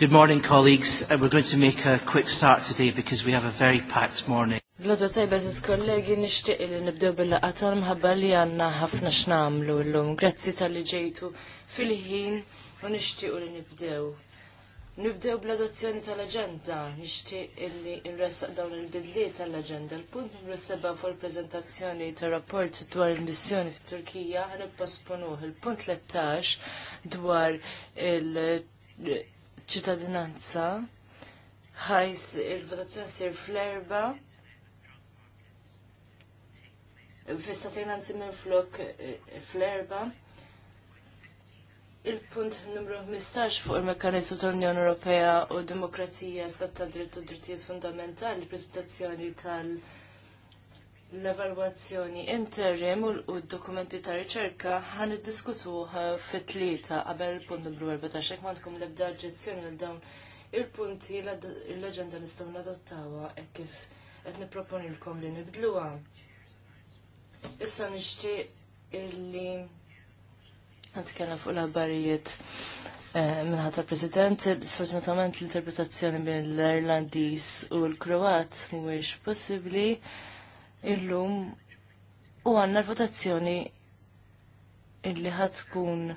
Good morning, colleagues. Uh, we're going to make a quick start today because we have a very packed morning. l tajba ziz kollegi nishtiq li nibdew bil qatar mħabba li għanna ħafna xnamlu l-lum. Grazzi tal-li ġejtu fil-ħin u nishtiq li nibdew. Nibdew bl-adozzjoni tal-agenda, nishtiq li nressaq dawn il-bidli tal-agenda. L-punt numru seba' fuq il-prezentazzjoni tal-rapport dwar il-missjoni fit-Turkija ħanipposponuh. Il-punt 13 dwar il- ċittadinanza ħajs il-votazzjoni sir fl-erba fis-satin għanzi minn flok eh, fl-erba Il-punt numru 15 fuq il mekanizmu tal-Unjoni Ewropea u demokrazija stat ta' dritt u drittijiet fundamentali, prezentazzjoni tal-, -tal l-evalwazzjoni interim u d-dokumenti ta' riċerka ħan id-diskutu uh, fit-tlieta qabel punt numru 14 xek mandkom l-ebda ġezzjoni l dawn il-punti l-leġenda nistgħu nadottawa hekk kif qed nipproponilkom li nibdluha. Issa nixtieq illi nitkellem fuq l-abbarijiet eh, minħat president sfortunatament l-interpretazzjoni bil irlandiż u l-Kroat mhuwiex possibbli. possibli illum u għanna l-votazzjoni illi ħatkun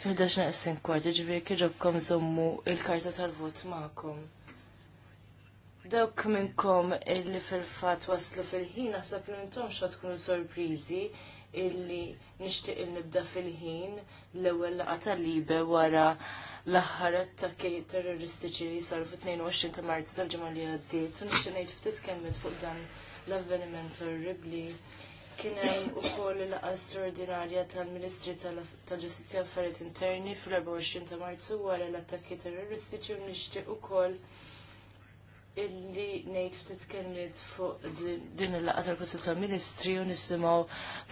fil-11 naqsin kwart, ġivri kħiġobkom zommu il-karta tal-vot maħkom. Dawk minnkom illi fil-fat waslu fil-ħin, għasab minn mintom xa tkunu sorprizi illi nishtiq il-nibda fil-ħin l-ewel laqata libe wara l-aħħar attakki terroristiċi li saru fil 22 ta' marzu tal ġemal li għaddiet, u nixtieq ngħid ftit fuq dan l-avveniment orribli. Kien hemm ukoll il laqgħa straordinarja tal-Ministri tal-Ġustizzja Affarijiet Interni fl-24 ta' Marzu wara l-attakki terroristiċi u nixtieq ukoll illi ngħid ftit kelmiet fuq din il laqgħa tal-Kunsil tal-Ministri u nisimgħu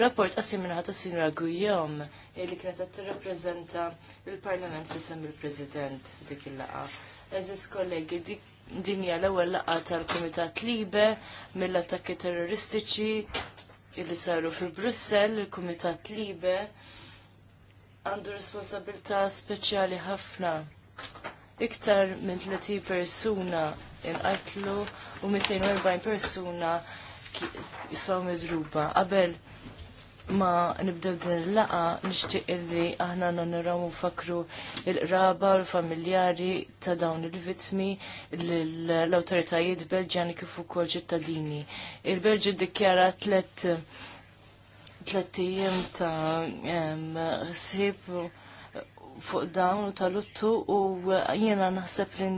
rapport qasim minħa ta' Sinra Gujom illi kienet qed tirrappreżenta l-Parlament fis il-President dik il laqgħa Eżis kollegi, dik Din hija l-ewwel laqgħa tal-Kumitat Libe mill-attakki terroristiċi li saru fi Brussell, il-Kumitat Libe għandu responsabilità speċjali ħafna. Iktar minn 30 persuna inqatlu u 240 persuna jisfaw midruba. Qabel ma nibdew din il-laqa nixtieq illi aħna nonoraw u fakru il-qraba u l-familjari ta' dawn il-vitmi l-awtoritajiet Belġjani kif ukoll ċittadini. Il-Belġi ddikjara tlet tlet ta' ħsieb fuq dawn u tal-uttu u jiena naħseb li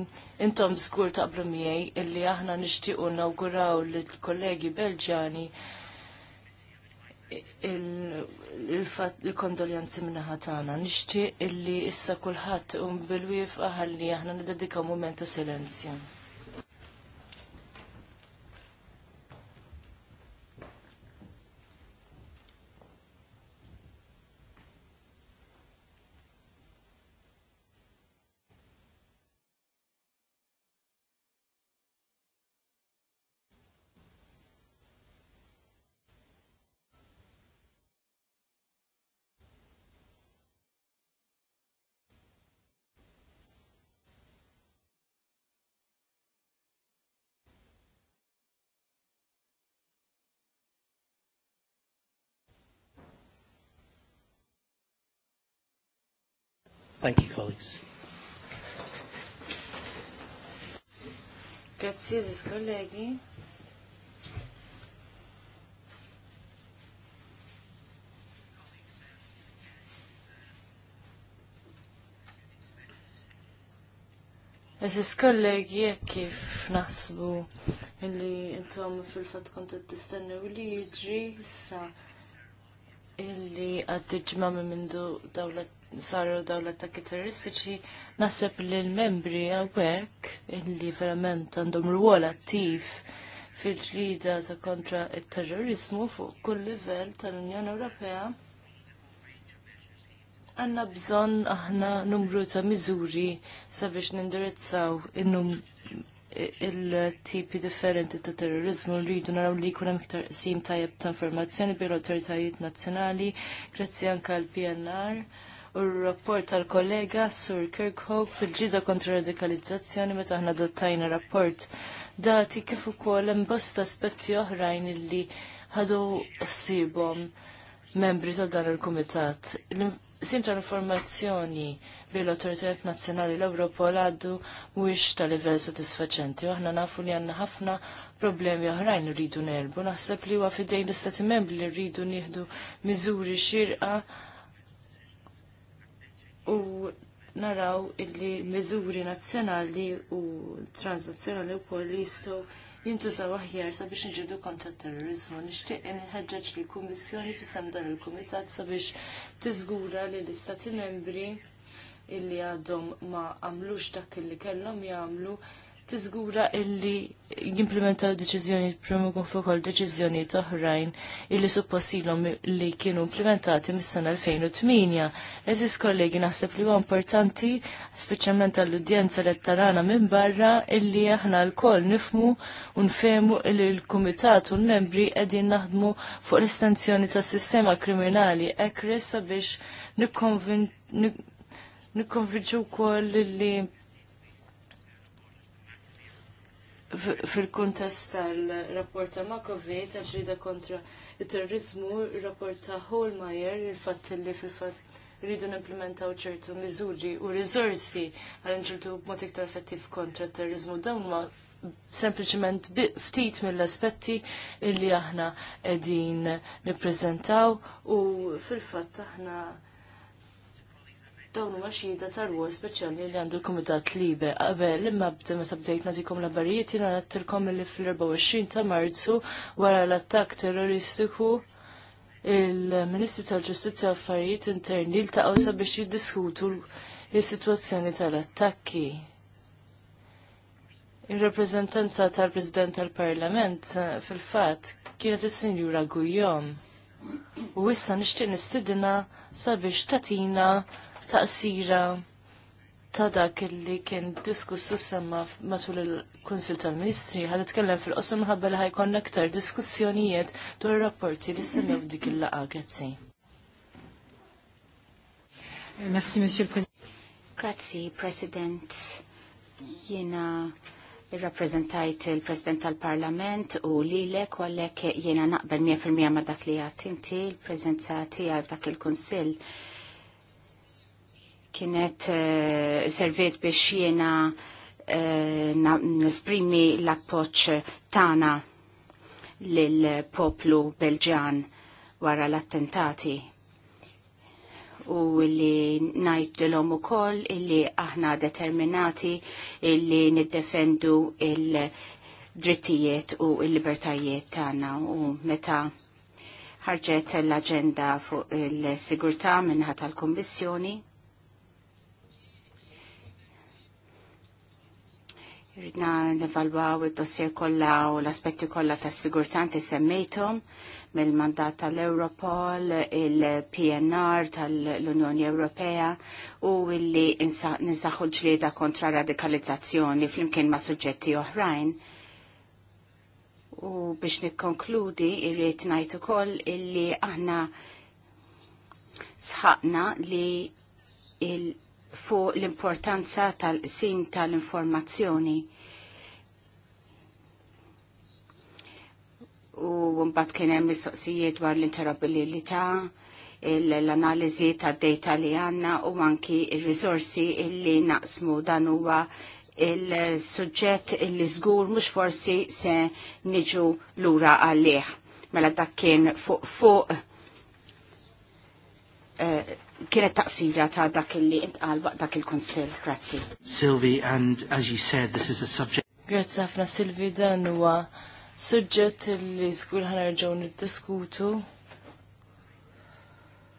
intom skur ta' miegħi illi aħna nixtiequ nawguraw lill kollegi Belġjani il-kondoljanzi minna ħatana. Nishti illi issa kullħat un um bil-wif ħalli aħna nidedika moment ta' silenzju. Thank you, colleagues. Grazie, colleghi. Eżis kollegi, jek kif nasbu illi intom fil-fat kontu t-istennu li jġri sa illi għaddiġma minn mindu dawlet saru daw l-attakki terroristiċi, naħseb li l-membri għawek, illi verament għandhom rwol attiv fil-ġlida ta' kontra il-terrorizmu fuq kull livell tal-Unjoni Ewropea, għanna bżon aħna numru ta' miżuri sabiex nindirizzaw il-tipi differenti ta' terrorizmu rridu naraw li jkun hemm sim tajjeb ta' informazzjoni bil-awtoritajiet nazzjonali, grazzi anke għall pnr u r-rapport tal-kollega Sur Kirkhope ġida kontra radikalizzazzjoni meta aħna dottajna rapport dati kif ukoll imbosta aspetti oħrajn illi ħadu ssibhom membri ta' dan il-kumitat. Sim tal-informazzjoni li l-Autoritet Nazzjonali l-Europol għaddu mhuwiex ta' livell sodisfaċenti. Aħna nafu li għandna ħafna problemi oħrajn rridu nelbu. Naħseb li huwa fidejn l-Istati Membri li rridu nieħdu miżuri xirqa u naraw illi miżuri nazzjonali u transnazzjonali wkoll li jistgħu jintużaw aħjar sabiex nġidu kontra terrorizmu. Nixtieq inħeġġeġ li kummissjoni fisem dan il-Kumitat sabiex tiżgura li l-Istati membri illi għadhom ma għamlux dak illi kellhom jagħmlu tiżgura illi jimplementaw deċiżjoni promu fuq ukoll deċiżjoni oħrajn illi supposilhom li kienu implementati mis-sena 2008. Eżis kollegi naħseb li huwa importanti, speċjalment għall-udjenza li tarana minn barra illi aħna lkoll nifmu u nfehmu li l-kumitat u l-membri qegħdin naħdmu fuq l-istenzjoni tas-sistema kriminali ekres sabiex nikkonvinċu wkoll li fil-kuntest tal-rapport ta' Makovej ta' ġrida kontra il-terrorizmu, il-rapport ta' Holmeyer, il fat li fil-fatt rridu n-implementaw ċertu miżuri u rizorsi għal nġildu b'mod iktar effettiv kontra terrorizmu dawn ma sempliciment ftit mill-aspetti illi aħna edin niprezentaw u fil-fatt aħna dawn huwa xhieda tal-wol speċjali li għandu l-Kumitat Libe. Qabel imma bda meta bdejt nagħtikom l-abbarijiet jiena nattilkom li fl-24 ta' Marzu wara l-attakk terroristiku il-Ministri tal-Ġustizzja u Affarijiet Interni ltaqgħu sabiex jiddiskutu l-sitwazzjoni tal-attakki. il rappreżentanza tal-President tal-Parlament fil fatt kienet is-Sinjura Gujom. U issa nixtieq nistidina sabiex tatina taqsira ta' dak li kien diskussu semma matul il konsil tal-Ministri għad itkellem fil-qosum ħabba li ħajkon aktar diskussjonijiet dwar rapporti li semmew dik il-laqa grazzi. Merci, Monsieur le Président. Grazzi, President. Jena rappresentajt il-President tal-Parlament u li lek u għallek jena naqbel 100% ma dak li għatinti il-prezenza tijaw dak il-Konsil kienet uh, servet biex jiena uh, nesprimi l-appoċ tana lill-poplu Belġan wara l-attentati u li najdilom u koll illi aħna determinati illi niddefendu il-drittijiet u il-libertajiet tagħna u meta ħarġet l-agenda fuq il-sigurtà minnħat tal-Kommissjoni Ridna nevalwaw id-dossier kollha u l-aspetti kollha tas-sigurtanti semmejtum mill-mandat tal-Europol, il-PNR tal-Unjoni Ewropea u illi ninsaħu ġlieda kontra radikalizzazzjoni flimkien ma' suġġetti oħrajn. U biex nikkonkludi irrid ngħid ukoll illi aħna sħaqna li il- fuq l-importanza tal-sim tal-informazzjoni. U mbagħad kien hemm mistoqsijiet dwar l-interoperabilità, l-analiżi tad-data li għandna u anki r-risorsi li illi naqsmu dan huwa il-suġġett illi żgur mhux forsi se niġu lura għalih. Mela dak kien fuq fuq eh, kienet taqsira ta' dak li intqal dak il-Konsil. Grazzi. Silvi, and as you said, this is a subject. Grazzi ħafna Silvi, dan huwa suġġett li żgur nerġgħu niddiskutu.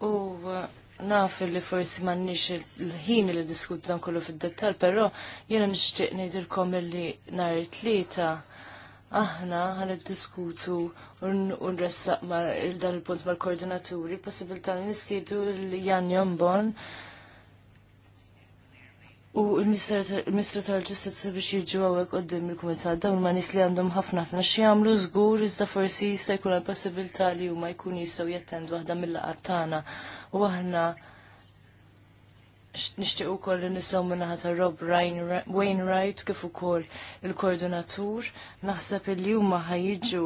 U uh, naf li forsi m'għandniex il-ħin li diskutu dan kollu fid-dettall, però jiena nixtieq ngħidilkom li nhar it-tlieta aħna ħan diskutu un-ressaq dan il-punt mal-koordinaturi, possibilità nistidu l-Jan Jombon u l-Ministru tal-Ġustizza biex jiġu għawek għoddim il-Kumitat dawn ma nis li għandhom ħafna ħafna xjamlu zgur iżda forsi jista' jkun għal possibilità li huma jkun jistgħu jattendu waħda mill-laqat tagħna u aħna nishtiq ukoll li nisaw minna ta' Rob Wainwright kif ukoll il-koordinatur naħseb il huma ħajġu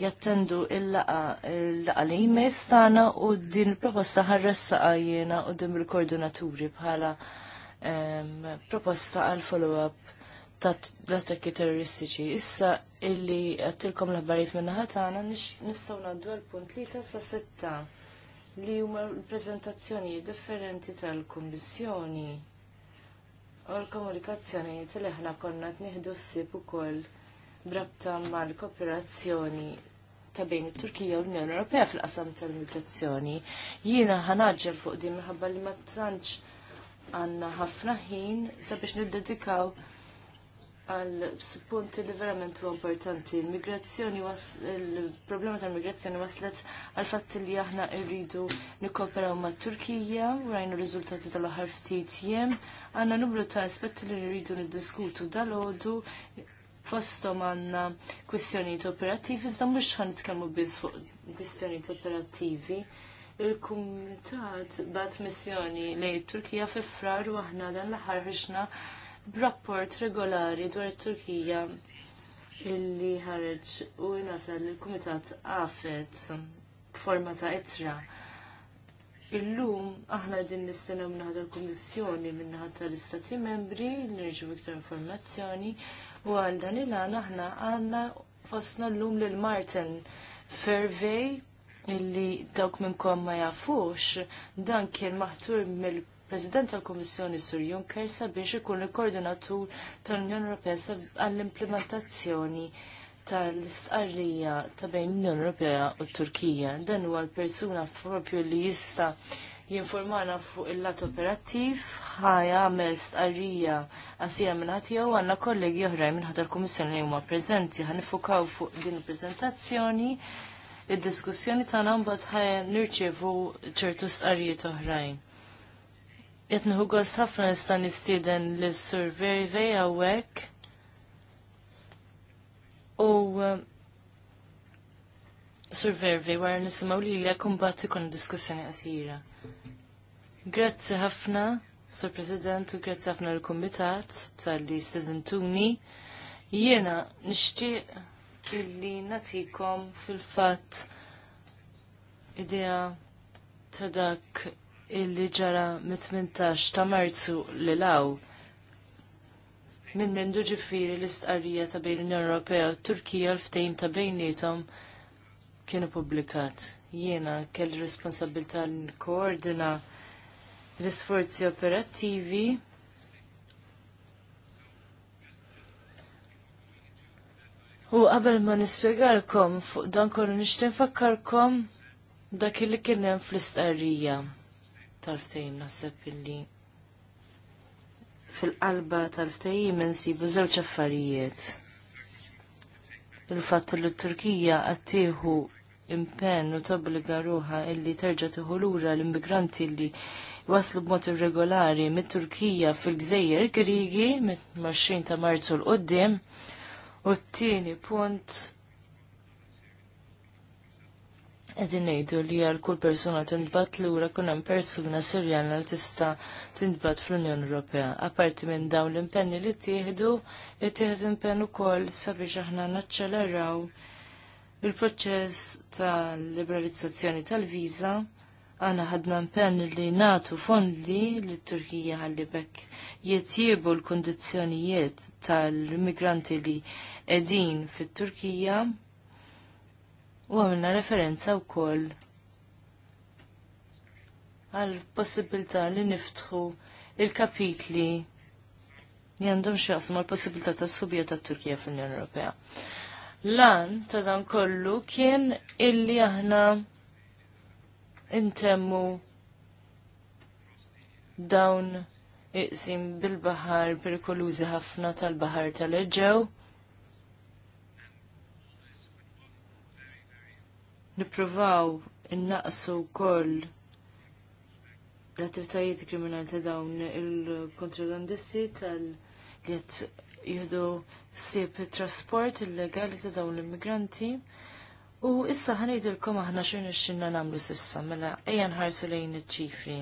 jattendu il-laqa l laqa li jmiss tagħna u din il-proposta ħarressaqa jiena din il-koordinaturi bħala proposta għal follow-up ta' attakki terroristiċi. Issa illi għattilkom l-ħbarijiet minna tagħna nistgħu ngħaddu dwar punt li sa' sitta li huma prezentazzjoni differenti tal-Kummissjoni u l-komunikazzjonijiet li ħna konna tnieħdu ssib ukoll brabta mal-kooperazzjoni ta' bejn it-Turkija u l-Unjoni Ewropea fil-qasam tal-migrazzjoni. Jiena ħanaġġel fuq din minħabba li ma tantx għandna ħafna ħin sabiex niddedikaw għal punti li verament huwa importanti. Il-migrazzjoni il-problema tal-migrazzjoni waslet għal fatt li aħna rridu nikoperaw ma' Turkija, rajnu riżultati tal-aħħar ftit jem, għandna numru ta' aspetti li rridu niddiskutu dal-għodu fostom għandna kwistjonijiet operattivi, iżda mhux ħan nitkellmu biss fuq kwistjonijiet operattivi il-Kumitat bat missjoni lejn Turkija fi frar u aħna dan l-aħħar b'rapport regolari dwar it-Turkija illi ħareġ u jnata l-Kumitat għafet forma ta' itra. Illum aħna din nistennew minnaħat l-Kummissjoni minnaħat tal-Istati membri li nirġu iktar informazzjoni u għal dan il għan aħna għanna fosna l-lum l-Martin Fervey illi dawk minnkom ma jafux dan kien maħtur mill President tal-Kommissjoni Sur Juncker sabiex ikun il-koordinatur tal-Unjoni Ewropea għall-implementazzjoni tal-istqarrija ta' bejn l-Unjoni Ewropea u Turkija. Dan huwa l-persuna propju li jista' jinformana fuq il-lat operattiv għamel stqarrija għasira minn ħatijaw għanna kollegi oħrajn minn ħadar kummissjoni li huma preżenti nifukaw fuq din il-preżentazzjoni id-diskussjoni tagħna mbagħad ħajja nirċevu ċertu stqarrijiet oħrajn. Jitnħu għost ħafna nista nistieden l vej għawek. U eh, vej wara nisimaw li li bati ikon diskussjoni qasira. Grazzi ħafna, Sur President, u grazzi ħafna l-Komitat tal-li tuni. Jena nishti illi natikom fil-fat idea ta' dak illi ġara mit-18 ta' marzu li law minn mendu ġifiri l-istqarrija ta' bejn l-Unjoni Ewropea u Turkija l-ftejn ta' bejnietom kienu publikat. Jiena kell responsabilità n-koordina l-isforzi operattivi U qabel ma nispjegalkom fuq dan kollu nixtieq dak li kien hemm fl-istqarrija tal-ftehim naħseb illi fil-qalba tal-ftehim insibu żewġ affarijiet. Il-fatt li t-Turkija qed impen impenn u tobbliga ruħa illi terġa' tieħu lura l-immigranti li waslu b'mod irregolari mit-Turkija fil-Gżejjer Grigi mit-20 ta' Marzu l-qoddim u t-tieni punt Edin nejdu li għal kull persona tindbat li ura kunem persona sirjana li tista tindbat fl-Unjon Ewropea. Aparti minn dawn l-impenni li tieħdu, jittieħed impenn ukoll sabiex aħna naċċeleraw il-proċess ta' liberalizzazzjoni tal viza Għana ħadna impenn li natu fondi li Turkija għalli bekk jitjibu l-kondizjonijiet tal-migranti li edin fit-Turkija U għamilna referenza wkoll għal possibilità li niftħu il-kapitli li għandhom xjaqsmu għal possibilità ta' subija ta' Turkija fl-Unjoni Ewropea. Lan ta' dan kollu kien illi aħna intemmu dawn iqsim bil-bahar perikolużi ħafna tal-bahar tal-Eġew. tal tal tal bahar tal eġew nippruvaw innaqsu wkoll l-attivitajiet kriminali ta' dawn il-kontrabandisti tal li jihdu sib trasport illegali ta' dawn l-immigranti. U issa ħanejdilkom aħna xejn xinna namlu sissa, mela ejja nħarsu lejn iċ-ċifri.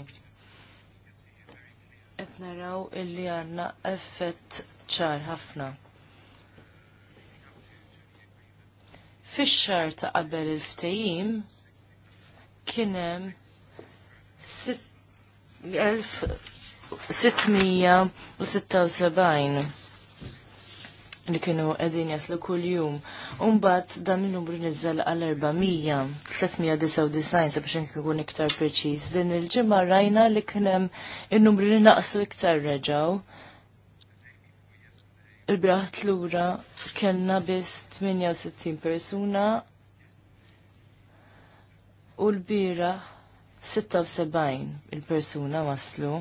Qed naraw illi għandna effett ċar ħafna. Fix-xar ta' qabel il kien hemm 1676 li kienu għedin jaslu kull jum. dan il-numru niżel għal-400, 399 sabiex nkikun iktar preċis. Din il-ġimma rajna li kienem il-numru li naqsu iktar reġaw il-braħt l-ura kellna biss 68 persuna u l-bira 76 il-persuna waslu.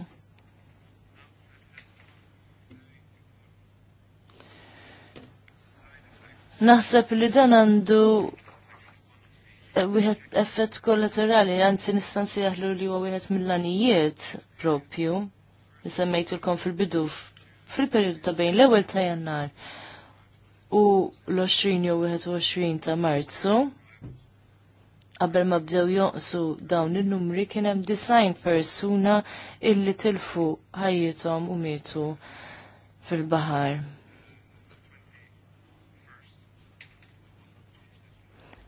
Naħseb li dan għandu eh, wieħed effett kollaterali, anzi nistansi jaħlu li huwa wieħed mill-anijiet propju, li semmejtulkom fil-bidu fil-periodu ta' bejn l-ewwel ta' Jannar u l-20 jew 21 ta' Marzu qabel ma bdew joqsu dawn in-numri kien hemm design persuna illi tilfu ħajjithom u mietu fil-baħar.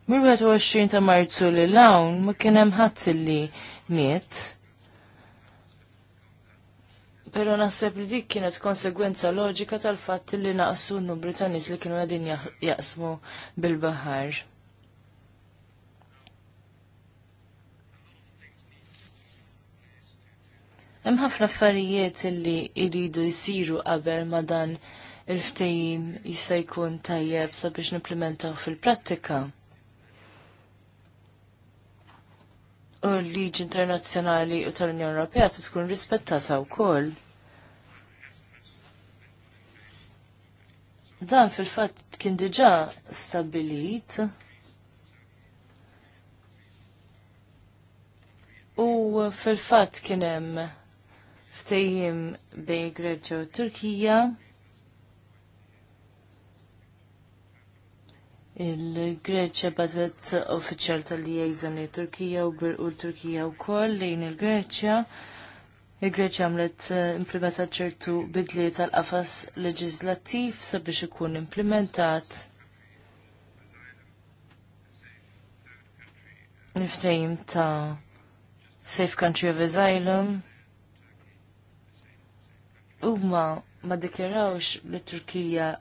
Mir-21 ta' Marzu li l-hawn ma kien hemm ħadd illi miet. Pero naħseb li dik kienet konsegwenza loġika tal-fatt li naqsu n-numru ta' nies li kienu għadin jaqsmu bil-baħar. Hemm ħafna affarijiet li jridu jsiru qabel ma dan il-ftehim jista' jkun tajjeb sabiex nimplementaw fil-prattika. U l-liġi internazzjonali u tal-Unjoni Ewropea tkun rispettata wkoll. Dan fil-fatt kien diġà stabilit. U fil-fatt kien hemm ftejjim bejn Greċja u Turkija. Il-Greċja batet uffiċjal tal-liaison li Turkija u Turkija wkoll lejn il-Greċja. il greċa il greċja il-Greċja għamlet eh, implementat ċertu bidli tal-qafas leġislattiv sabiex ikun implementat Niftajim ta' Safe Country of Asylum u ma ma dikjarawx li Turkija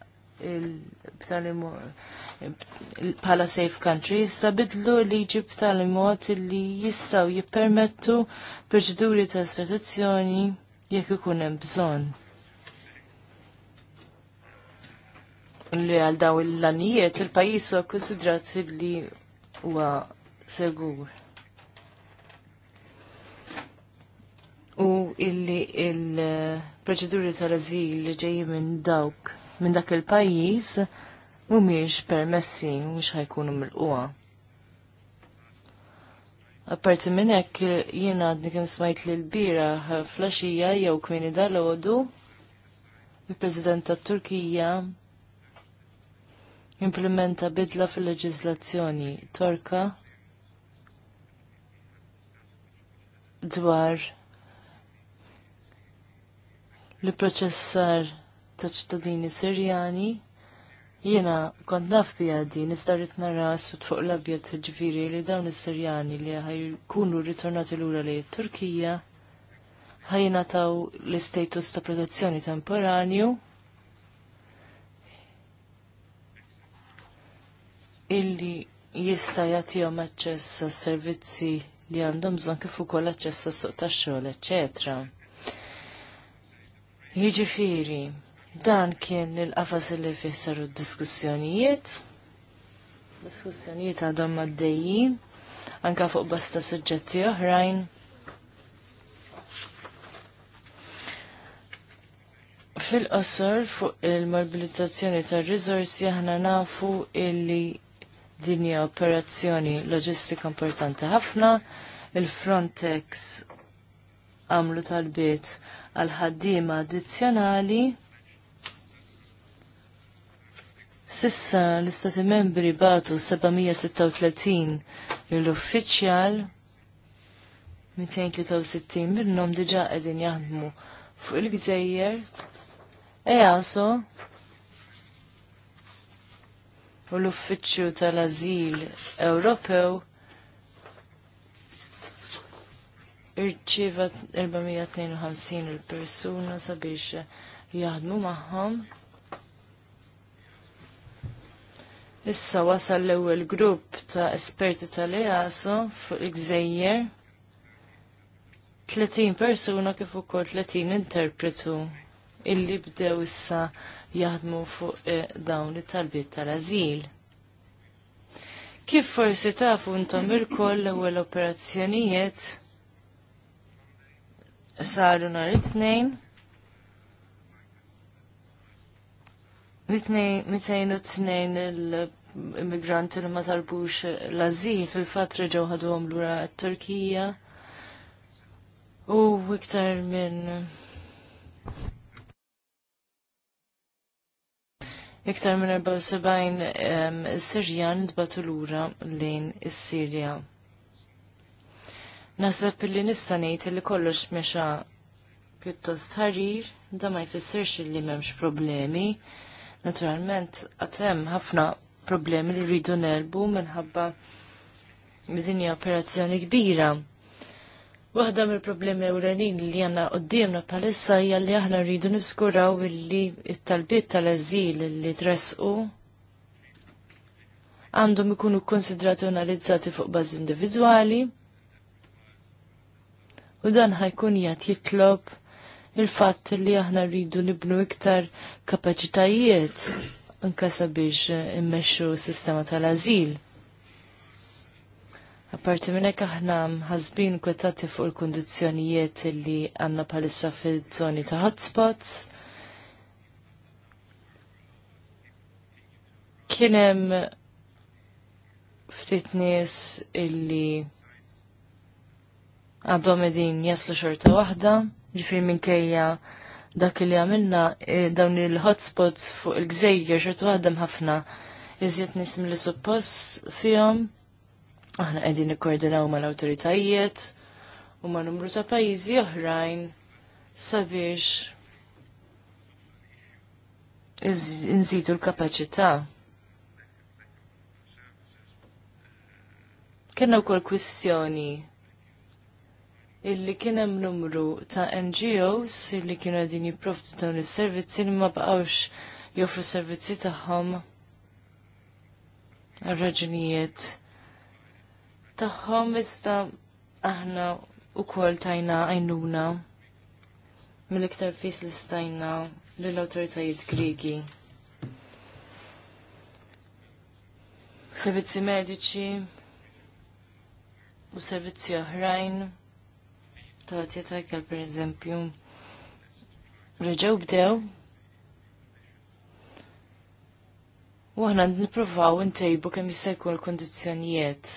pala safe country, ta' bidlu liġi b'tali mod li jistaw jippermettu proċeduri ta' estradizzjoni jekk ikun hemm bżonn. Li għal daw il-lanijiet il-pajis huwa konsidrat li huwa segur. U illi il-proċeduri tal-azil li ġejjin minn dawk minn dak il-pajjiż mhumiex permessi mhux ħajkunu mill-qwa. Apparti minn hekk jiena għadni kien smajt li l-bira flaxija jew kmini dal-għodu il-President tat-Turkija implementa bidla fil-leġiżlazzjoni torka dwar li proċessar ta' ċittadini Sirjani. Jiena kont naf bijadi, nistarit nara sfit fuq l-abjad ġviri li dawn is-Sirjani li ħajkunu ritornati lura lejn it Turkija ħajna taw l-istatus ta' protezzjoni temporanju illi jista' jagħtihom aċċess s servizzi li għandhom bżonn kif ukoll aċċess għas-suq tax-xogħol, eċetera. Jiġifieri, Dan kien il-qafas li fissaru diskussjonijiet. Diskussjonijiet għadhom għaddejjin, anka fuq basta suġġetti oħrajn. Fil-qosor fuq il-mobilizzazzjoni tar rizorsi aħna nafu illi dinja operazzjoni loġistika importanti ħafna, il-Frontex għamlu talbiet għal ħaddiema addizzjonali Sissa l-istati membri batu 736 mill-uffiċjal 263 minnhom diġa qegħdin jaħdmu fuq il-gżejjer easo u l-uffiċċju tal-Azil Ewropew irċiva 452 il-persuna sabiex jaħdmu magħhom. Issa wasal l-ewwel grupp ta' esperti tal-EASO fuq il-Gżejjer. 30 persuna kif ukoll 30 interpretu illi bdew issa jaħdmu fuq eh, dawn it-talbiet tal-ażil. Kif forsi tafu ntom il-koll l-ewwel operazzjonijiet saru nhar it-tnejn 202 il-immigranti li ma tarbux l-azil fil-fat reġaw ħadhom lura t-Turkija u iktar minn iktar minn 74 Sirjan tbatu lura lejn is-Sirja. Nasab li nista' ngħid li kollox meċa pjuttost ħarir, da ma jfissirx li m'hemmx problemi. Naturalment, għatem ħafna problemi li rridu nelbu minħabba dinja operazzjoni kbira. Waħda mill problemi ewlenin li għanna qoddimna palissa hija li aħna rridu niskuraw illi it-talbiet tal-eżil li tresqu għandhom ikunu konsidrati analizzati fuq bażi individwali u dan ħajkun jgħat jitlob il-fatt li aħna rridu nibnu iktar kapaċitajiet anka sabiex immexxu s-sistema tal-azil. Apparti minn hekk aħna ħasbin kwetati fuq il-kundizzjonijiet li għandna bħalissa fil-żoni ta' hotspots. Kien hemm ftit nies illi għadhom qegħdin jaslu xorta waħda ġifri minkejja dak li għamilna e, dawn il-hotspots fuq il-gżejjer xertu għaddem ħafna iżjed nisim li suppost fihom. Aħna qegħdin ma mal-awtoritajiet u ma' numru ta' pajjiżi oħrajn sabiex nżidu l-kapaċità. Kenna kol kwistjoni illi kien hemm numru ta' NGOs illi kienu qegħdin jipprovdu dawn is-servizzi li ma bqgħux joffru servizzi tagħhom raġunijiet tagħhom iżda aħna wkoll tajna għajnuna mill-iktar fis li stajna lill-awtoritajiet Griegi. Servizzi mediċi u servizzi oħrajn ta' tjetajkel per eżempju reġaw bdew u għahna n intejbu kem jissajku l-kondizjonijiet.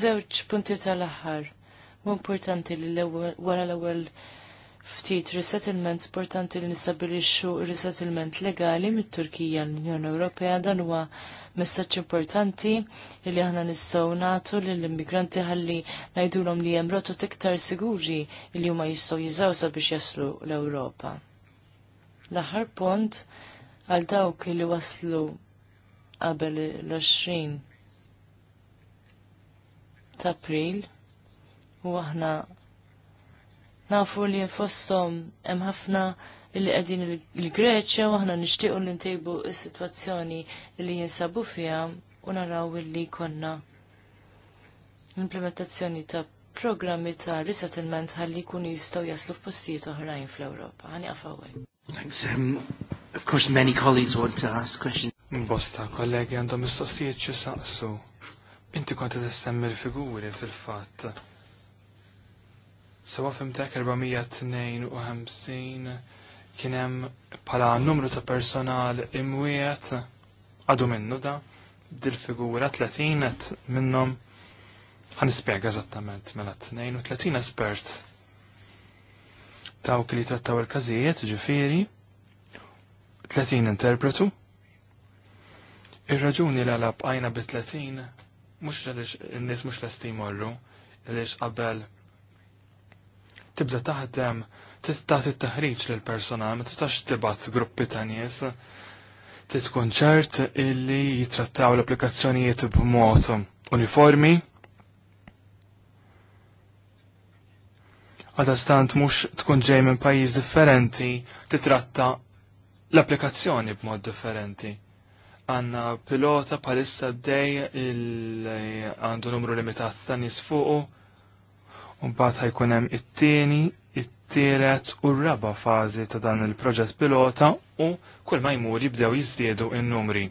Zewċ punti tal-axar mu importanti li l-ewwel wara l għal ftit resettlement importanti li nistabilixxu resettlement legali mit-Turkija l-Unjoni Ewropea dan huwa messaċ importanti li aħna nistgħu nagħtu lill-immigranti ħalli ngħidulhom li hemm tiktar iktar siguri li huma jistgħu jiżgħu sabiex jaslu l-Ewropa. L-aħħar punt għal dawk li waslu qabel l-20 ta' April u aħna nafu li fosthom hemm ħafna li qegħdin il-Greċja u aħna nixtiequ li ntejbu s-sitwazzjoni li jinsabu fiha u naraw li konna implementazzjoni ta' programmi ta' resettlement ħalli jkunu jistgħu jaslu f'postijiet oħrajn fl-Ewropa. Ħani għafawaj. Thanks. Um, of course, many colleagues want to ask questions. Bosta kollegi għandhom mistoqsijiet xi saqsu. Inti kont tissemmi l-figuri fil-fatt. Sewa fimtek 452 kienem pala numru ta' personal imwiet għadu minnu da dil-figura 30 għet minnom għan ispiega eżattament mela 32 espert u kili trattaw il-kazijiet ġifiri 30 interpretu Ir-raġuni l għalab għajna bi 30 mux għalix n-nis mux l estimorru għalix qabel tibda taħdem tagħti t-taħriġ lil personal ma tistax tibgħat gruppi ta' nies. Titkun ċert illi jitrattaw l-applikazzjonijiet b'mod uniformi. Għadastant mhux tkun ġej minn pajjiż differenti titratta l-applikazzjoni b'mod differenti għanna pilota palissa d-dej il għandu numru limitat ta' nis fuqu Mbagħad ħajkun hemm it-tieni, it-tielet u r-raba fażi ta' dan il-proġett pilota u kull ma jmur jibdew jiżdiedu in-numri.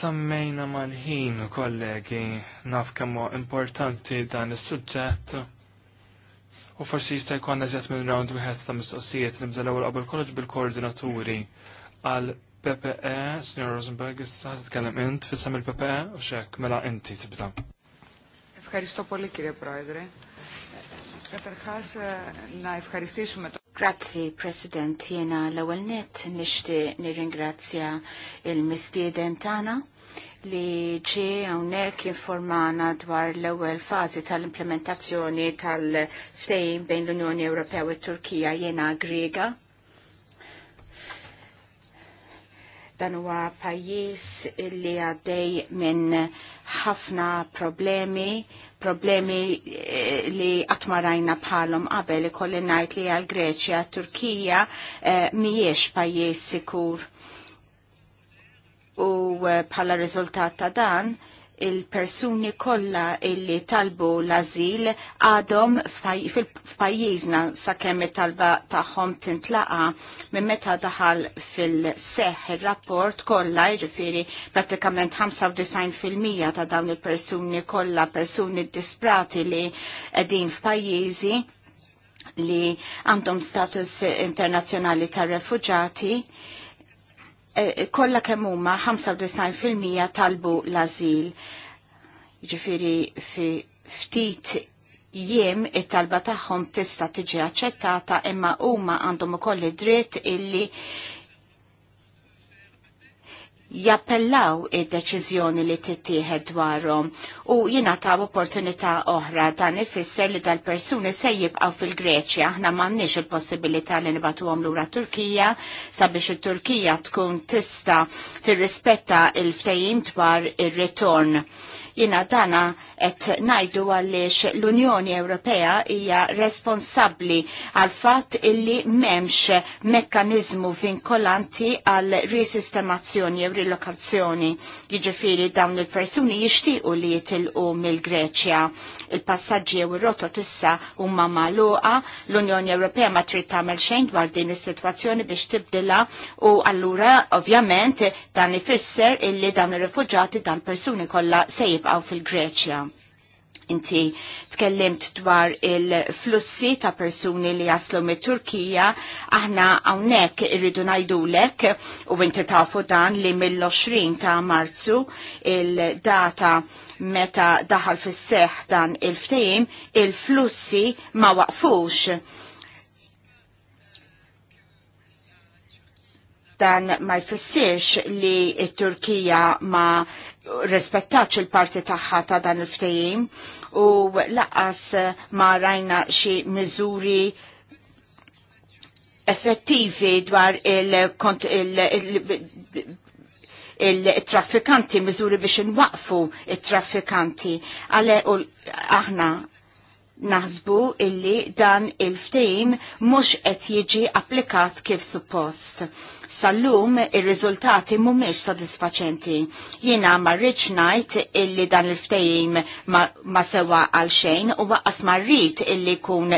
Sammejna mal-ħin kollegi naf kemm importanti dan is-suġġett u forsi jista' jkun eżjed minn round wieħed ta' mistoqsijiet nibda l-ewwel qabel kollox bil-koordinaturi għal PPE, Sr. Rosenberg, issa tkellem int fissam il-PPE u xek mela inti tibda. Ευχαριστώ πολύ κύριε Πρόεδρε. Καταρχάς να ευχαριστήσουμε το Grazzi, President. Jena l-ewel net nishti nirringrazzja il-mistieden tana li ġi għonek informana dwar l-ewel fazi tal-implementazzjoni tal-ftejn bejn l-Unjoni Ewropea u Turkija jena Griega. Dan huwa pajjiż li għaddej minn ħafna problemi, problemi eh, li għatmarajna bħalom qabel ikolli najt li għal Greċja, Turkija eh, miex pajjiż sikur. U eh, bħala riżultat ta' dan, il-persuni kollha illi talbu l-azil għadhom f'pajjiżna sakemm it-talba tagħhom tintlaqa minn meta daħal fil-seħ ir-rapport kollha jiġifieri prattikament 95% ta' dawn il-persuni kollha persuni disprati li qegħdin f'pajjiżi li għandhom status internazzjonali ta' refuġati Eh, kolla kemm huma 95% talbu l-azil. ġifiri fi ftit jiem it-talba tagħhom tista' tiġi aċċettata imma huma għandhom ukoll id-dritt illi jappellaw id-deċiżjoni li tittieħed dwarhom u jingħataw opportunità oħra dan ifisser li dal-persuni se jibqgħu fil-Greċja aħna m'għandniex il-possibilità li nibatuhom lura Turkija sabiex it-Turkija tkun tista' tirrispetta il-ftehim dwar ir-ritorn. Jina dana qed ngħidu għaliex l-Unjoni Ewropea hija responsabbli għal fatt illi m'hemmx mekkaniżmu vinkolanti għal risistemazzjoni jew rilokazzjoni. Jiġifieri dawn il-persuni jixtiequ li jitilqu mill-Greċja. Il-passaġġi jew ir-rotot issa huma magħluqa, l-Unjoni Ewropea ma trid tagħmel xejn dwar din is-sitwazzjoni biex tibdilha u allura ovvjament dan ifisser illi dawn ir-rifuġġati dan persuni kollha se jibqgħu fil-Greċja. Inti tkellimt dwar il-flussi ta' persuni li jaslu mit turkija aħna hawnhekk irridu ngħidulek u inti tafu dan li mill-20 ta' Marzu il-data meta daħal fis seħħ dan il ftejim il-flussi ma waqfux. dan ma jfissirx li Turkija ma rispettax il-parti tagħha ta' dan il-ftejim u laqas eh, ma rajna xi miżuri effettivi dwar il-traffikanti, miżuri biex nwaqfu il-traffikanti. Għale u aħna naħsbu illi dan il-ftejim mux qed jiġi applikat kif suppost. Sallum ir-riżultati mhumiex sodisfaċenti. Jiena ma rridx ngħid illi dan il ftejim ma, ma sewa għal xejn u waqqas ma rrid illi jkun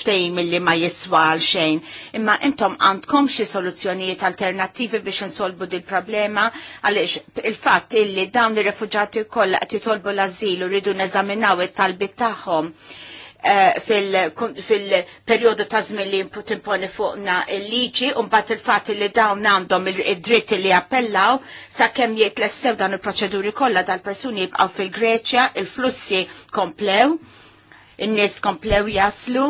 ftejim illi ma jiswa għal xejn. Imma intom għandkom xi soluzzjonijiet alternattivi biex insolbu dil problema għaliex il-fatt illi dawn ir refugġati koll qed jitolbu l-ażil u rridu neżaminaw it-talbit tagħhom. Eh, fil-periodu ta' żmien li timponi fuqna il-liġi u mbagħad il fat li dawn għandhom id-dritt li appellaw sakemm estew dan il-proċeduri kollha dal-persuni jibqgħu fil-Greċja, il-flussi komplew, in-nies komplew jaslu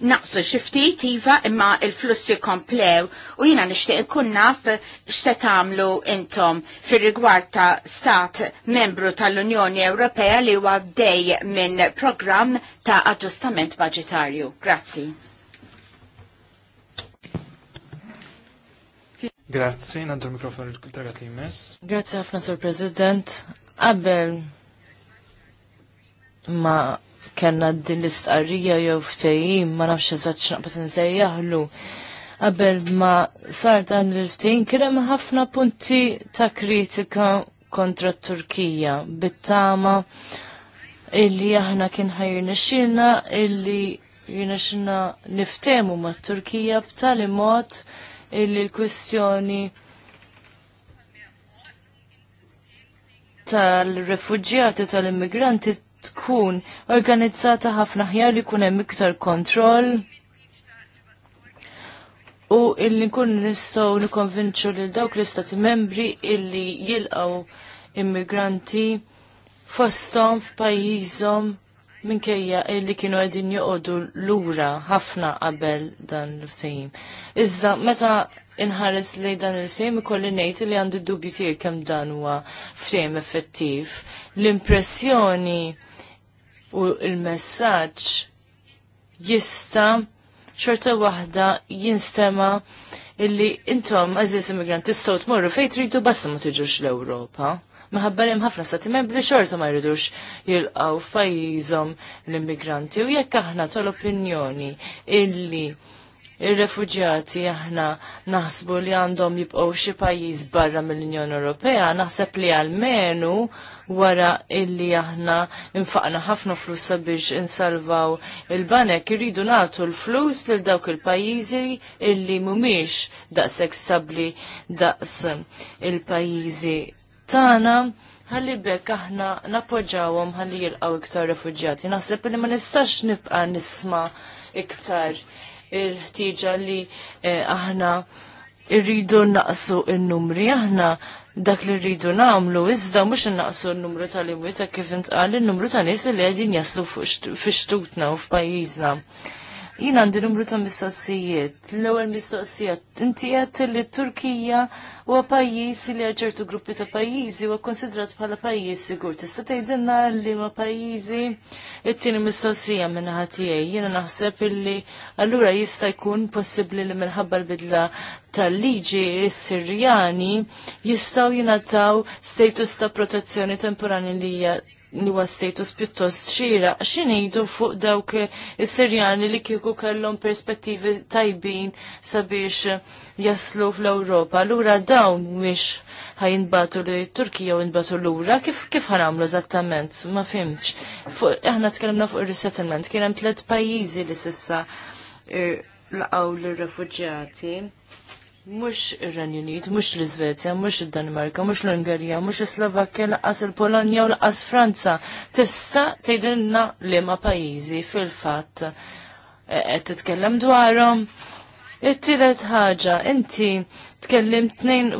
naqsu xifti iva imma il-flussi komplew u jina nishtiq ikun naf x'se tagħmlu intom fir-rigward ta' stat membru tal-Unjoni Ewropea li huwa dej minn programm ta' aġġustament budgetarju. Grazzi. Grazzi, nandru l-mikrofon il-tragat li jmiss. Grazzi ħafna, Sur President. Qabel ma kellna din l-istqarrija jew ftehim ma nafx eżatt x'naqbad insejjaħlu. Qabel ma sar dan l ftejim kien hemm ħafna punti ta' kritika kontra t Turkija bit-tama illi aħna kien ħajrna xilna illi jirna xilna niftemu ma' Turkija b'tali mod illi l-kwistjoni tal-refugġjati tal-immigranti tkun organizzata ħafna ħjar li kunem hemm iktar kontroll u illi nkun nistgħu nikkonvinċu lil dawk l-istati membri illi jilqgħu immigranti fosthom f'pajjiżhom minkejja illi kienu għedin joqodu l-ura ħafna qabel dan l-ftehim. Iżda, meta inħares li dan il-ftehim ikolli ngħid li għandu dubju tiegħek kemm dan huwa ftehim effettiv. L-impressjoni u il-messaġġ jista' xorta waħda jinstema illi intom għażiż immigranti tistgħu tmorru fejn tridu basta ma tiġux l-Ewropa. Maħabbarim hemm ħafna stati membri xorta ma jridux jilqgħu f'pajjiżhom l-immigranti u jekk aħna tal-opinjoni illi il refuġjati aħna naħsbu li għandhom jibqgħu xi pajjiż barra mill-Unjoni Ewropea, naħseb li għalmenu menu wara illi aħna infaqna ħafna flus sabiex insalvaw il-banek irridu nagħtu l-flus lil dawk il-pajjiżi illi mhumiex daqshekk stabbli daqs il-pajjiżi tagħna ħalli bekk aħna nappoġġawhom ħalli jilqgħu iktar refuġjati. Naħseb li ma nistax nibqa' nisma' iktar il-ħtieġa li eh, aħna irridu naqsu n-numri aħna dak li rridu namlu, iżda mux naqsu n-numru tal-imwita kif intqal, n-numru tal-nis li għedin jaslu fi xtutna u f'pajizna. Jien għandi numru ta' mistoqsijiet. L-ewwel mistoqsija inti qed li Turkija huwa pajjiżi li għal ċertu gruppi ta' pajjiżi huwa konsidrat bħala pajjiż sigur. Tista' tgħidilna li ma' pajjiżi it-tieni mistoqsija minn tiegħi. Jiena naħseb illi allura jista' jkun possibbli li minħabba l-bidla tal-liġi s-Sirjani jistgħu jingħataw status ta' protezzjoni temporani li hija li huwa status pjuttost xira, xinejdu fuq dawk is-Sirjani li kieku kellhom perspettivi tajbin sabiex jaslu fl-Ewropa. Allura dawn ħaj ħajinbatu li Turkija u jinbatu lura, kif kif ħanamlu eżattament? Ma fimx. Aħna tkellimna fuq ir-resettlement, kien hemm tliet pajjiżi li s'issa eh, laqgħu l refuġjati mux ir-Renju mux l-Svezja, mux il-Danimarka, mux l-Ungerija, mux il-Slovakkja, laqas il-Polonja u laqas Franza. Tista tgħidilna li ma pajjiżi fil-fatt e, qed titkellem dwarhom. It-tielet ħaġa, inti tkellim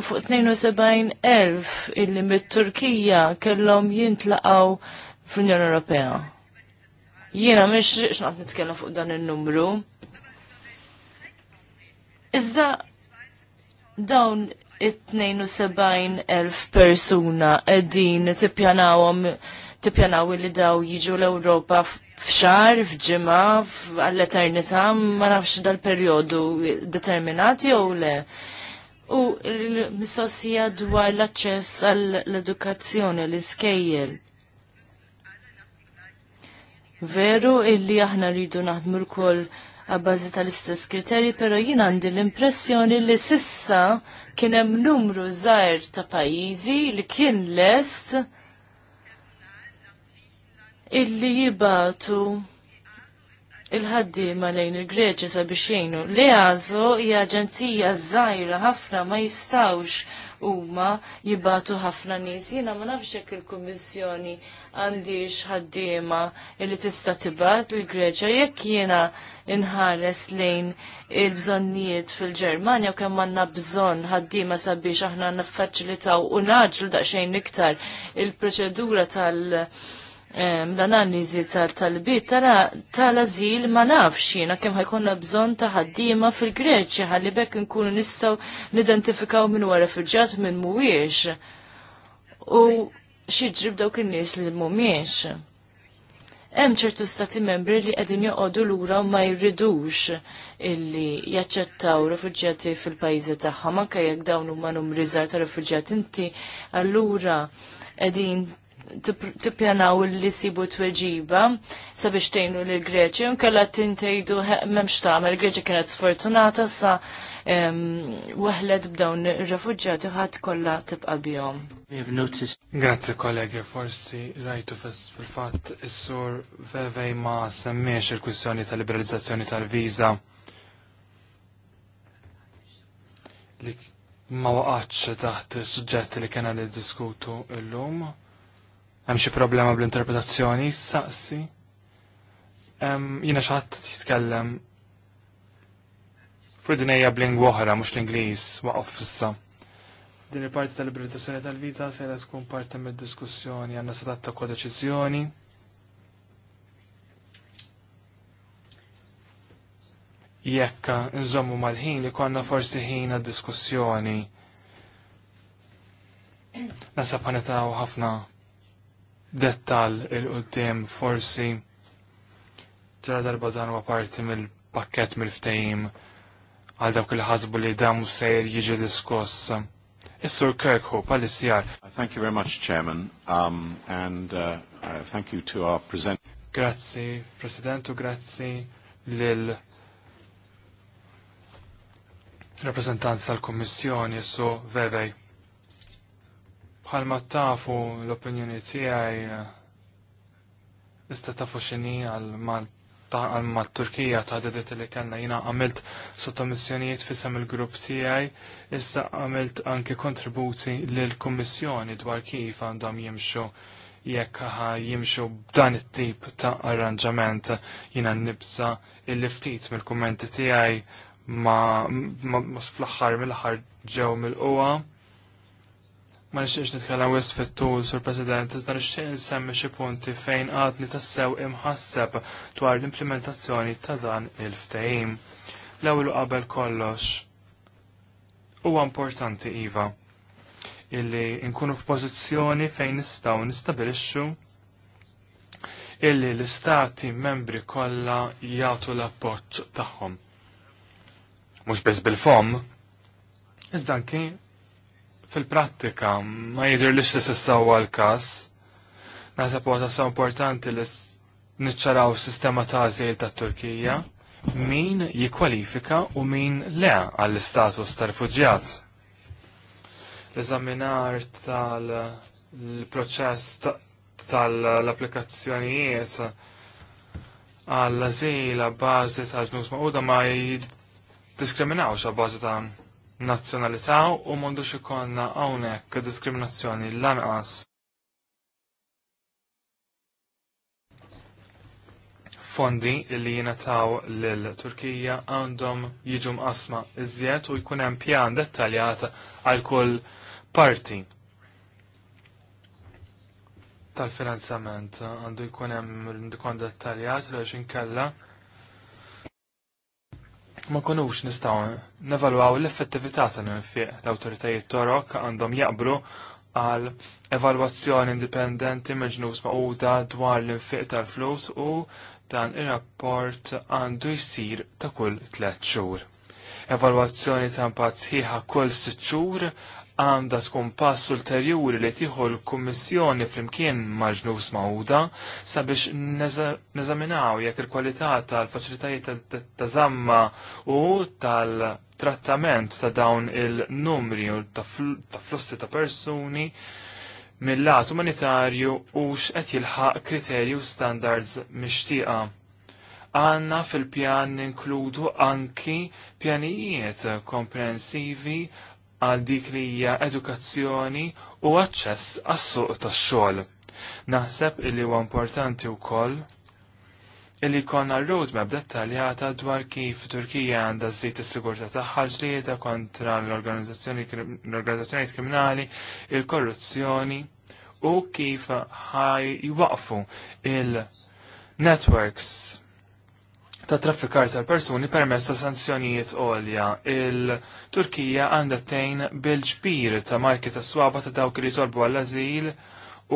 fuq 72,000 illi mit-Turkija kellhom jintlaqgħu fl-Unjoni Ewropea. Jiena mhix x'naqt nitkellem fuq dan in-numru. Iżda dawn it-72,000 persuna qegħdin tippjanawom tippjanaw li daw jiġu l-Ewropa f'xar, f'ġimgħa, għall-eternità, ma nafx dal-perjodu determinati jew le. U l-mistoqsija dwar l-aċċess għall-edukazzjoni, l-iskejjel. Veru illi aħna rridu naħdmu l-koll għabbażi tal-istess kriterji, pero jien għandi l-impressjoni li sissa kien hemm numru żgħir ta' pajjiżi li kien lest illi jibatu il-ħaddiema lejn il-Greċi sabiex jgħinu. Li għażu hija aġenzija żgħira ħafna ma jistawx huma jibatu ħafna nies. Jiena ma nafx hekk il-Kummissjoni għandix ħaddiema li tista' tibgħat l greċja jekk jiena inħares lejn il-bżonnijiet fil-Ġermanja u kemm għandna bżonn ħaddiema sabiex aħna naffaċilitaw u naġlu daqsxejn iktar il-proċedura tal- l-analizi tal-talbit tal-azil ma nafx jiena kemm ħajkonna bżonn ta' ħaddiema fil-Greċja ħalli bekk nkunu nistgħu nidentifikaw minn wara fil-ġat minn mhuwiex. U xieġri dawk in-nies li mhumiex. Hemm ċertu stati membri li qegħdin joqogħdu lura ma jridux illi jaċċettaw rifuġġjati fil-pajjiżi tagħha, anke jekk dawn huma numri żgħar ta' rifuġġjati inti allura qegħdin tippjanaw li sibu tweġiba sabiex tgħinu lill Greċi u kellha tintejdu m'hemmx tagħmel Greċi kienet sfortunata sa Waħlet b'dawn ir-refuġġjati ħadd kollha tibqa' bihom. Grazzi kollegi, forsi rajtu fil-fatt is-sur vevej ma semmiex il-kwistjoni tal-liberalizzazzjoni tal-viża li ma waqgħatx taħt is-suġġett li kena li diskutu llum. Hemm xi problema bl-interpretazzjoni, saqsi. Jiena xi ħadd titkellem. Fridinija b'lingwa oħra mhux l-Ingliż waqgħu fissa. Din il-parti tal liberazzjoni tal vita se tkun parti mid-diskussjoni għandna setat ta' kodeċiżjoni. Jekk nżommu mal-ħin li konna forsi ħin għad-diskussjoni. Nasab ħanetaw ħafna dettal il-qoddim forsi ġara darba dan huwa parti mill-pakket mill-ftehim għal dawk il-ħasbu li damu sejr jiġi diskoss. Is-Sur Kirkhope, għal sjar Thank you very much, Chairman, um, and uh, uh, thank you to our present. Grazzi, Presidentu, grazzi lil rappresentanza tal-Kommissjoni, su Vevej. Bħalma tafu l-opinjoni tiegħi nista uh, tafu x'inhi għal mal ta' ma' Turkija ta' dedet li kellna jina għamilt sottomissjonijiet fisem il-grupp tiegħi, iżda għamilt anke kontributi lill-Kummissjoni dwar kif għandhom jimxu jekk ħa jimxu b'dan it-tip ta' arranġament jina nibsa il-ftit mill-kummenti tiegħi ma, fl-aħħar mill-aħħar ġew mill-qwa. Ma nixtiex nitkellem wis fit-tul sur President, iżda nixtieq nsemmi xi punti fejn għadni tassew imħasseb dwar l-implementazzjoni ta' dan il-ftehim. L-ewwel qabel kollox. Huwa importanti iva illi nkunu f'pożizzjoni fejn nistgħu nistabilixxu illi l-istati membri kollha jagħtu l-appoġġ tagħhom. Mhux biss bil-fom, iżda fil-prattika ma jidher lix li s-sawa l-kas. Nasab għata sa' importanti li nitċaraw sistema ta' azil ta' Turkija min jikwalifika u min le għall-istatus ta' rifugjat. L-eżaminar tal-proċess tal-applikazzjonijiet għall-azil għabbażi bażi ta' ġnus ma' ma' jid diskriminawx għabbażi ta' nazzjonalità u m'għandux ikollna hawnhekk diskriminazzjoni lanqas fondi li jingħataw lil Turkija għandhom jiġu asma iżjed u jkun hemm pjan dettaljat għal kull parti tal-finanzament għandu jkun hemm rindikon dettaljat li għax inkella ma konux nistaw nevalwaw l-effettività tal-infieq l-autoritajiet torok għandhom jaqbru għal evalwazzjoni indipendenti meġnus maquda dwar l-infieq tal-flus u dan ir-rapport għandu jsir ta' kull tliet xhur. Evalwazzjoni ta' impatt sħiħa kull sitt xhur għandha tkun pass ulterjuri li tieħu l-Kummissjoni flimkien mal-Ġnus mawda sabiex neżaminaw jekk il-kwalità tal-faċilitajiet ta' tazamma u tal-trattament ta' dawn il-numri u ta' flussi ta' persuni mill-lat umanitarju u x'qed jilħaq kriterju standards mixtieqa. Għanna fil-pjan ninkludu anki pjanijiet komprensivi għal dik li hija edukazzjoni u aċċess għas-suq tax-xogħol. Naħseb illi huwa importanti wkoll illi konna roadmap dettaljata dwar kif Turkija għandha żdid is-sigurtà tagħha ġlieda kontra l-organizzazzjoni kriminali, il-korruzzjoni u kif ħaj jwaqfu il-networks ta' traffikar tal-persuni permess ta' sanzjonijiet għolja. Il-Turkija għandha tejn bil-ġbir ta' marki ta' swaba ta' dawk li jitolbu għall-azil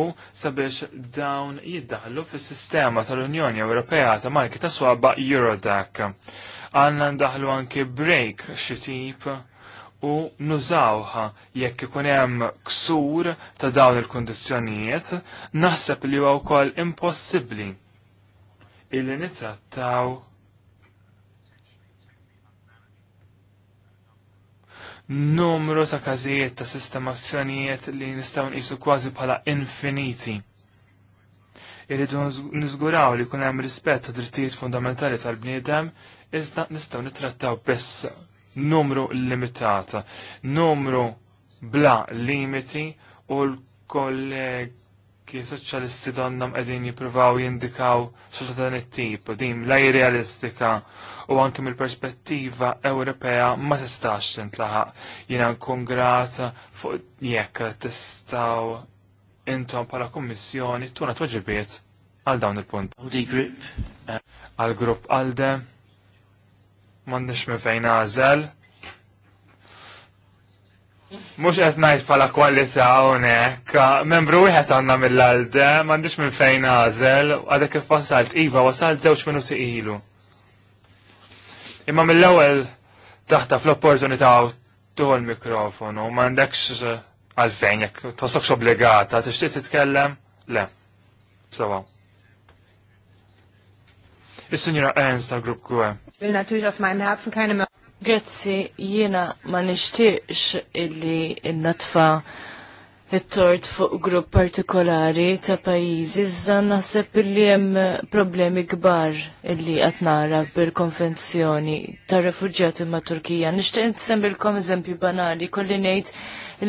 u sabiex dawn jiddaħlu fis sistema tal-Unjoni Ewropea ta' marki ta' swaba Eurodac. Għanna ndaħlu anki break xitip u nużawha jekk ikun hemm ksur ta' dawn il-kondizzjonijiet, naħseb li huwa wkoll impossibbli illi nitrattaw numru ta' każijiet ta' sistemazzjonijiet li nistgħu nqisu kważi bħala infiniti. Irridu niżguraw li jkun hemm rispett ta' drittijiet fundamentali tal-bniedem, iżda nistgħu nittrattaw biss numru limitata, numru bla limiti u l-kolleg anki soċjalisti donnam qegħdin jippruvaw jindikaw xi dan it-tip din lej realistika u anke mill-perspettiva Ewropea ma tistax tintlaħaq. Jiena nkun grat fuq jekk tistgħu intom pala kommissjoni tuna toġibiet għal dawn il-punt. Uh, għal grupp għalde, mandiċ me fejn għazel, Mux għet najt pala kwalita għonek, membru wieħed għanna mill alde mandiġ minn fejn għazel, għadek kif wasalt, iva, wasalt zewċ minuti ilu. Imma mill-ewel taħta fl-opportunità tuħu l-mikrofonu, mandekx eh, għalfejn, jek tosokx obbligata, t titkellem? Le. Sawa. Is-Sinjora Ernst tal-Grupp Gwe. Will natürlich aus meinem Herzen keine Grazzi, jiena ma nishtiqx illi n-natfa it-tort fuq grupp partikolari ta' pajjiżi iżda naħseb illi hemm problemi kbar illi qed nara bil-konvenzjoni tar refuġjati ma' Turkija. Nixtieq nsemmilkom eżempju banali, kolli ngħid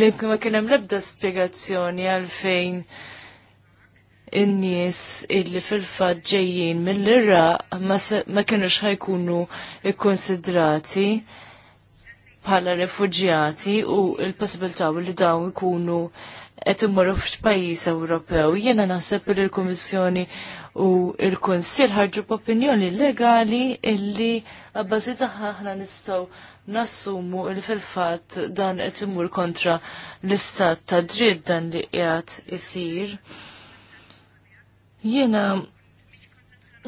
li ma kien hemm l-ebda spjegazzjoni għalfejn in-nies illi fil-fatt ġejjin mill irra ma kienux ħajkunu ikkonsidrati bħala refuġjati u l-possibilità li dawn ikunu qed immorru f'pajjiż Ewropew. Jiena naħseb li l-Kummissjoni u l-Kunsill ħarġu b'opinjoni legali illi abbażi tagħha aħna nistgħu nassumu li fil-fatt dan qed imur kontra l-istat ta' dritt dan li qiegħed isir. Jiena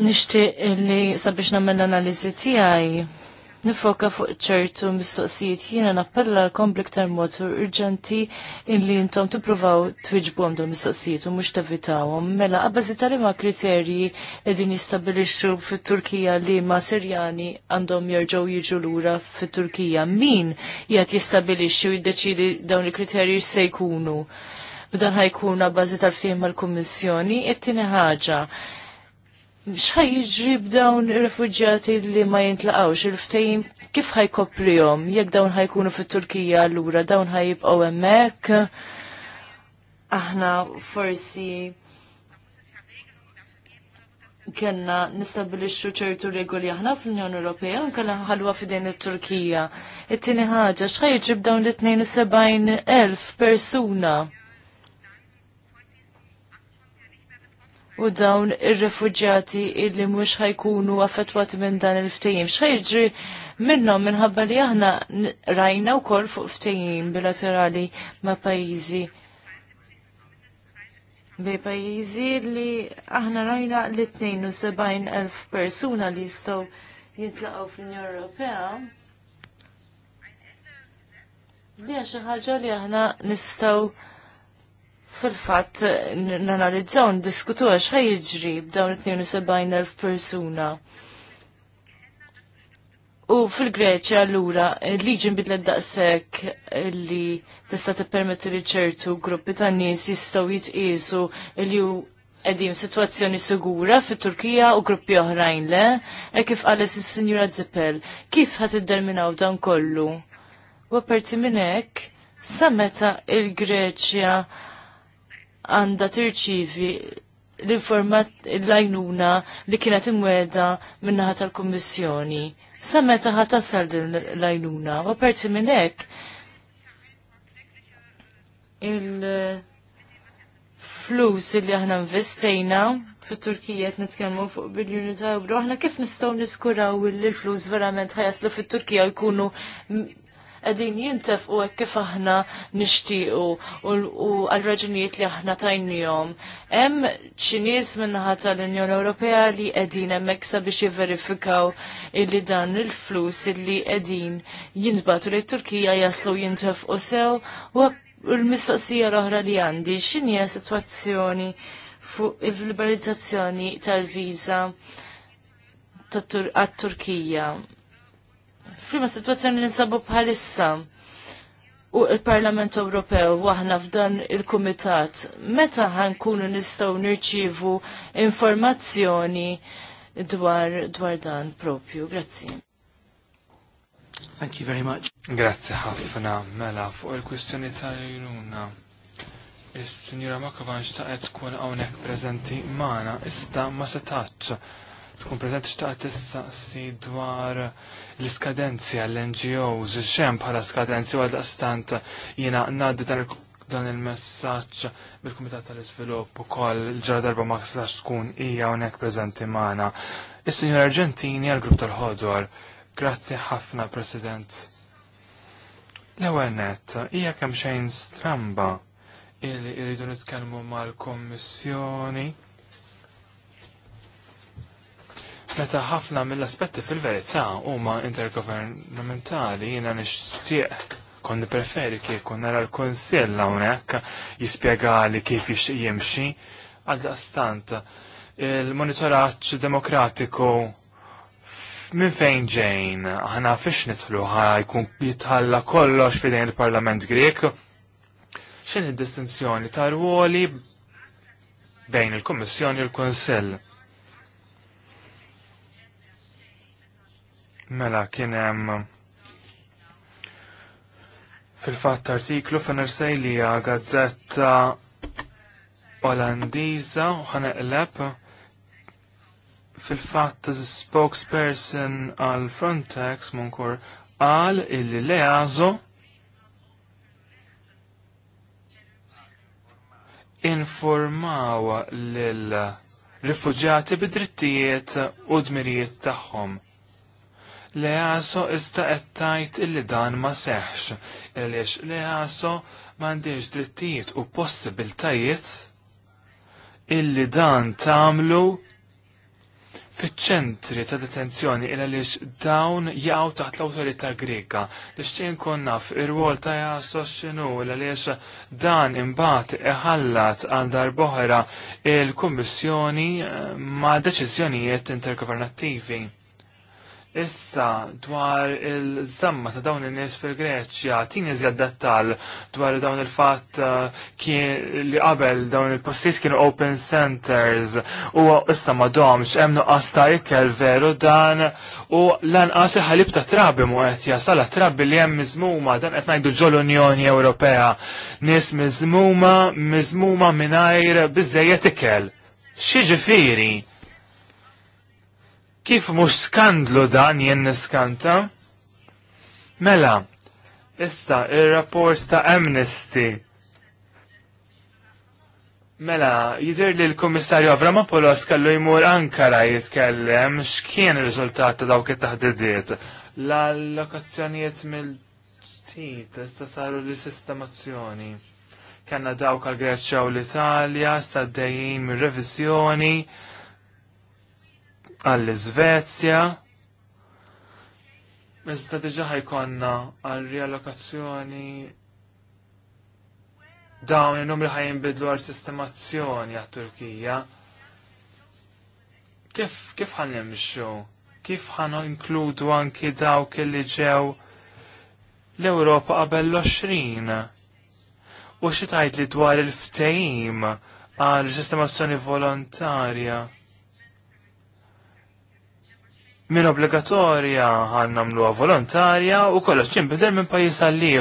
nixtieq li sabiex nagħmel l-analiżi tiegħi nifoka fuq ċertu mistoqsijiet jiena nappella l-kom bliktar urġenti illi intom tippruvaw għom għamdu mistoqsijiet u mux tevitawhom. Mela, għabazi tal ma kriterji edin jistabilixxu fit-Turkija li ma Sirjani għandhom jerġgħu jiġu lura fit-Turkija. Min jgħat jistabilixxu jiddeċidi dawn il-kriterji se jkunu? u dan ħajkun bażi tal mal-Kummissjoni. It-tieni ħaġa, x'ħaj jiġri b'dawn ir-refuġjati li ma jintlaqgħux il-ftehim kif ħajkoprihom jekk dawn ħajkunu fit-Turkija allura dawn ħajibqgħu hemmhekk. Aħna forsi kena nistabilixxu ċertu regoli aħna fl-Unjoni Ewropea u kellha ħalwa f'din it-Turkija. It-tieni ħaġa x'ħajġib dawn l-72 elf persuna u dawn ir-refuġjati illi mhux ħajkunu affettwati minn dan il ftejim X'ħajġri minnhom minħabba li aħna rajna wkoll fuq ftejim bilaterali ma' pajjiżi bej pajizi li aħna rajna li 72,000 persuna li jistgħu jitlaqgħu fl-Unjoni Ewropea. Li xi ħaġa li aħna nistgħu fil-fatt nanalizzaw diskutu għax iġri b'dawn 72,000 persuna. U fil-Greċja allura liġi nbidlet daqshekk li tista' tippermetti li ċertu gruppi ta' nies jistgħu jitqiesu li hu qegħdin sitwazzjoni sigura fit-Turkija u gruppi oħrajn le, e kif qalet is-Sinjura Zippel, kif ħad idderminaw dan kollu? U apparti minn hekk, sa meta il-Greċja għanda tirċivi l-informat l-lajnuna li kienet imweda minnaħat tal-Kommissjoni. Sa meta ħatasal din l-lajnuna, u perti minn hekk il-flus li aħna investejna fit-Turkija qed nitkellmu fuq biljuni ta' euro, aħna kif nistgħu niskuraw il l-flus verament ħajaslu fit-Turkija jkunu qegħdin jintefqu hekk kif aħna nixtiequ u għal raġunijiet li aħna tajnijom. Em xi nies min-naħa tal-Unjoni Ewropea li qegħdin hemmhekk sabiex jivverifikaw illi dan il-flus illi qegħdin jintbatu li Turkija jaslu u sew u l-mistoqsija l-oħra li għandi x'inhi sitwazzjoni fuq il-liberalizzazzjoni tal-viża għat-Turkija. Prima situazzjoni li nsabu bħalissa u il-Parlament Ewropew waħna f'dan il-Kumitat, meta ħankunu nistgħu nirċievu informazzjoni dwar dwar dan propju. Grazzi. Thank you very much. Grazzi ħafna mela fuq il-kwistjoni ta' jruna. Is-Sinjura Makovan xtaqet tkun hawnhekk prezenti Mana issa ma setax tkun preżenti xtaqet issa si dwar l skadenzi għall-NGOs, xem bħala skadenzi għad stant jina naddi dan il-messagġ bil-Kumitat tal-Iżvilupp ukoll il-ġara darba ma tkun hija hawnhekk preżenti magħna. Is-Sinjur Arġentini għall-Grupp tal ħodwar Grazzi ħafna, President. L-ewwel nett hija kemm xejn stramba illi jridu nitkellmu mal-Kommissjoni meta ħafna mill-aspetti fil-verità huma intergovernamentali jiena nixtieq kondi preferi kieku nara l-konsill hawnhekk jispjegali kif jixtieq jimxi għal daqstant il-monitoraġġ demokratiku minn fejn ġejn aħna fiex nitlu jkun jitħalla kollox fidejn il-Parlament Grek x'in id-distinzjoni tar ruoli bejn il-Kummissjoni u l-Kunsill. Mela kien hemm fil-fatt artiklu f'nersej li hija gazzetta Olandiża u ħaneqleb fil-fatt spokesperson għal Frontex munkur qal illi leazo informawa lil rifugġati bidrittijiet u dmirijiet tagħhom. Le easo iżda qed tajt illi dan ma seħħx għaliex Leaso m'għandix drittijiet u possibiltajiet illi dan tagħmlu fiċ-ċentri ta' detenzjoni illa għaliex dawn jaw taħt l autorita Grega, li xtien konna fir ta' jasso xinu illa għaliex dan imbagħad iħallat għal darboħra il-Kummissjoni eh, ma' deċiżjonijiet intergovernattivi. Issa dwar il-żamma ta' dawn in-nies fil-Greċja, tin iżjad dettal dwar dawn il-fatt uh, li qabel dawn il-postijiet kienu open centers u issa ma domx hemm għasta ta' ikel veru dan u lanqas il-ħalib ta' trabi mu qed jasal trabi li hemm miżmuma dan qed ngħidu ġol-Unjoni Ewropea. Nies miżmuma miżmuma mingħajr bizzejet ikel. Xi ġifieri? Kif mhux skandlu dan jien niskanta? Mela, issa il rapport ta' Amnesty. Mela, jidher li l-Kummissarju Avramopoulos kellu jmur Ankara jitkellem x'kien ir-riżultat ta' dawk it-taħdidiet. L-allokazzjonijiet mill-ġdid issa saru l-sistemazzjoni. Kanna dawk għal Greċja u l-Italja, saddejjin mir-reviżjoni għall-Svezja. Iżda diġa ħajkonna għal-riallokazzjoni dawn il-numri bidlu għal sistemazzjoni għat turkija Kif, kif ħan nimxu? Kif ħan inkludu anki dawk li ġew l-Europa qabel l-20? U xi li dwar il-ftehim għal sistemazzjoni volontarja? minn obbligatorja għan namluha volontarja u kollox ċimbidel minn pajjiż għal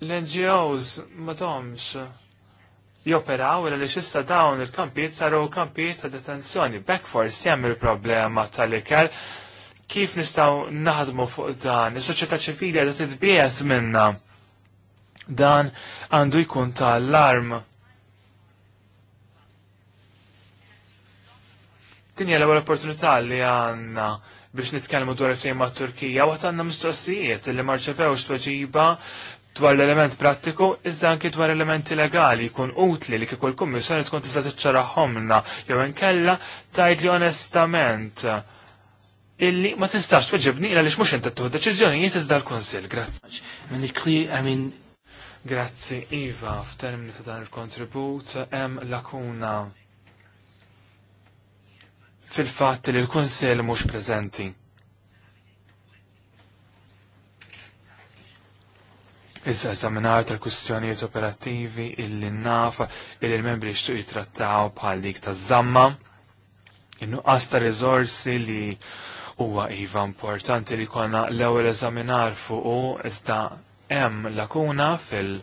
L-NGOs ma tomx joperaw il xista dawn il-kampijiet saru kampijiet ta' detenzjoni. Back force jem il-problema tal-ikel kif nistaw naħdmu fuq dan. Is-soċjetà ċivili għadha titbiet minna. Dan għandu jkun tal-alarm Tinja l-ewwel opportunità li għandna biex nitkellmu dwar fejn ma' Turkija waqt għandna mistoqsijiet li rċevewx tweġiba dwar l-element prattiku, iżda anki dwar elementi legali jkun utli li kikol kummissjoni tkun tista' tiċċaraħomna jew inkella tgħidli onestament illi ma tistax tweġibni illa lix mhux inti tieħu deċiżjonijiet iżda l-Kunsill. Grazzi. Grazzi Iva f'termini ta' dan il-kontribut hemm lakuna fil-fatt li l kunsel mhux preżenti. Iżda eżaminar tal-kustjonijiet operattivi illi naf illi l-membri xtuq jitrattaw bħal dik ta' zamma, innuqqas ta' rizorsi li huwa iva importanti li konna l-ewwel eżaminar fuq iżda hemm lakuna fil-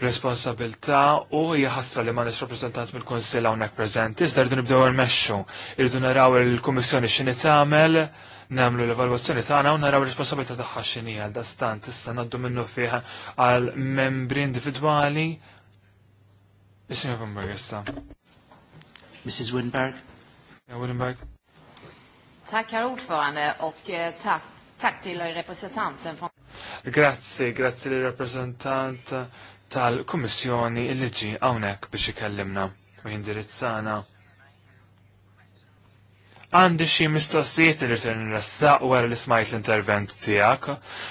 responsabilta u jħassra li ma nix rappresentant mill-Konsil hawnhekk preżenti, iżda rridu nibdew il-mexxu, irridu naraw il-Kummissjoni x'inhi tagħmel, nagħmlu l-evalwazzjoni tagħna u naraw ir-responsabilità tagħha x'inhi għal dastant tista ngħaddu minnu fih għal membri individwali. Mr. Winberg Mrs. Winberg. Ja, Winberg. Tack, herr ordförande, och eh, tack, tack till representanten från... Grazie, grazie till representanten tal-Kummissjoni il liġi hawnhekk biex ikellimna u jindirizzana. Għandi xi mistoqsijiet li rrid nirressaq wara li smajt l-intervent tiegħek.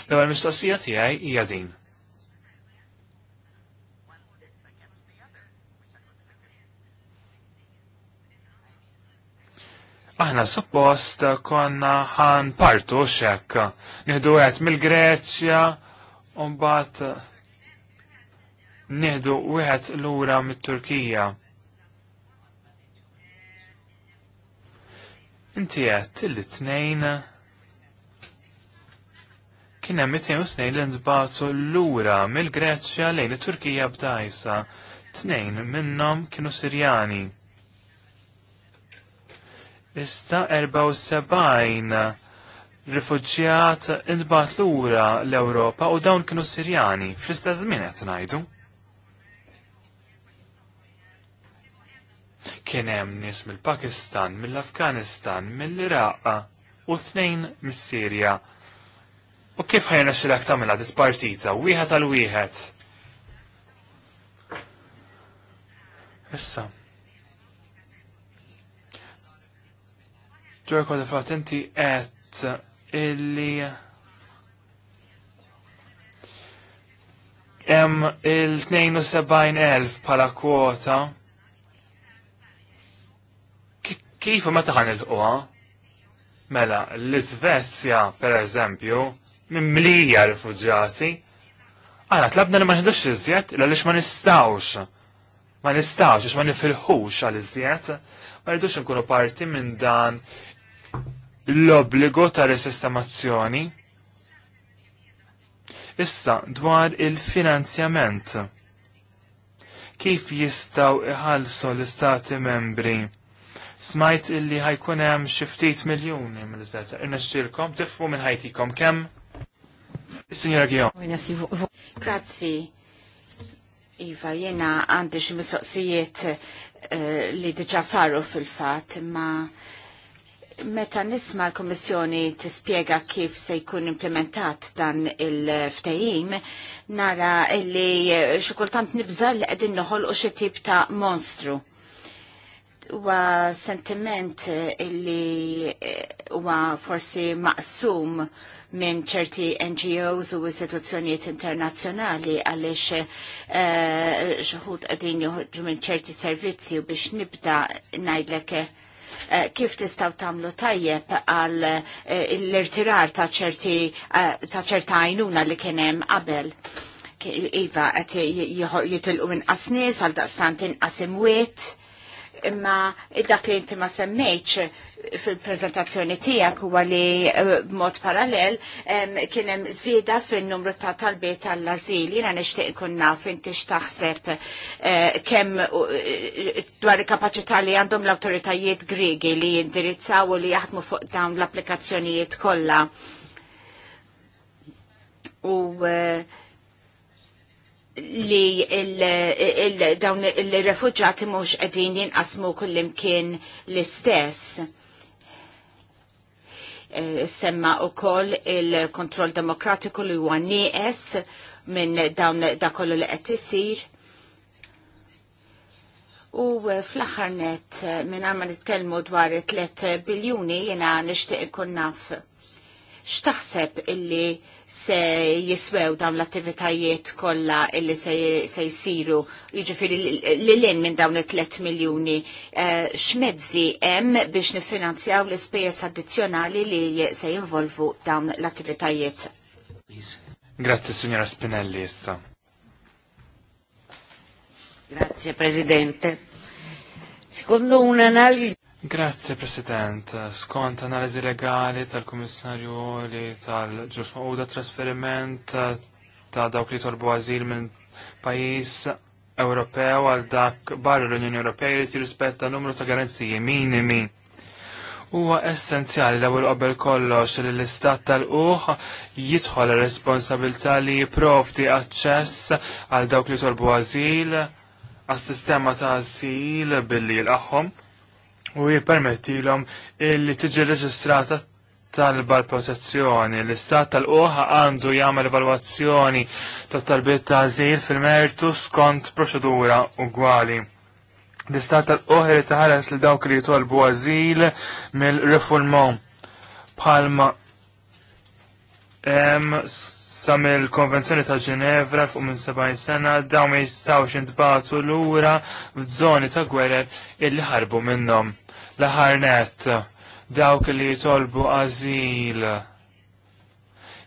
L-ewwel mistoqsija tiegħi hija din. Aħna suppost konna ħan partu xekk. Nieħdu għet mill-Greċja u mbagħad neħdu wieħed lura mit-Turkija. Inti għedt il-tnejn kien hemm snejn li nbatu lura mill-Greċja lejn it-Turkija b'dajsa. Tnejn minnhom kienu Sirjani. Ista 74 rifuġġjat intbat lura l-Ewropa u dawn kienu Sirjani fl-istess żmien qed ngħidu. Kien hemm nies mill-Pakistan, mill-Afganistan, mill-Iraq u tnejn mis-Sirja. U kif ħajna xilak tagħmilha dit partita wieħed għal wieħed. Issa. Ġorko li fat inti qed illi hemm il-72,000 bħala kwota Kif ma taħan il-qwa? Mela, l-Svezja, per eżempju, mlija rifugġati. Għana, tlabna li ma nħedux iżjed, l ma nistawx. Ma nistawx, ma nifilħux għal iżjed. Ma rridux nkunu parti minn dan l-obbligo ta' resistamazzjoni. Issa, dwar il-finanzjament. Kif jistaw iħalsu l-istati membri? smajt illi ħajkunem hemm xi ftit miljuni mill-iżbeta. tifmu minn ħajtikom kemm? Signora sinjora Grazzi. Iva, jena għandi xi mistoqsijiet eh, li diġà saru fil-fatt, ma meta nisma l-Kommissjoni tispjega kif se jkun implementat dan il-ftehim, nara illi xikultant nibżal qegħdin noħolqu xi tip ta' monstru huwa sentiment eh, illi eh, huwa forsi maqsum minn ċerti NGOs u istituzzjonijiet internazzjonali għaliex eh, xħut uh, għadin joħġu minn ċerti servizzi u biex nibda najdlek kif tistaw tamlu tajjeb għal l-irtirar ta' ċerti ta' ċerta għajnuna li kienem qabel. Iva, għet jitilqu minn qasnis għal daqstant inqasim wiet imma dak li inti ma semmejċ fil-prezentazzjoni tijak u għali eh, mod parallel kienem zida fil-numru ta' talbiet tal-azil. Jina nishtiq ikun naf inti xtaħseb eh, kem eh, dwar kapacità li għandhom l-autoritajiet gregi li jindirizzaw u li jaħdmu fuq dawn l-applikazzjonijiet kollha. U uh, li dawn il-refugġati mux għedin jinqasmu kullimkien l-istess. Eh, semma u koll il-kontroll demokratiku li huwa nieqes minn dawn da kollu li qed isir. U eh, fl-aħħar net eh, minn għamma nitkellmu dwar 3 biljuni jiena nixtieq ikun naf x'taħseb illi se jiswew dawn l-attivitajiet kollha illi se, jsiru jiġifieri li lin minn dawn it-3 miljuni eh, x'mezzi hemm biex niffinanzjaw l-ispejjeż addizzjonali li se jinvolvu dawn l-attivitajiet. Grazie signora Spinelli issa. Grazie Presidente. Secondo un'analisi Grazie President, skont analizi legali tal komissarju li tal-ġus trasferiment ta' dawk li torbu għazil minn pajis Ewropew għal dak barra l-Unjoni Ewropea li tirrispetta numru ta' garanziji minimi. Huwa essenzjali l ewwel qabel kollox li l-istat tal-uħ jidħol responsabilità li jipprovdi aċċess għal dawk li torbu għazil għas-sistema ta' għazil billi l-aħħom u l-om illi tiġi reġistrata talba l-protezzjoni. L-istat tal-oħa għandu jagħmel evalwazzjoni tat talbiet ta' żil fil-mertu skont proċedura ugwali. L-istat tal-oħa li taħares li dawk li jitolbu għażil mill-refulmon bħalma sa mill-Konvenzjoni ta' Ġenevra fuq minn 70 sena dawn ma jistgħux jintbagħtu lura f'żoni ta' gwerer illi ħarbu minnhom l dawk li jitolbu azil.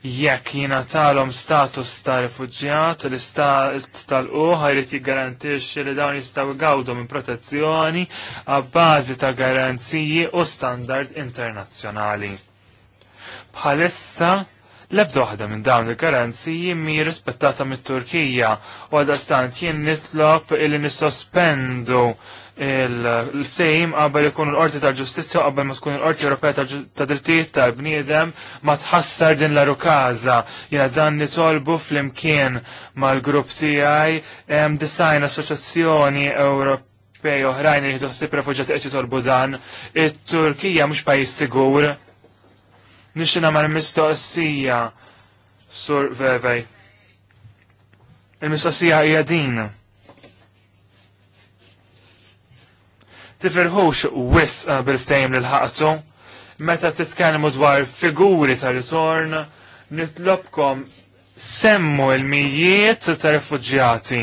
jekk jina talom status ta' rifugġjat istat tal-uħa jrid jiggarantix li dawn jistaw għawdu minn protezzjoni għabbazi ta' garanziji u standard internazzjonali. Bħalissa lebda waħda minn dawn il-garanziji mi rispettata mit-Turkija u għadastant jien nitlob il nisospendu il-ftejim qabel ikun l-Qorti tal-Ġustizzja qabel ma tkun l-Qorti Ewropea ta' Drittijiet tal-Bniedem ma tħassar din l rukaza. Jiena dan nitolbu flimkien mal-grupp tiegħi hemm design assoċjazzjoni Ewropej oħrajn li jħdossib refuġjati qed jitolbu dan. It-Turkija mhux pajjiż sigur. Nixina l mistoqsija sur vevej. Il-mistoqsija hija din tifirħux wis ah, bil ftajm l ħaqtu meta titkellmu dwar figuri ta' ritorn nitlobkom semmu il-mijiet ta' rifugġjati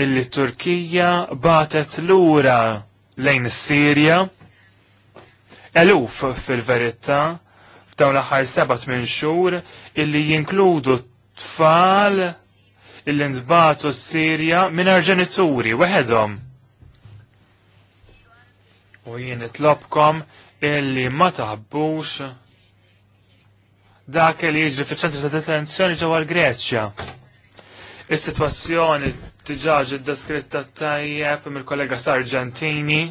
illi Turkija batet lura lejn is-Sirja eluf fil-verità f'dawn l-aħħar sebat minn xhur illi jinkludu tfal illi nbatu s-Sirja minn ġenituri weħedhom u jien itlobkom illi ma taħbux dak li jiġri fiċ-ċentru ta' detenzjoni ġewwa l-Greċja. Is-sitwazzjoni diġà ġiet deskritta tajjeb mill-kollega Sargentini.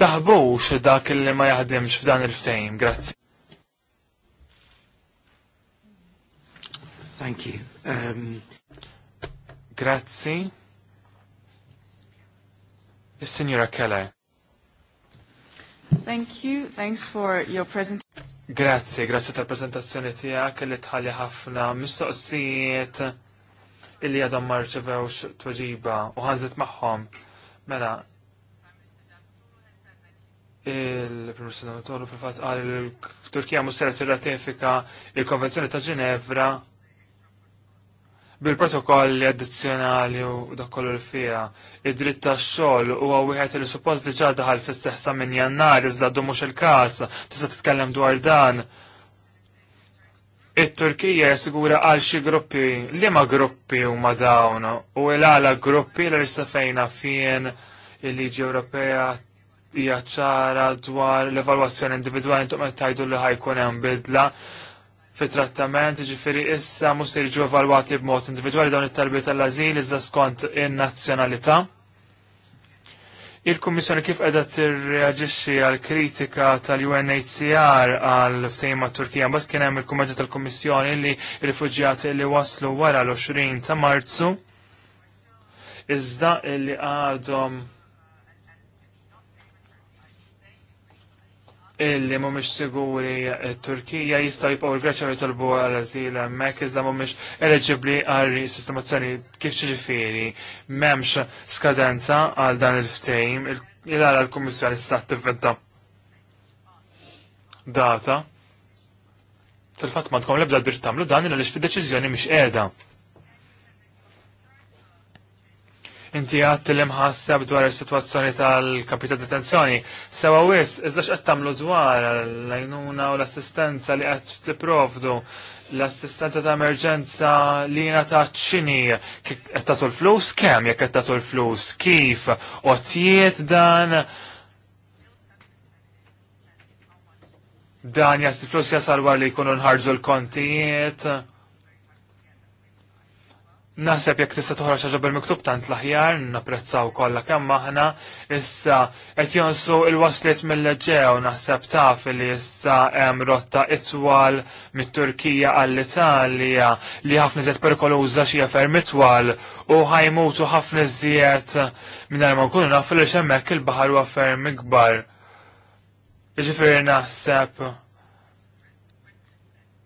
Taħbux dak li ma jaħdimx f'dan il-ftehim. Grazzi. Thank you. Um... Grazzi. Is-Sinjura Keller. Thank you. Thanks for your presentation. Grazie, grazie tal presentazzjoni tiegħek li tħalli ħafna mistoqsijiet illi għadhom marċevewx tweġiba u ħanżet magħhom. Mela, il-Prim Senatoru fil-fatt qal il-Turkija mhux se ratifika il-Konvenzjoni ta' Ġinevra bil-protokolli addizzjonali u dakollu l-fija. Id-dritt tax-xogħol huwa wieħed li suppost diġà daħal fis-seħsa minn jannar iżda d mhux il-każ, tista' titkellem dwar dan. It-Turkija sigura għal xi gruppi, li ma gruppi huma dawn u l-għala gruppi li ristafejna fien il-liġi Ewropea hija ċara dwar l-evalwazzjoni individwali intom qed li ħajkun hemm bidla fit-trattament, ġifiri issa mhux se jiġu evalwati b'mod individwali dawn it-talbiet tal azil iżda skont in-nazzjonalità. Il-Kummissjoni kif qiegħda tirreaġixxi għal kritika tal-UNHCR għal ftehim Turkija mbagħad kien hemm il-kummenti tal-Kummissjoni li rifuġjati li waslu wara l-20 ta' Marzu iżda illi għadhom illi mhumiex siguri eh, Turkija jistgħu jibqgħu l-Greċja jitolbu għal ażil hemmhekk iżda mhumiex eliġibbli għal sistemazzjoni kif ġifieri m'hemmx skadenza għal dan il-ftejm il għal l-Kummissjoni issa tivventa data. Fil-fatt ma tkun l-ebda bir tagħmlu dan il għaliex fid-deċiżjoni mhix qiegħda. Inti għat l imħassa dwar il-situazzjoni tal-kapita detenzjoni. Sewa wis, iżdax għat tamlu dwar l-għajnuna u l-assistenza li għat t-provdu l-assistenza ta' emerġenza li jina ta' ċini għat ta' l-flus kem, jek għat ta' l-flus kif, u għat dan dan jas l-flus jasal war li jkunu nħarġu l-kontijiet. Naħseb jekk tista' toħroġ ħaġa bil-miktub tant l-aħjar, napprezzaw kollha kemm aħna, issa qed jonsu l-waslet mill-Eġew naħseb taf li issa hemm rotta itwal mit-Turkija għall-Italja li ħafna iżjed perikoluża xi ferm itwal u ħajmutu ħafna iżjed mingħajr ma nkunu nafu li hemmhekk il-baħar huwa ferm ikbar. Jiġifieri naħseb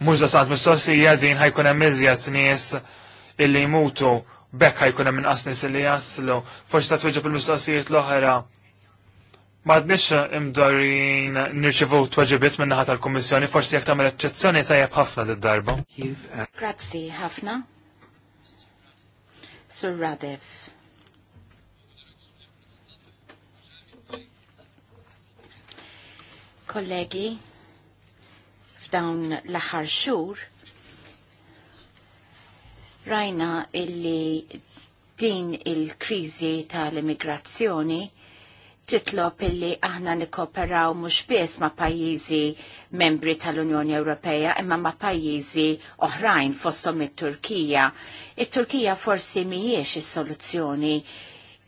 mhux da sant mistoqsija din ħajkun hemm iżjed nies illi jmutu bekk ħajkun hemm inqas nies illi jaslu. Forsi ta' tweġeb il-mistoqsijiet l-oħra Madnix imdorin nirċivu tweġibiet minn naħa tal kummissjoni forsi jek tagħmel eccezzjoni tajjeb ħafna d-darba. Grazzi, ħafna. Sir Radev. Kollegi, f'dawn l-aħħar xhur rajna illi din il-krizi tal-immigrazzjoni titlob illi aħna nikoperaw mhux biss ma' pajjiżi membri tal-Unjoni Ewropea imma ma' pajjiżi oħrajn fosthom it-Turkija. It-Turkija forsi mhijiex is-soluzzjoni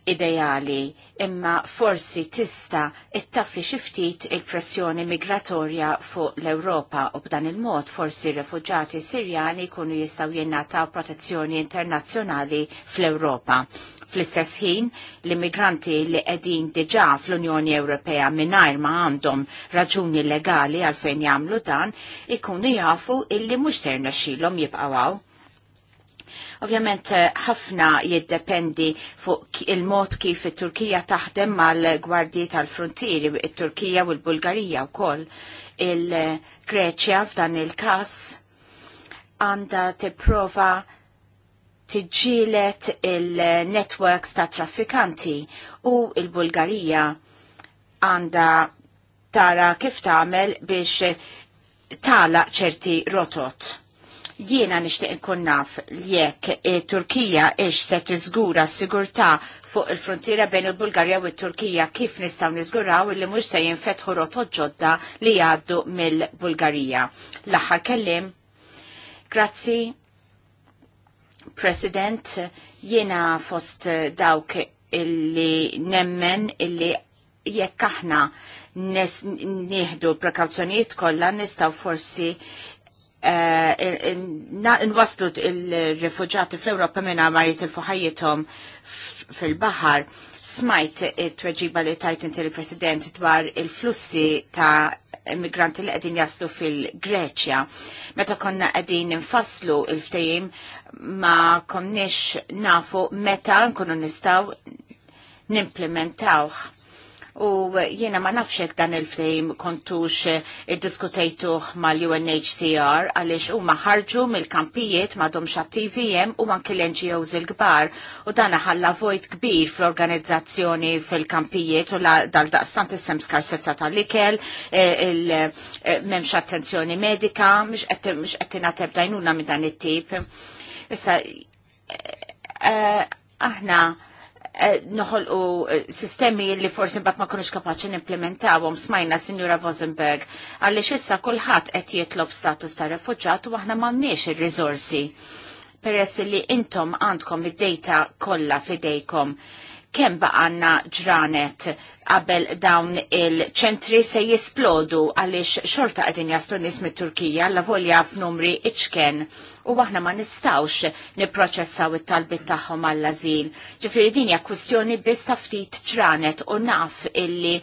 ideali, imma forsi tista ittaffi xiftit il-pressjoni migratorja fuq l-Europa u b'dan il-mod forsi refugjati sirjani kunu jistaw jennataw protezzjoni internazzjonali fl-Europa. Fl-istess ħin, l-immigranti li qegħdin diġà fl-Unjoni Ewropea mingħajr ma għandhom raġuni legali għalfejn jagħmlu dan ikunu jafu illi mhux ser nexxilhom jibqgħu Ovvjament eh, ħafna jiddependi fuq il-mod kif it-Turkija taħdem mal-gwardji tal-frontieri, it-Turkija u l-Bulgarija u koll. Il-Greċja f'dan il-kas għanda tipprova tiġġielet il-networks ta' traffikanti u il-Bulgarija għanda tara kif tagħmel biex tala ċerti rotot. Jiena nixtieq inkun naf jekk Turkija ix se tiżgura s-sigurtà fuq il-frontiera bejn il-Bulgarja u t-Turkija kif nistgħu niżguraw li mhux se jinfetħu rotot ġodda li jgħaddu mill-Bulgarija. L-aħħar kellim. Grazzi. President, jiena fost dawk illi nemmen illi jekk aħna nieħdu prekawzjonijiet kollha nistgħu forsi nwaslu il-refugġati fl-Europa minna ma il ħajjithom fil-bahar. Smajt it-tweġiba li tajt inti l-President dwar il-flussi ta' immigranti li għedin jaslu fil-Greċja. Meta konna għedin nfasslu il-ftejim ma konniex nafu meta nkunu nistaw nimplementawħ u eh, jiena ma nafxek dan il-flejm kontux eh, id-diskutejtuħ mal-UNHCR għalix u ħarġu mill-kampijiet madhom tvm u man l-NGOs il-gbar u dan ħalla vojt kbir fl-organizzazzjoni fil-kampijiet u dal-daqstant is-sem skarsezza tal-ikel, eh, memx attenzjoni medika, mx għettina tebdajnuna minn dan it-tip. Issa, aħna uh, Eh, noħolqu eh, sistemi li forsi bat ma konux kapaċi nimplementawhom smajna Sinjura Vosenberg għaliex issa kulħadd qed jitlob status ta' refugġat u aħna m'għandniex ir-riżorsi peress li intom għandkom id-data kollha fidejkom kemm baqanna ġranet qabel dawn il-ċentri se jisplodu għaliex xorta għedin jaslu nies mit-Turkija la volja f'numri iċken u aħna ma nistawx nipproċessaw it-talbit tagħhom għall-ażil. Ġifieri din hija kwistjoni biss ta' ftit ġranet u naf illi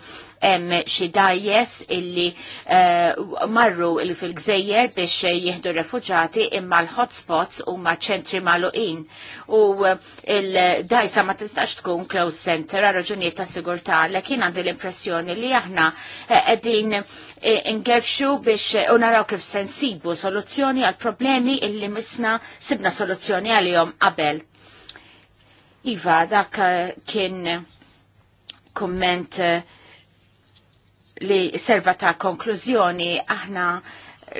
hemm xi dajjes illi eh, marru il fil-gżejjer biex jieħdu refuġati imma l-hotspots huma ċentri magħluqin. U eh, il-dajsa ma tistax tkun close center għal raġunijiet ta' sigurtà lekin għandi l-impressjoni li aħna eh, qegħdin ingerfxu biex u naraw kif sensibu soluzzjoni għal problemi illi misna sibna soluzzjoni għalihom qabel. Iva, dak kien komment uh, li serva ta' konklużjoni aħna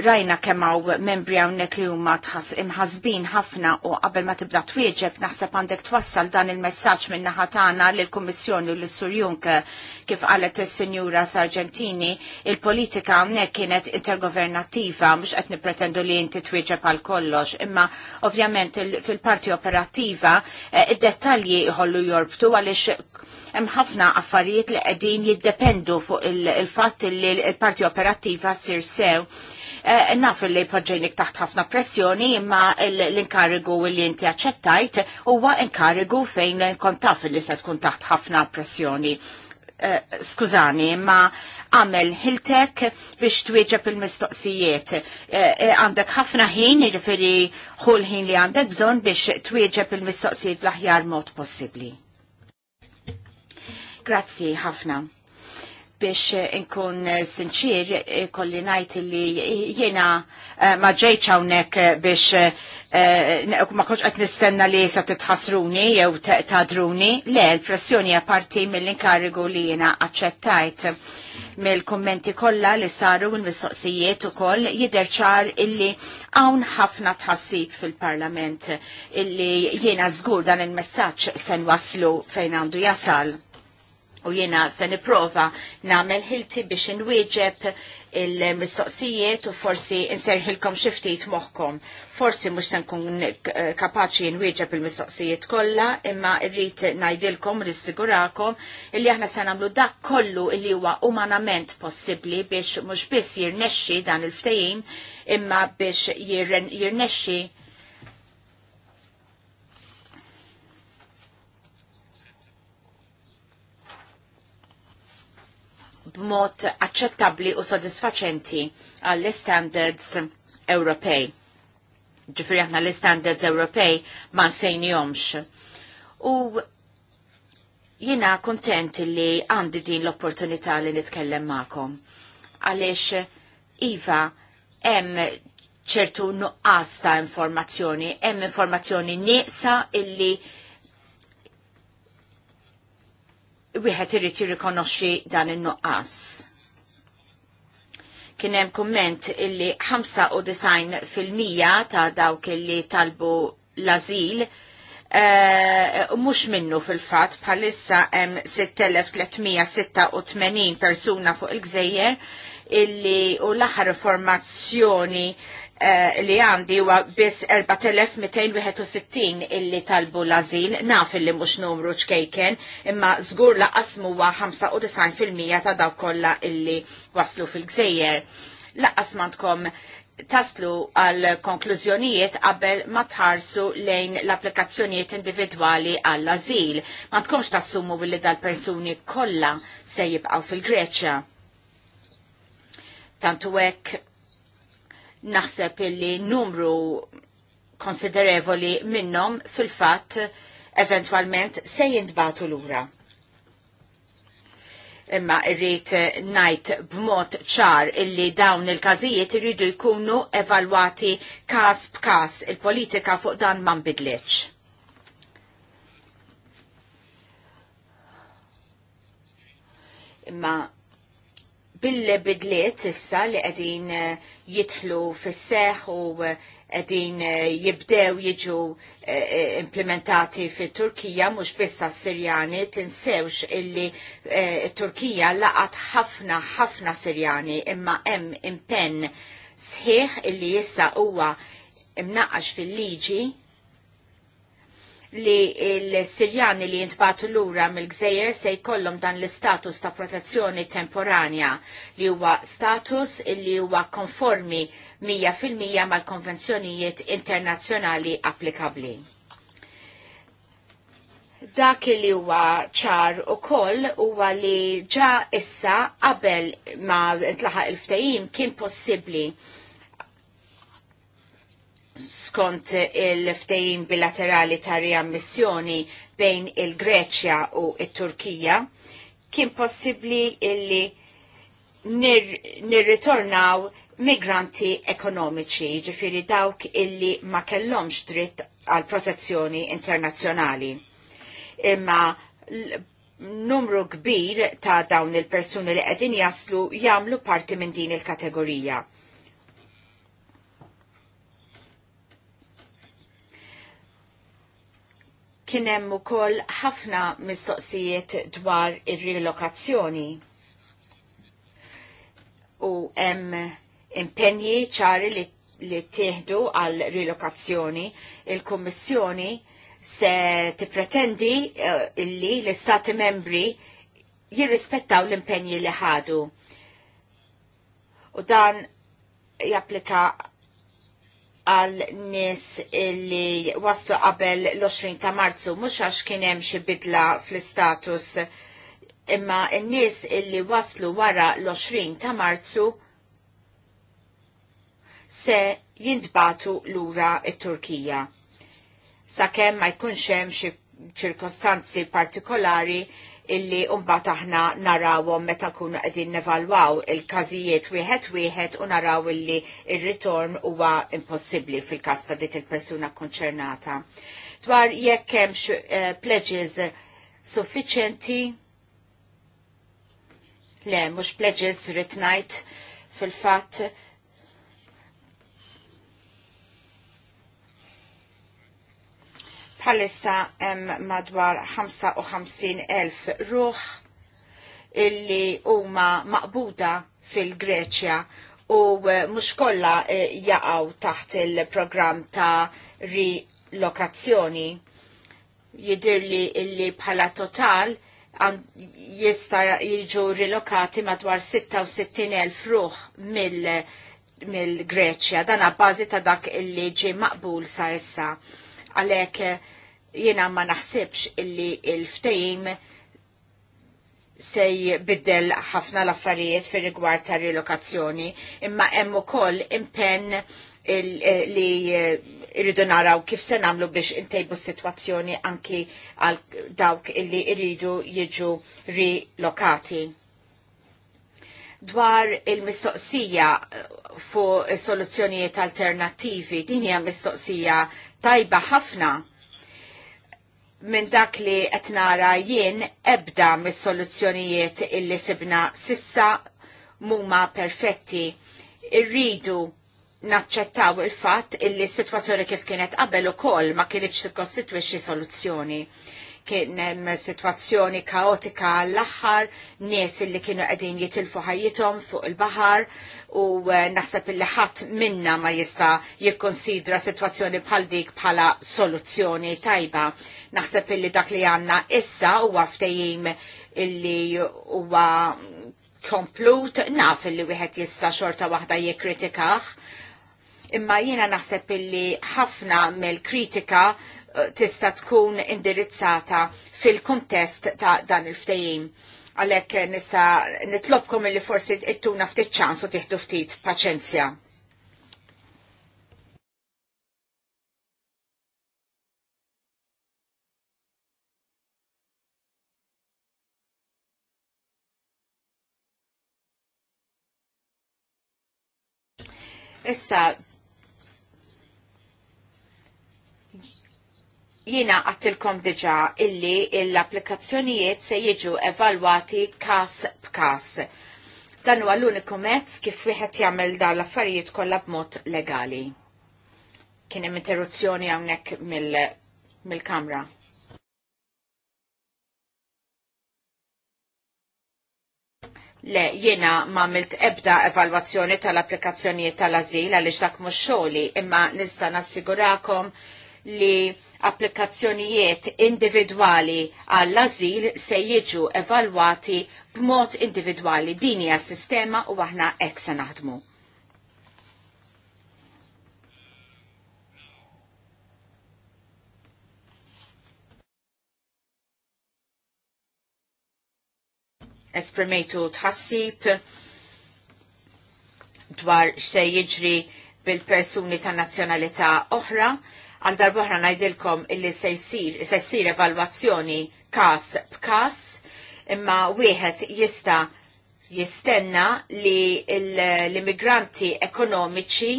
rajna kemmaw membri għawnek li huma tħas imħazbin ħafna u qabel ma tibda twieġeb naħseb għandek twassal dan il-messaġġ minn naħa tagħna lill kummissjoni u lis sur Juncker kif qalet is-Sinjura Sargentini, il-politika hawnhekk kienet intergovernattiva mhux qed nippretendu li inti twieġeb għal kollox, imma ovvjament fil-parti operattiva eh, id-dettalji jħollu jorbtu għaliex hemm ħafna affarijiet li qegħdin jiddependu fuq il-fatt il li l-parti operattiva ssir sew. E, Naf li poġġejnik taħt ħafna pressjoni imma l-inkarigu li inti aċċettajt huwa inkarigu fejn kont taf li se tkun taħt ħafna pressjoni. Eh, skużani, ma għamel hiltek biex twieġeb il-mistoqsijiet. Eh, għandek ħafna ħin, ġifiri ħul ħin li għandek bżon biex twieġeb il-mistoqsijiet bl-aħjar mod possibli. Grazzi ħafna biex eh, nkun eh, sinċir eh, kolli najt li jena ma ġejċ hawnhekk biex ma konċ qed nistenna li sa titħasruni jew tadruni. Le, l-pressjoni hija mill-inkarigu li jena aċċettajt mill-kommenti kollha li saru mill-mistoqsijiet ukoll jidher ċar illi hawn ħafna tħassib fil-Parlament illi jiena żgur dan il-messaġġ se waslu fejn għandu jasal u jena se niprofa namel ħilti biex nwieġeb il-mistoqsijiet u forsi nserħilkom xiftit moħkom. Forsi mux se nkun kapaċi nwieġeb il-mistoqsijiet kolla, imma irrit najdilkom, rissigurakom, illi aħna se namlu dak kollu illi huwa umanament possibli biex mux biss jirnexxi dan il ftajim imma biex jirnexxi b'mod aċċettabbli u sodisfaċenti għall-standards Ewropej. Ġifiri aħna l-standards Ewropej ma nsejnjomx. U jina kontent li għandi din l-opportunità li nitkellem ma'kom. Għalix, Iva, em ċertu nuqqas ta' informazzjoni, hemm informazzjoni nieqsa illi wieħed irid jirrikonoxxi dan in-nuqqas kien hemm kumment illi 95% fil-mija ta' dawk illi talbu l-azil uh, mhux minnu fil-fatt bħalissa hemm 6386 persuna fuq il-gżejjer illi u l-aħħar informazzjoni Eh, li għandi huwa biss 4261 illi talbu l-azil, naf illi mhux numru ċkejken, imma żgur laqas huwa 95% ta' dawk kollha illi waslu fil-gżejjer. Laqas mandkom taslu għal konklużjonijiet qabel ma tħarsu lejn l-applikazzjonijiet individwali għall-azil. Ma tkomx tassumu billi dal-persuni kollha se jibqgħu fil-Greċja. Tantu hekk naħseb illi numru konsiderevoli minnom fil-fat eventualment se jintbatu l-ura. Imma irrit najt b'mod ċar illi dawn il-kazijiet irridu jkunu evalwati kas b'kas il-politika fuq dan man bidliċ. Imma bil-bidliet issa li qegħdin eh, jidħlu fis-seħ u eh, qegħdin eh, jibdew jiġu implementati fit-Turkija mhux biss sirjani tinsewx illi Turkija laqat ħafna ħafna Sirjani imma hemm impenn sħiħ illi issa huwa imnaqax fil-liġi li l-Sirjani li jintbatu lura mill-Gżejjer se jkollhom dan l-istatus ta' protezzjoni temporanja li huwa status li huwa konformi 100% mal-konvenzjonijiet internazzjonali applikabli dak li huwa ċar u koll huwa li ġa issa qabel ma tlaħaq il-ftehim kien possibbli skont il-ftejim bilaterali ta' riammissjoni bejn il-Greċja u il-Turkija, kien possibli illi nirritornaw migranti ekonomiċi, ġifiri dawk illi ma kellomx dritt għal protezzjoni internazzjonali. Imma numru kbir ta' dawn il-persuni li qegħdin jaslu jagħmlu parti minn din il-kategorija. Kien hemm ukoll ħafna mistoqsijiet dwar ir-rilokazzjoni. U hemm impenji ċari li, li teħdu għal relokazzjoni Il-Kummissjoni se tippretendi uh, illi l-Istati membri jirrispettaw l-impenji li ħadu. U dan japplika għal nis li waslu qabel l-20 ta' marzu, mux għax kienem xie bidla fl-status, imma n-nis illi waslu wara l-20 ta' marzu se jindbatu l-ura il turkija Sakemm ma jkunx hemm xi ċirkostanzi partikolari illi umba aħna narawhom meta kunu qegħdin nevalwaw il-każijiet wieħed wieħed u naraw illi il ritorn huwa impossibbli fil-każ ta' dik il-persuna konċernata. Dwar jekk hemmx uh, eh, pledges suffiċenti le, mux pledges ritnajt fil-fat Bħalissa hemm madwar 55,000 ruħ illi huma maqbuda fil-Greċja u eh, mhux kollha eh, jaqgħu taħt il-programm ta' rilokazzjoni. Jidirli illi bħala total jista jiġu rilokati madwar 66.000 ruħ mill-Greċja, dan għabbażi ta' dak illi ġi maqbul sa' issa għalhekk eh, jiena ma naħsibx illi il-ftehim se jbiddel ħafna l-affarijiet fir rigward ta' rilokazzjoni, imma hemm ukoll impenn eh, li eh, irridu naraw kif se nagħmlu biex intejbu s-sitwazzjoni anki għal dawk illi irridu jiġu rilokati dwar il-mistoqsija fu soluzzjonijiet alternativi, din hija mistoqsija tajba ħafna minn dak li qed nara jien ebda mis-soluzzjonijiet illi sibna sissa muma perfetti. Irridu naċċettaw il-fatt illi situazzjoni sitwazzjoni kif kienet qabel ukoll ma kienx tikkostitwixxi soluzzjoni kien hemm sitwazzjoni kaotika l-aħħar, nies li kienu qegħdin jitilfu ħajjithom fuq il-baħar u eh, naħseb illi ħadd minna ma jista' jikkonsidra sitwazzjoni bħal dik bħala soluzzjoni tajba. Naħseb illi dak li għandna issa huwa ftehim illi huwa komplut naf li wieħed jista' xorta waħda jikkritikaħ imma jiena naħseb illi ħafna mill-kritika Eh, tista tkun indirizzata fil-kontest ta' dan il-ftejim. Għalek nista nitlobkom li forsi ittuna ftit ċans u tiħdu ftit paċenzja. Issa, Jina għattilkom diġa illi l-applikazzjonijiet se jiġu evalwati kas b'kas. Dan huwa l-uniku mezz kif wieħed jagħmel dan l-affarijiet kollha b'mod legali. Kien hemm interruzzjoni hawnhekk mill-kamra. Mil Le, jiena ma milt ebda evalwazzjoni tal-applikazzjonijiet tal-azil għaliex dak mhux xogħli, imma nista' nassigurakom li applikazzjonijiet individwali għall-azil se jiġu evalwati b'mod individwali. Din hija sistema u aħna hekk se naħdmu. esprimejtu tħassib dwar xse jiġri bil-persuni ta' nazzjonalità oħra għal darbohra najdilkom illi se jsir se evalwazzjoni kas b'kas imma wieħed jista jistenna li l-immigranti ekonomiċi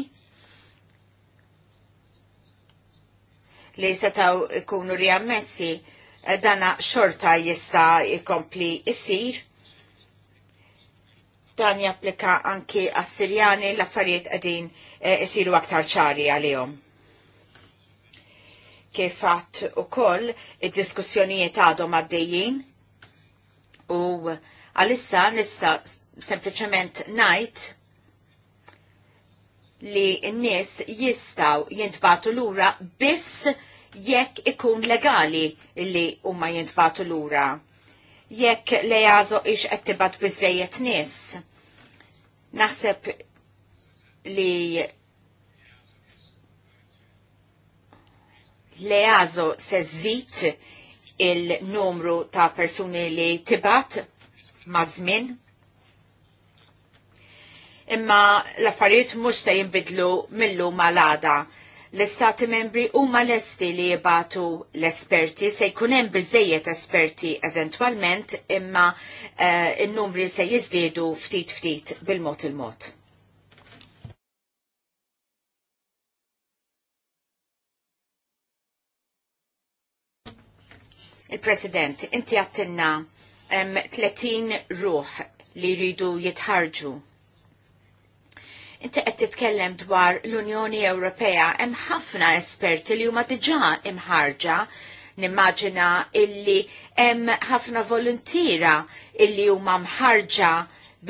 li setaw ikunu riammessi eh, dana xorta jista jkompli jisir. dan japplika anki għas-Sirjani l-affarijiet qegħdin eh, isiru aktar ċari għalihom kif għat u koll id-diskussjonijiet għadhom għaddejjin u għalissa nista sempliciment najt li n-nis jistaw jintbatu l-ura biss jekk ikun legali li huma jintbatu l-ura. Jekk le jazo ix għettibat bizzejiet nis. Naħseb li leazo se żid il-numru ta' persuni li tibat mażmin. Imma l-affarijiet mhux se jinbidlu mill-lum għal-għada. L-istati membri huma lesti li jibatu l-esperti, se jkun hemm biżejjed esperti eventwalment, imma uh, eh, n numri se jiżdiedu ftit ftit bil-mod il mod Il-President, inti għattinna 30 ruħ li jridu jitħarġu inti qed titkellem dwar l-Unjoni Ewropea hemm ħafna esperti li huma diġà imħarġa nimmaġina illi hemm ħafna volontira illi huma mħarġa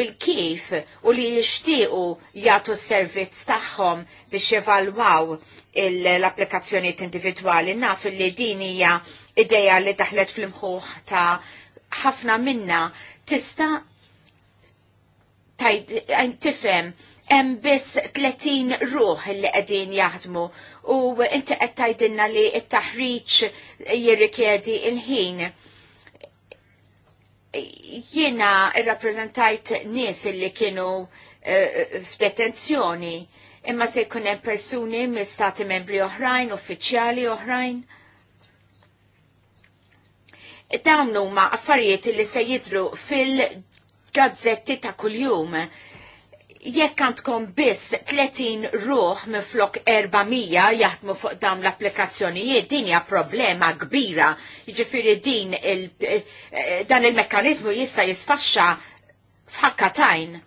bil-kif u li jixtiequ jagħtu s-servizz tagħhom biex jevalwaw l-applikazzjoniet individwali. Naf li din hija ideja li daħlet fl-imħuħ ta' ħafna minna tista' eh, tifhem hemm biss 30 ruħ li qegħdin jaħdmu u inti qed tgħidilna li t-taħriġ jirrikjedi il-ħin. Jiena rrappreżentajt nies li kienu eh, f'detenzjoni imma se jkun hemm persuni minn stati membri oħrajn, uffiċjali oħrajn. Dawn huma affarijiet li se jidru fil-gazzetti ta' kuljum. Jekk għandkom biss 30 ruħ minn flok 400 jaħdmu fuq dawn l-applikazzjonijiet, din hija problema kbira. Jiġifieri din il eh, dan il-mekkaniżmu jista' jisfaxxa f'ħakkatajn. tajn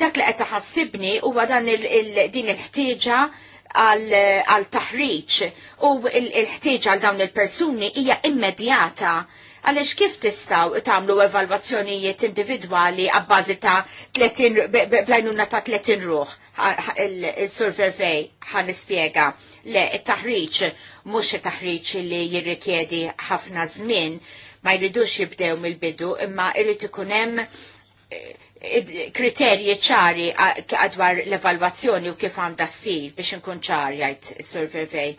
Dak li qed taħassibni huwa dan din il-ħtieġa għal taħriġ u l-ħtieġa għal dawn il-persuni hija immedjata għalix kif tistaw tamlu evalwazzjonijiet individuali għabbażi ta' 30, blajnuna ta' 30 ruħ il-survervej ħan ispiega le taħriċ mux taħriċ li jirrikjedi ħafna żmien ma jridux jibdew mill-bidu imma irrid ikun hemm eh, kriterji ċari għadwar l-evalwazzjoni u kif għandha ssir biex inkun ċari għajt survey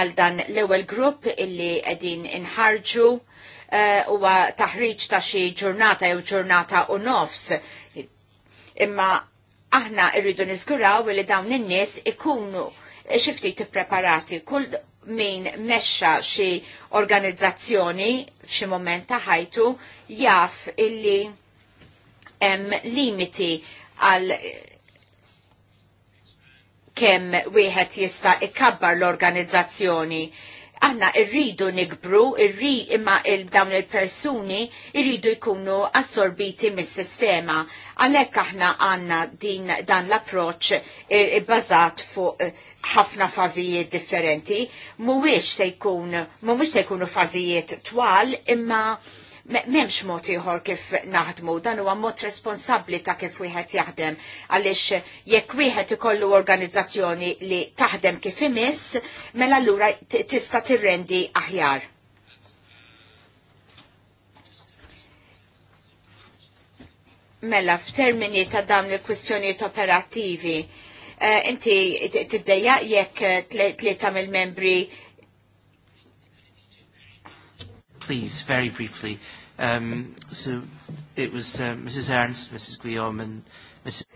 għal dan l-ewwel grupp illi qegħdin inħarġu eh, huwa taħriġ ta' xi ġurnata jew ġurnata u nofs. Imma aħna rridu niżguraw li dawn in-nies ikunu xi ftit kull min mexxa xi organizzazzjoni f'xi moment ta' ħajtu jaf illi hemm limiti għal kemm wieħed jista' ikkabbar l-organizzazzjoni. Aħna rridu nikbru, irri imma il dawn il-persuni irridu jkunu assorbiti mis-sistema. Għalhekk aħna għandna din dan l-approċċ bbażat e, e, fuq e, ħafna fażijiet differenti, mhuwiex se jkun mhuwiex se jkunu fażijiet twal imma memx mod ieħor kif naħdmu, dan huwa mod responsabbli ta' kif wieħed jaħdem għaliex jekk wieħed ikollu organizzazzjoni li taħdem kif imiss, mela allura tista' tirrendi aħjar. Mela, f'termini ta' dawn il-kwistjonijiet operattivi, inti tiddejja jekk tlieta mill-membri please, very briefly. Um, so it was uh, Mrs. Ernst, Mrs. Guillaume and Mrs.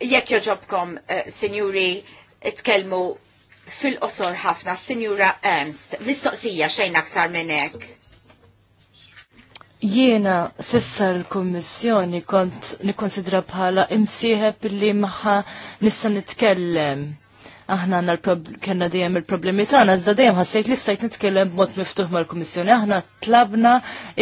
Jekk joġobkom, uh, sinjuri, itkelmu fil-qosor ħafna, signora Ernst, mistoqsija xejn aktar minn hekk. Jiena sissa l-Kommissjoni kont nikonsidra bħala imsieħeb li maħħa nista' nitkellem aħna għanna kena dejjem il-problemi tagħna iżda dejjem ħassejt li stajt nitkellem b'mod miftuħ mal-Kummissjoni. Aħna tlabna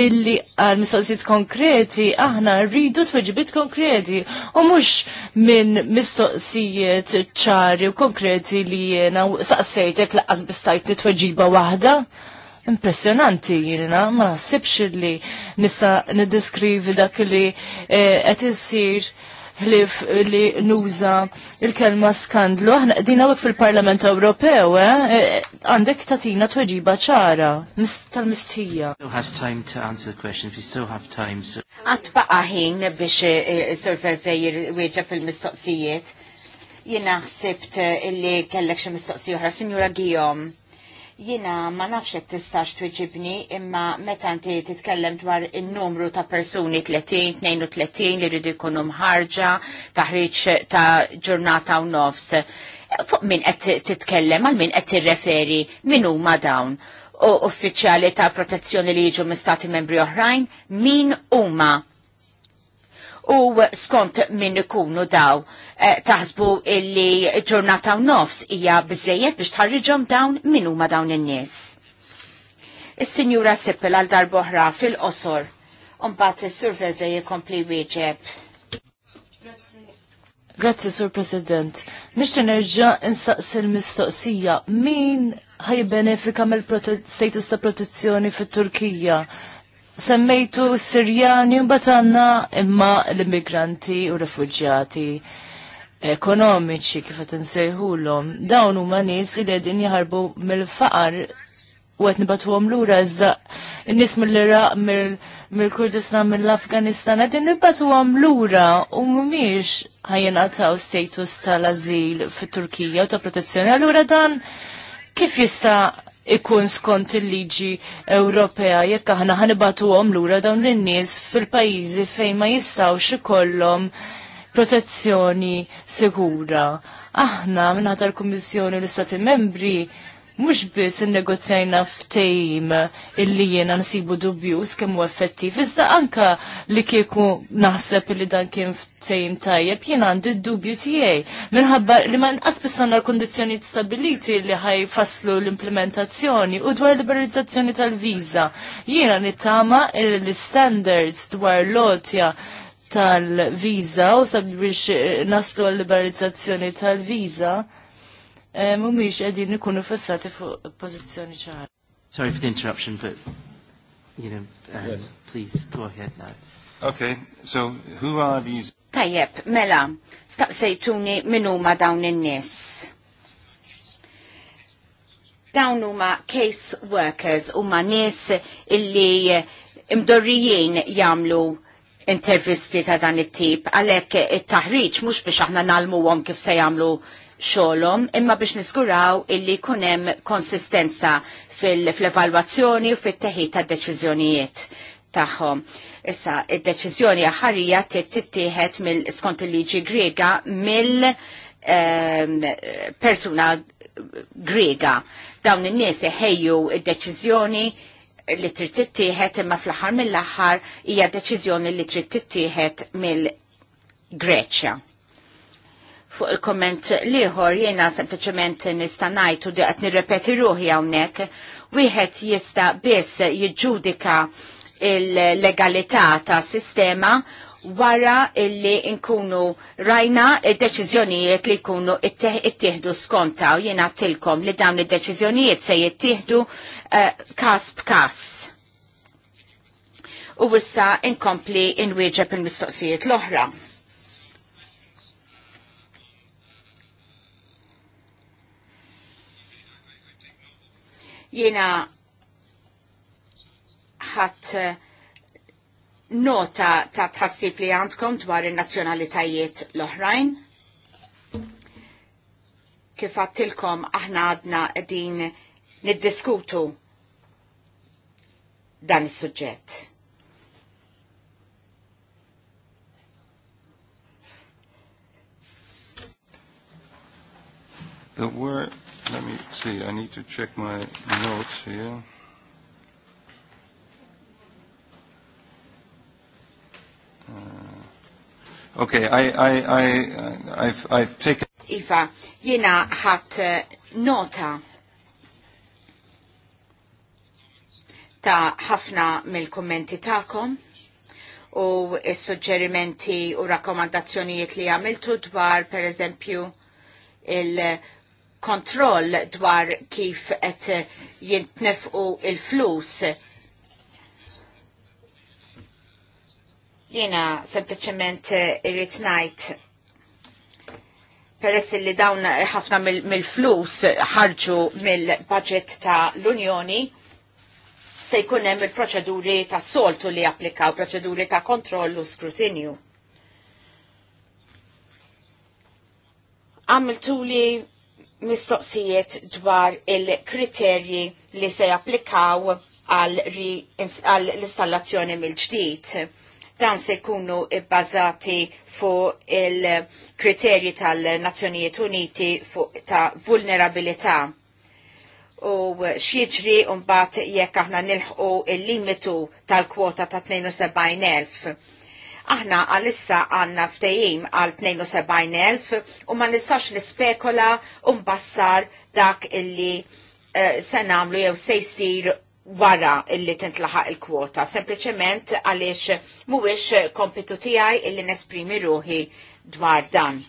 illi għal mistoqsijiet konkreti aħna rridu tweġibiet konkreti u mhux minn mistoqsijiet ċari u konkreti li jiena saqsajtek laqas bistajt nitweġiba waħda. Impressionanti jirina, ma nasibx li nista nidiskrivi dak li eh, qed isir ħlif li nuża il-kelma skandlu. Aħna qegħdin hawnhekk fil-Parlament Ewropew, eh? għandek tatina tweġiba ċara tal-mistija. has Għat ħin biex eh, surfer fej weġa il-mistoqsijiet. Jina ħsibt eh, illi kellek xi mistoqsija oħra, Sinjura Gijom. Jina ma nafxek tistax tweġibni imma meta inti titkellem dwar il-numru ta' persuni 30, 32 li rridu jkunu ħarġa taħriġ ta' ġurnata u nofs. Fuq min qed titkellem, għal min qed tirreferi, min huma dawn u uffiċjali ta' protezzjoni li jiġu mistati membri oħrajn, min huma u skont min ikunu daw eh, taħsbu illi ġurnata u nofs hija biżejjed biex tħarriġhom dawn min huma dawn in-nies. Is-Sinjura Sippel għal darboħra fil-qosor Umbat is-Sur Verde jikompli wieġeb. Grazzi, Sur President. Nishtu nerġa' insaqsi l-mistoqsija. Min ħajbenefika mill-status ta' protezzjoni fit-Turkija? semmejtu s-Sirjani u batanna imma l-immigranti u rifugġjati ekonomiċi kif qed insejħulhom. Dawn huma nies li qegħdin jaħarbu mill-faqar u qed nibatuhom lura iżda n-nies mill-Iraq mill-Kurdistan mill-Afganistan qegħdin nibatuhom lura u mhumiex ħajjingħataw status tal-ażil fit-Turkija u ta' protezzjoni. Allura dan kif jista' ikun skont il-liġi Ewropea jekk aħna ħanibatuhom lura dawn lin-nies fil-pajjiżi fejn ma jistgħux ikollhom protezzjoni sigura. Aħna minn tal-Kummissjoni l-Istati Membri mhux biss innegozjajna ftehim illi jena nsibu dubjus kemm hu effettiv, iżda anka li kieku naħseb li dan kien f-tejm tajjeb jena għandi d-dubju tiegħi minħabba li ma nqas biss għandna l-kundizzjonijiet stabiliti li ħajfasslu l-implementazzjoni u dwar liberalizzazzjoni tal viza Jiena nittama l-standards dwar lotja tal-viza u sabiex naslu l liberalizzazzjoni tal-viza Eh, fissati fuq Sorry for the interruption, but you know, um, yes. please go ahead now. Okay, so who are these? Tajjeb, mela, staqsejtuni minuma dawn in-nies. Dawn huma case workers huma nis illi imdorrijin jagħmlu intervisti ta' dan it-tip għalhekk it-taħriġ mhux biex aħna nalmuhom kif se jagħmlu xolom imma biex niskuraw illi kunem konsistenza fil-evalwazzjoni u fit-teħid ta' deċiżjonijiet tagħhom. Issa, id-deċiżjoni aħarija tittieħed mill-skont il-liġi Grega mill-persuna ehm, Grega. Dawn in-nies iħejju id-deċiżjoni li trid tittieħed imma fl-aħħar mill-aħħar hija deċiżjoni li trid tittieħed mill-Greċja fuq il-komment liħor jena sempliciment nista' ngħid u diqat nirrepeti ruħi hawnhekk, wieħed jista' biss jiġġudika il-legalità ta' sistema wara illi nkunu rajna il-deċizjonijiet li jkunu ittieħdu skonta u jena tilkom li dawn il-deċizjonijiet se jittieħdu uh, kas b'kas. U wissa inkompli inwieġeb il-mistoqsijiet l-oħra. Jena ħadd eh, nota ta' tħassib li għandkom dwar in-nazzjonalitajiet l-oħrajn. Kif għattilkom aħna għadna din niddiskutu dan is-suġġett. There were Let me see, I need to check my notes here. Uh, okay, I, I, I, uh, I've, I've taken... Iva, jena ħat uh, nota ta' ħafna mill-kommenti ta'kom u s-suġġerimenti u rakkomandazzjonijiet li għamiltu dwar, per eżempju, il- kontroll dwar kif qed jintnefqu il-flus. Jiena sempliċement irrid ngħid peress li dawn ħafna mill-flus mil ħarġu mill-budget ta' l-Unjoni se jkun hemm il-proċeduri ta' soltu li applikaw, proċeduri ta' kontrollu skrutinju. Għamiltu li mistoqsijiet dwar il-kriterji li se japplikaw għall installazzjoni mill-ġdid. Dan se jkunu bbażati fuq il-kriterji tal-Nazzjonijiet Uniti fuq ta' vulnerabilità u xieġri bat jekk aħna nilħu il-limitu tal-kwota ta' 72.000. Aħna għalissa għanna ftejim għal 72.000 u ma nistax nispekola u mbassar dak illi eh, se namlu jew se jsir wara illi tintlaħaq il-kwota, sempliciment għaliex mhuwiex kompitu tiegħi illi nesprimi ruħi dwar dan.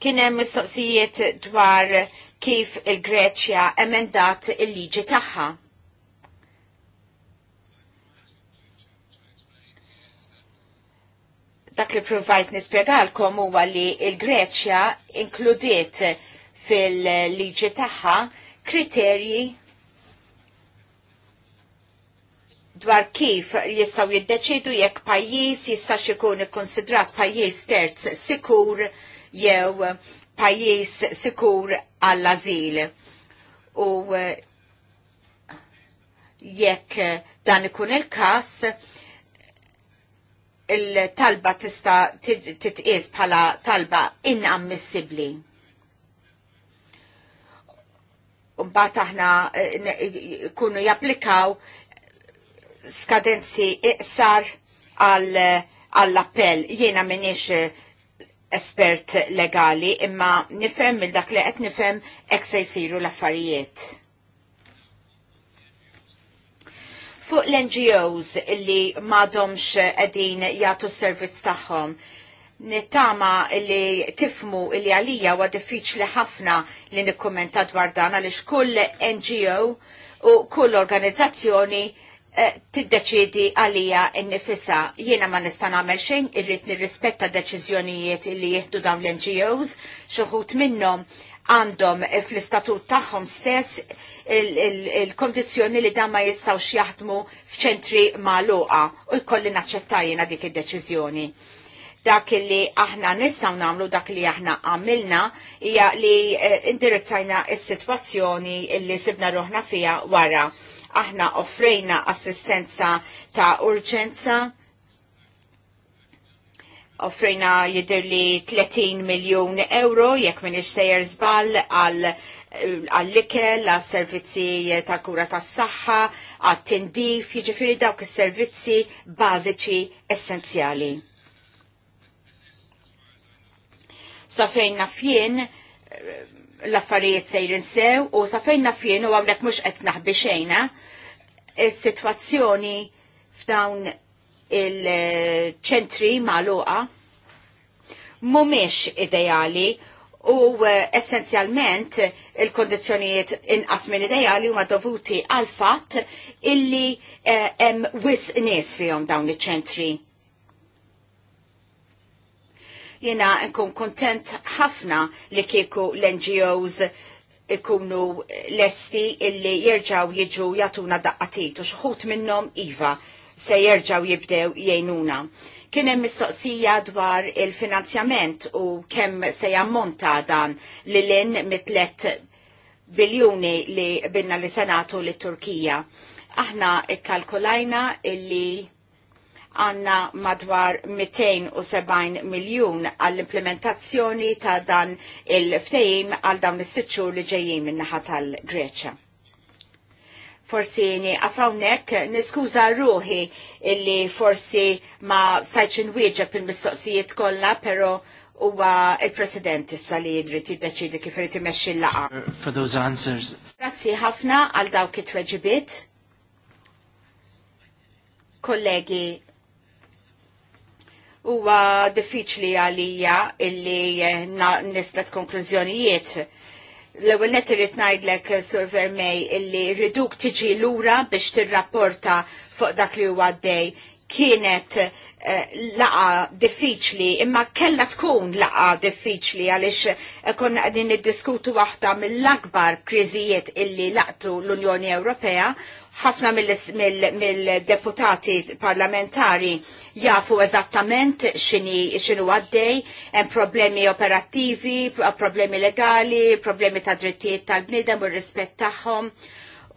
Kien hemm mistoqsijiet dwar kif il-Greċja emendat il-liġi tagħha Dak li provajt nispjegalkom huwa li il-Greċja inkludiet fil-liġi tagħha kriterji dwar kif jistaw jiddeċidu jekk pajjiż jistax ikun ikkonsidrat pajjiż terz sikur jew pajjiż sikur għall-azil. U eh, jekk dan ikun il-każ, il-talba tista titqis bħala talba inammissibbli. Mbagħad aħna eh, kunu japplikaw skadenzi iqsar għall-appell. Jiena minix eh, espert legali imma nifhem il dak li qed nifhem hekk se jsiru l-affarijiet. fuq l-NGOs li madomx edin jgħatu servizz tagħhom. Nittama li tifmu li għalija huwa diffiċli ħafna li nikkumenta dwar dan għaliex kull NGO u kull organizzazzjoni eh, tiddeċidi għalija n-nifisa jiena ma nista' nagħmel xejn irrid nirrispetta deċiżjonijiet li jieħdu dawn l-NGOs xi minnom minnhom għandhom fl-istatut tagħhom stess il-kondizzjoni li dan ma jistgħux jaħdmu f'ċentri magħluqa u jkolli naċċettajjina dik id-deċiżjoni. Dak li aħna nistgħu nagħmlu dak li aħna għamilna hija li eh, indirizzajna s-sitwazzjoni li sibna ruħna fiha wara. Aħna offrejna assistenza ta' urġenza offrejna jidir li 30 miljon euro jekk minn iċtejjer zbal għal eh, għall-ikel, għal-servizzi ta' kura ta' s-saxħa, għal-tindif, jġifiri dawk il-servizzi bażiċi essenzjali. Safejn nafjien eh, l-affarijiet sejrin sew u safejn nafjien u għamlek mux qed naħbi il-situazzjoni sitwazzjoni f'dawn il-ċentri maluqa mumiex ideali u eh, essenzjalment il-kondizjonijiet inqas minn ideali huma dovuti għal fatt illi eh, hemm eh, wis nies fihom dawn iċ-ċentri jena nkun kontent ħafna li kieku l-NGOs ikunu lesti illi jirġaw jiġu jatuna daqqatit u xħut minnom Iva se jerġaw jibdew jgħinuna. Kien hemm mistoqsija dwar il-finanzjament u kemm se jammonta dan li lin mitlet biljuni li binna li senatu li Turkija. Aħna ikkalkulajna illi għanna madwar 270 miljon għall-implementazzjoni ta' dan il-ftejim għal dawn is sitxu li ġejjin minnaħa tal-Greċja forsi għafawnek niskuza ruħi illi forsi ma stajċin wieġeb il-mistoqsijiet kollha, pero huwa il-President issa li jidrit jiddeċidi kif irid imexxi l-laqa. Uh, for those answers. Grazzi ħafna għal dawk it reġibit. Kollegi, huwa diffiċli għalija illi t konklużjonijiet L-ewwel net irrid ngħidlek eh, Sur Vermej illi riduk tiġi lura biex tirrapporta fuq dak li huwa għaddej kienet eh, laqa diffiċli, imma kella tkun laqa diffiċli għalix konna għadin id-diskutu waħda mill-akbar kriżijiet illi laqtu l-Unjoni Ewropea ħafna mill-deputati parlamentari jafu eżattament xini xinu għaddej, hemm problemi operattivi, problemi legali, problemi ta' drittijiet tal-bnidem u rispett tagħhom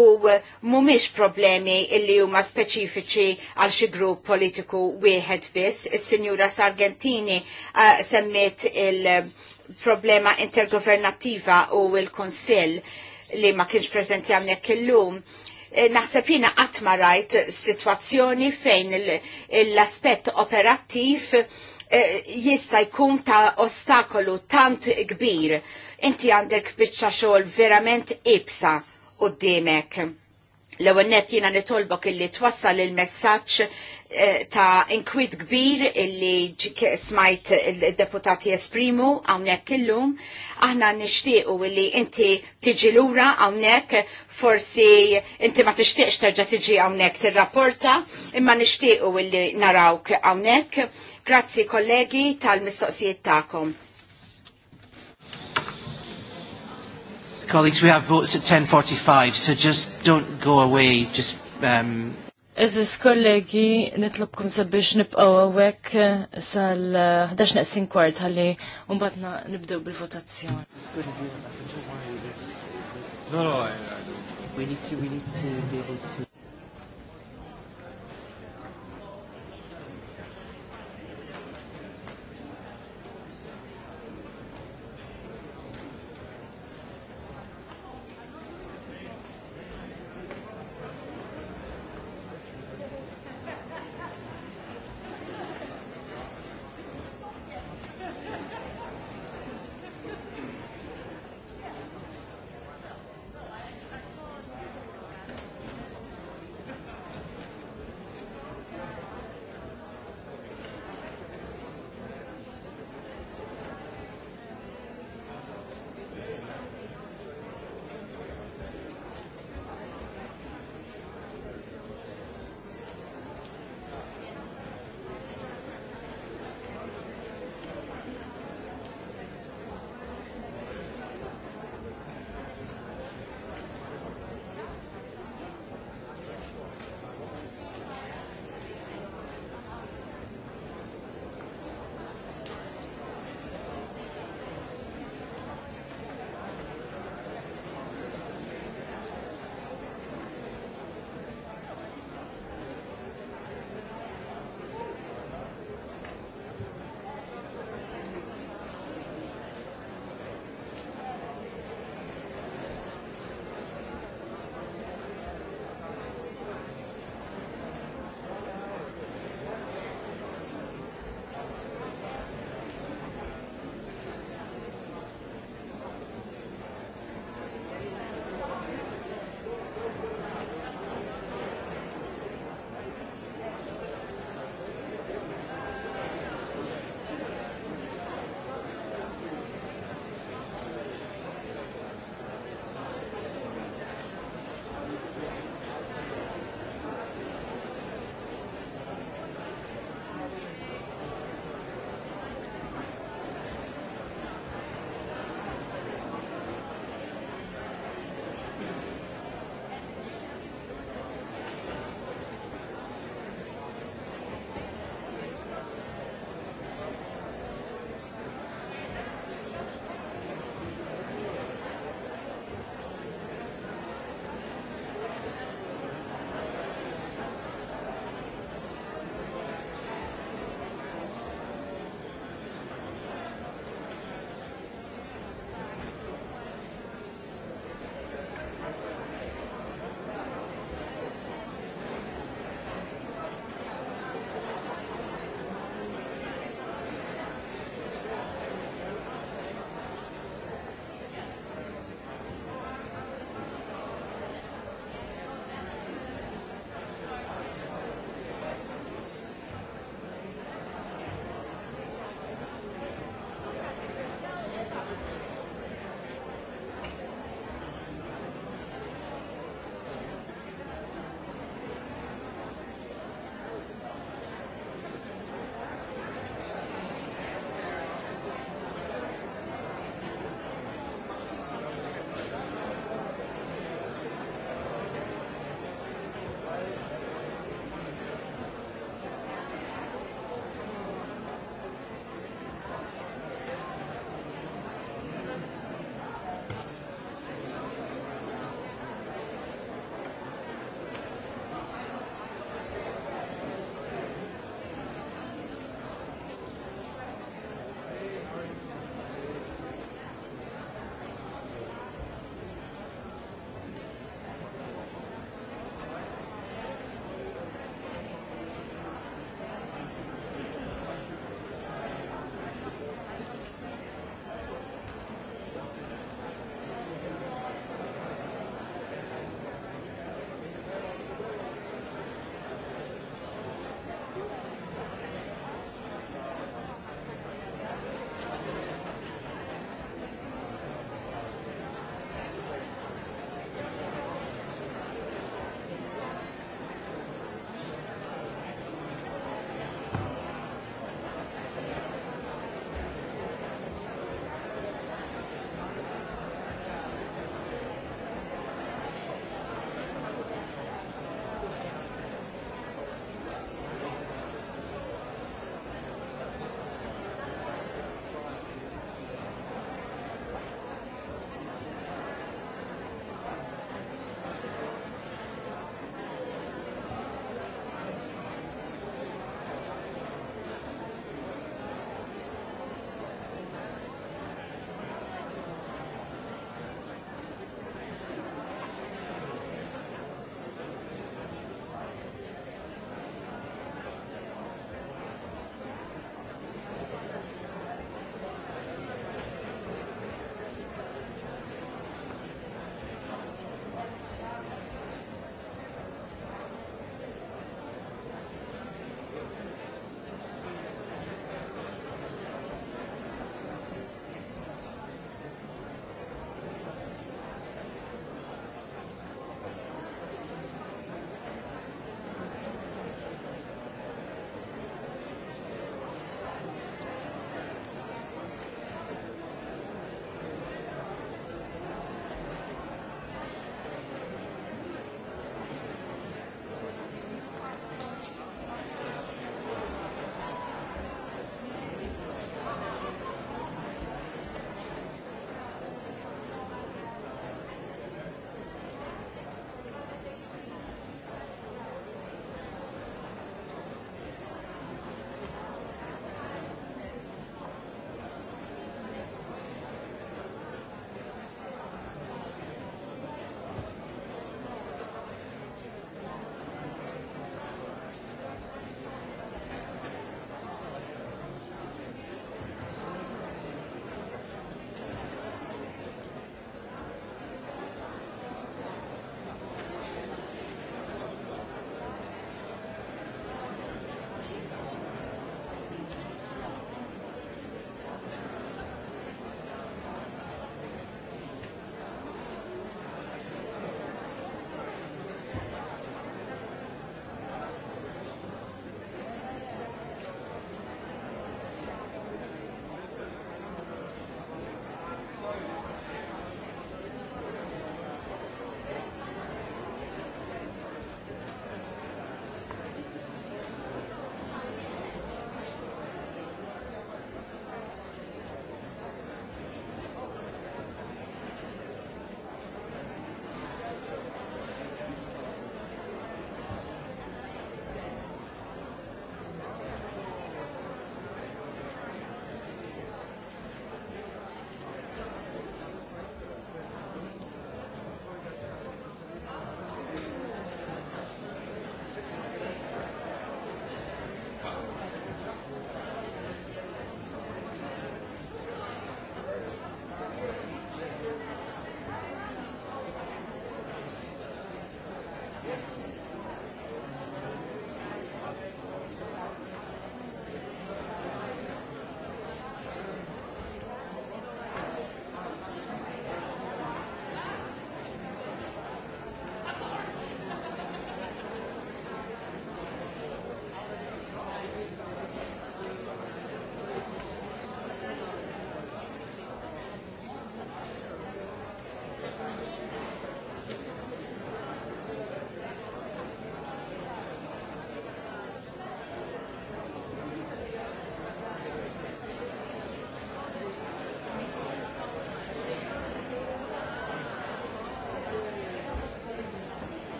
u mumiex problemi illi huma speċifiċi għal xi grupp politiku wieħed biss. Is-Sinjura Sargentini uh, semmiet il-problema intergovernativa u il-Konsill li ma kienx prezenti għamnek illum Eh, naħseb jina għatma rajt situazzjoni fejn l-aspett operattiv eh, jista jkun ta' ostakolu tant kbir. Inti għandek bieċa xogħol verament ibsa u d L-ewwel nett jiena nitolbok illi twassal il-messaġġ eh, ta' inkwit kbir illi smajt il-deputati esprimu għawnek illum. Aħna nishtiqu illi inti tiġi lura għawnek, forsi inti ma tishtiqx terġa tiġi għawnek tir-rapporta, imma nishtiqu illi narawk għawnek. Grazzi kollegi tal-mistoqsijiet ta'kom. Colleagues, we have votes at 10.45, so just don't go away, just... Um... Eżis kollegi, nitlobkom sabiex nibqaw għawek eh, sal-11 eh, naqsin kwart għalli unbatna nibdew bil-votazzjoni. No, no, I, I don't. We need to, we need to be able to...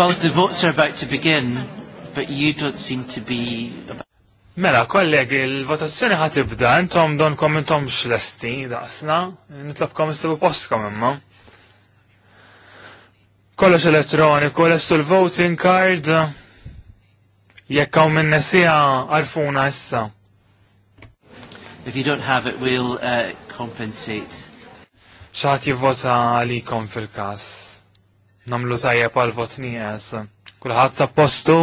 Whilst the votes are about to begin, but you don't seem to be... Mela, kollegi, il-votazzjoni ħat ibda, intom don komentom xlesti, daqsna, nitlobkom istibu postkom imma. Kollox elettroniku, lestu l-voting card, jekk hawn minn nesija għarfuna issa. If you don't have it, we'll uh, compensate. Xaħat jivvota għalikom fil-kas namlu tajjeb għal votni għas. Kulħadd sa postu.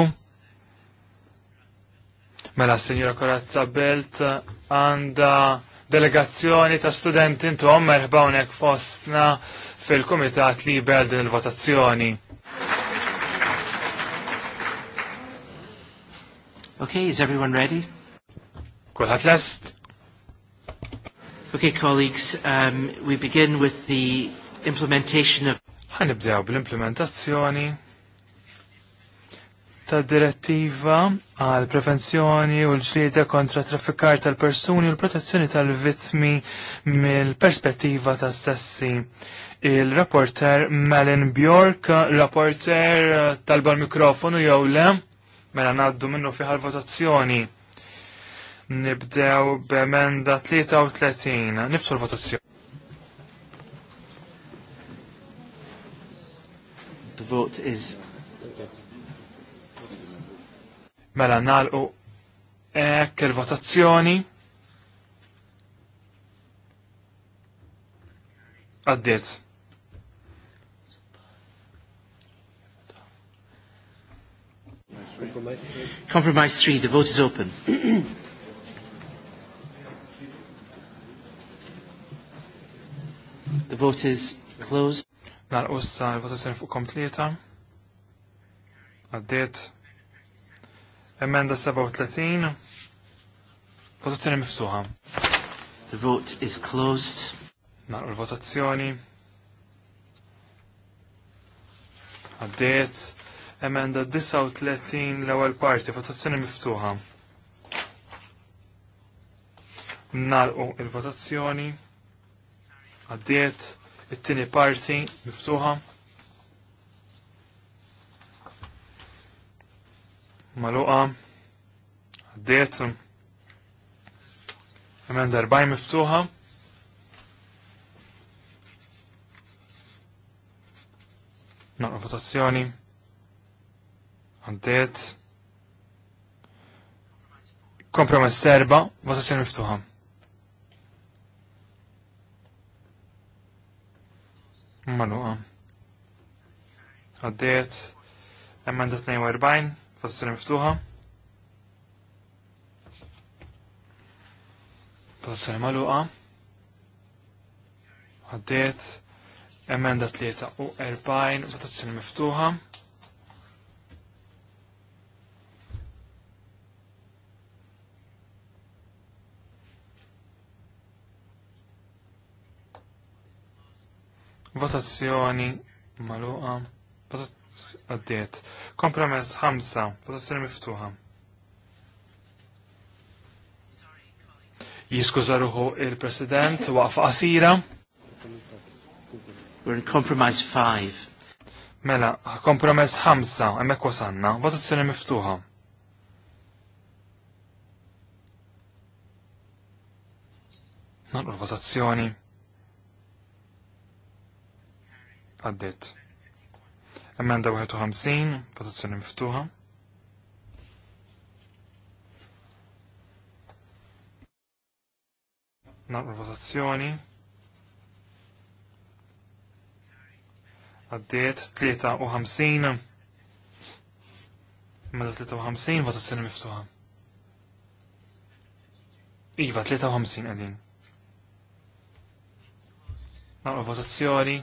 Mela s-Sinjura Korazza Belt għandha delegazzjoni ta' studenti intu għommer hawnhekk fostna fil-Kumitat li jibel din il-votazzjoni. Okay, is everyone ready? Kulħat lest? Okay, colleagues, um, we begin with the implementation of Għanibdew bl-implementazzjoni ta' direttiva għal prevenzjoni u l-ġlieda kontra traffikar tal-persuni u l-protezzjoni tal-vittmi mill-perspettiva ta' stessi. Il-rapporter Melin Bjork, rapporter eh, talba l-mikrofonu jew le, mela naddu minnu fiħal votazzjoni. Nibdew b'emenda 33, nifsu l-votazzjoni. The vote is... Mela nalqu ek il-votazzjoni. Għaddiet. Compromise 3, the vote is open. the vote is closed. Nal-ussa l-votazzjoni fuq kompleta. Għaddiet. Emenda 37. Votazzjoni miftuħa. The vote is closed. Nalqu l-votazzjoni. Għaddiet. Emenda 39 l-ewwel parti, votazzjoni miftuħa. Nalqu il-votazzjoni. Għaddiet it-tieni parti miftuħa. Maluqa. Għaddiet. Emenda darbaj miftuħa. Naqra votazzjoni. Għaddiet. Kompromess serba, votazzjoni miftuħa. Maluqa. Għaddiet. Emenda 42, votazzjoni miftuħa. Votazzjoni maluqa. Għaddiet. Emenda 43, votazzjoni miftuħa. Votazzjoni maluqa. Votazzjoni għaddiet. Kompromess 5. Votazzjoni miftuħa. Jiskuża ruħu il-President waqfa qasira. We're in compromise 5. Mela, kompromess 5, hemmhekk wasanna, votazzjoni miftuħa. Naqru votazzjoni. għaddit. Emenda 51, votazzjoni miftuħa. Naqru votazzjoni. Għaddit 53. Mela 53 votazzjoni miftuħa. Iva, 53 għedin. Naqru votazzjoni.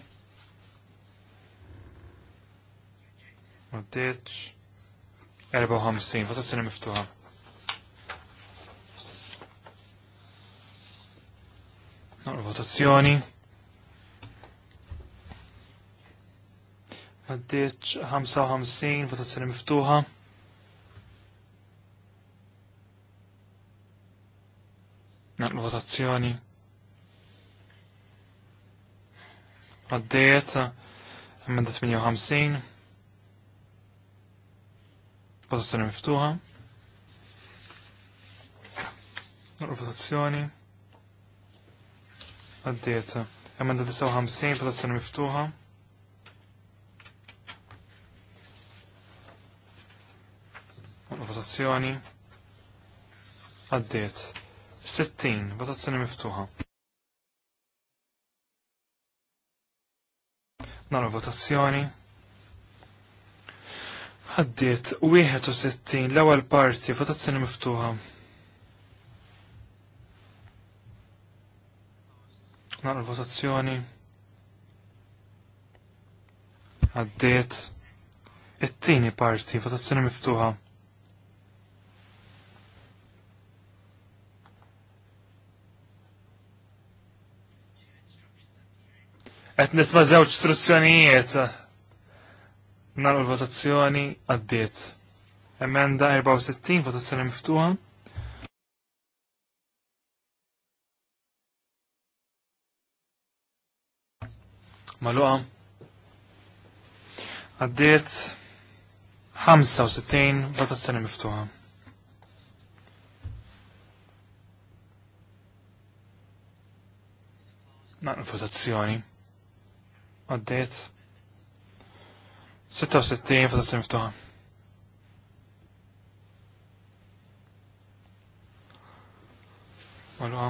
Maddeċ. 54, votazzjoni miftuħa. Nor votazzjoni. Maddeċ 55, votazzjoni miftuħa. Naqru votazzjoni. Maddeċ, emenda 58. Votazzjoni miftuħa. Rotazzjoni. votazzjoni. Għamman Emenda 59, votazzjoni miftuħa. Nurru votazzjoni. Għaddiet. 60, votazzjoni miftuħa. Nurru votazzjoni. Għaddiet 61 l-ewwel parti votazzjoni miftuħa. l votazzjoni. Għaddiet it-tieni parti votazzjoni miftuħa. Qed nisma' żewġ istruzzjonijiet Nar votazzjoni għaddiet. Emenda 64, votazzjoni miftuħa. Maluqa. Għaddiet 65, votazzjoni miftuħa. Nar votazzjoni. Għaddiet 66 votazzjoni miftuħa. Malwa.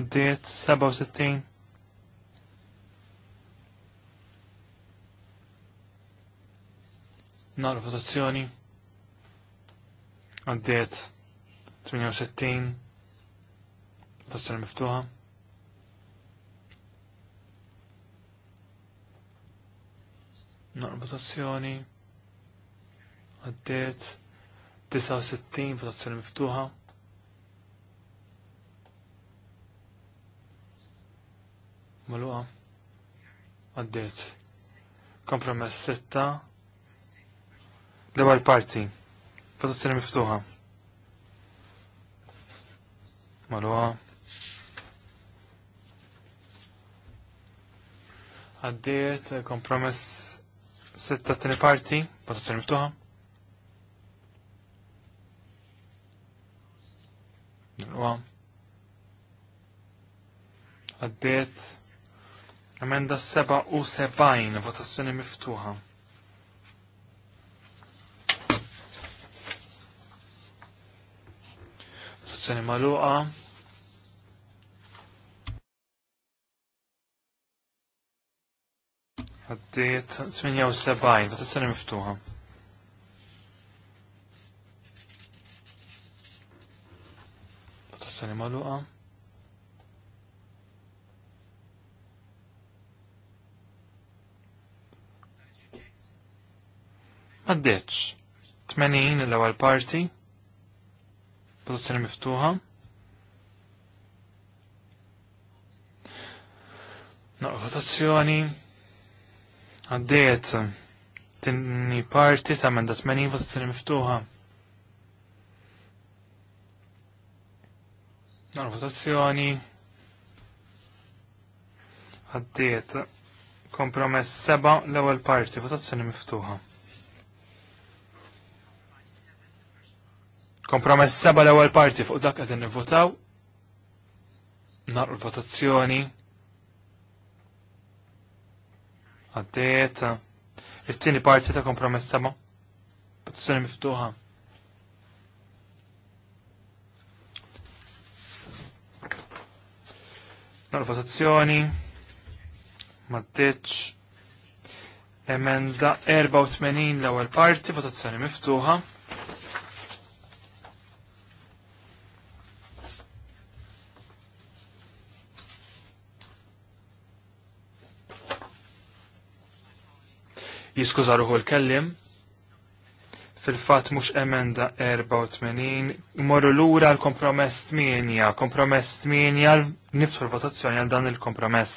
Għaddiet 67. Naqra votazzjoni. Għaddiet 68. Votazzjoni miftuħa. Naqra votazzjoni. Għaddiet. 69 votazzjoni miftuħa. Maluqa. Għaddiet. Kompromess 6. Lewa l parti. Votazzjoni miftuħa. Maluqa. Għaddiet kompromess sitta t-tini parti, votazzjoni miftuħa. Nilwa. Għaddiet. Emenda seba' u sebajn, votazzjoni miftuħa. Votazzjoni maluqa. Għaddiet 78, bħat s-sani miftuħa. Bħat s-sani maluqa. Għaddiet 80 l-ewwel parti. Bħat s-sani miftuħa. Naqra votazzjoni. Għaddiet, tinni parti ta' menda 80 votazzjoni miftuħa. Għal votazzjoni. għaddejet kompromess seba l-ewwel parti, votazzjoni miftuħa. Kompromess seba l-ewwel parti fuq dak qegħdin nivvotaw. Nar votazzjoni. votazzjoni għaddiet. Il-tieni parti ta' kompromess seba. Votazzjoni miftuħa. Nor votazzjoni. Maddeċ. Emenda 84 l-ewwel parti, votazzjoni miftuħa. Jiskuża ruħu l-kellim. Fil-fatt mhux emenda 84, morru lura l-kompromess 8, kompromess 8 nifsu l-votazzjoni għal dan il-kompromess.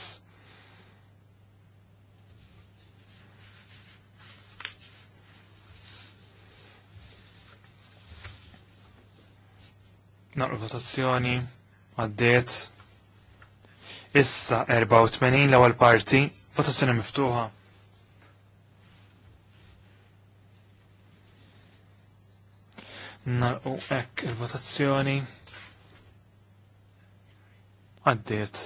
Naqru votazzjoni għaddiet. Issa 84 l-ewwel parti, votazzjoni miftuħa. Nalqu ek il-votazzjoni. Għaddiet.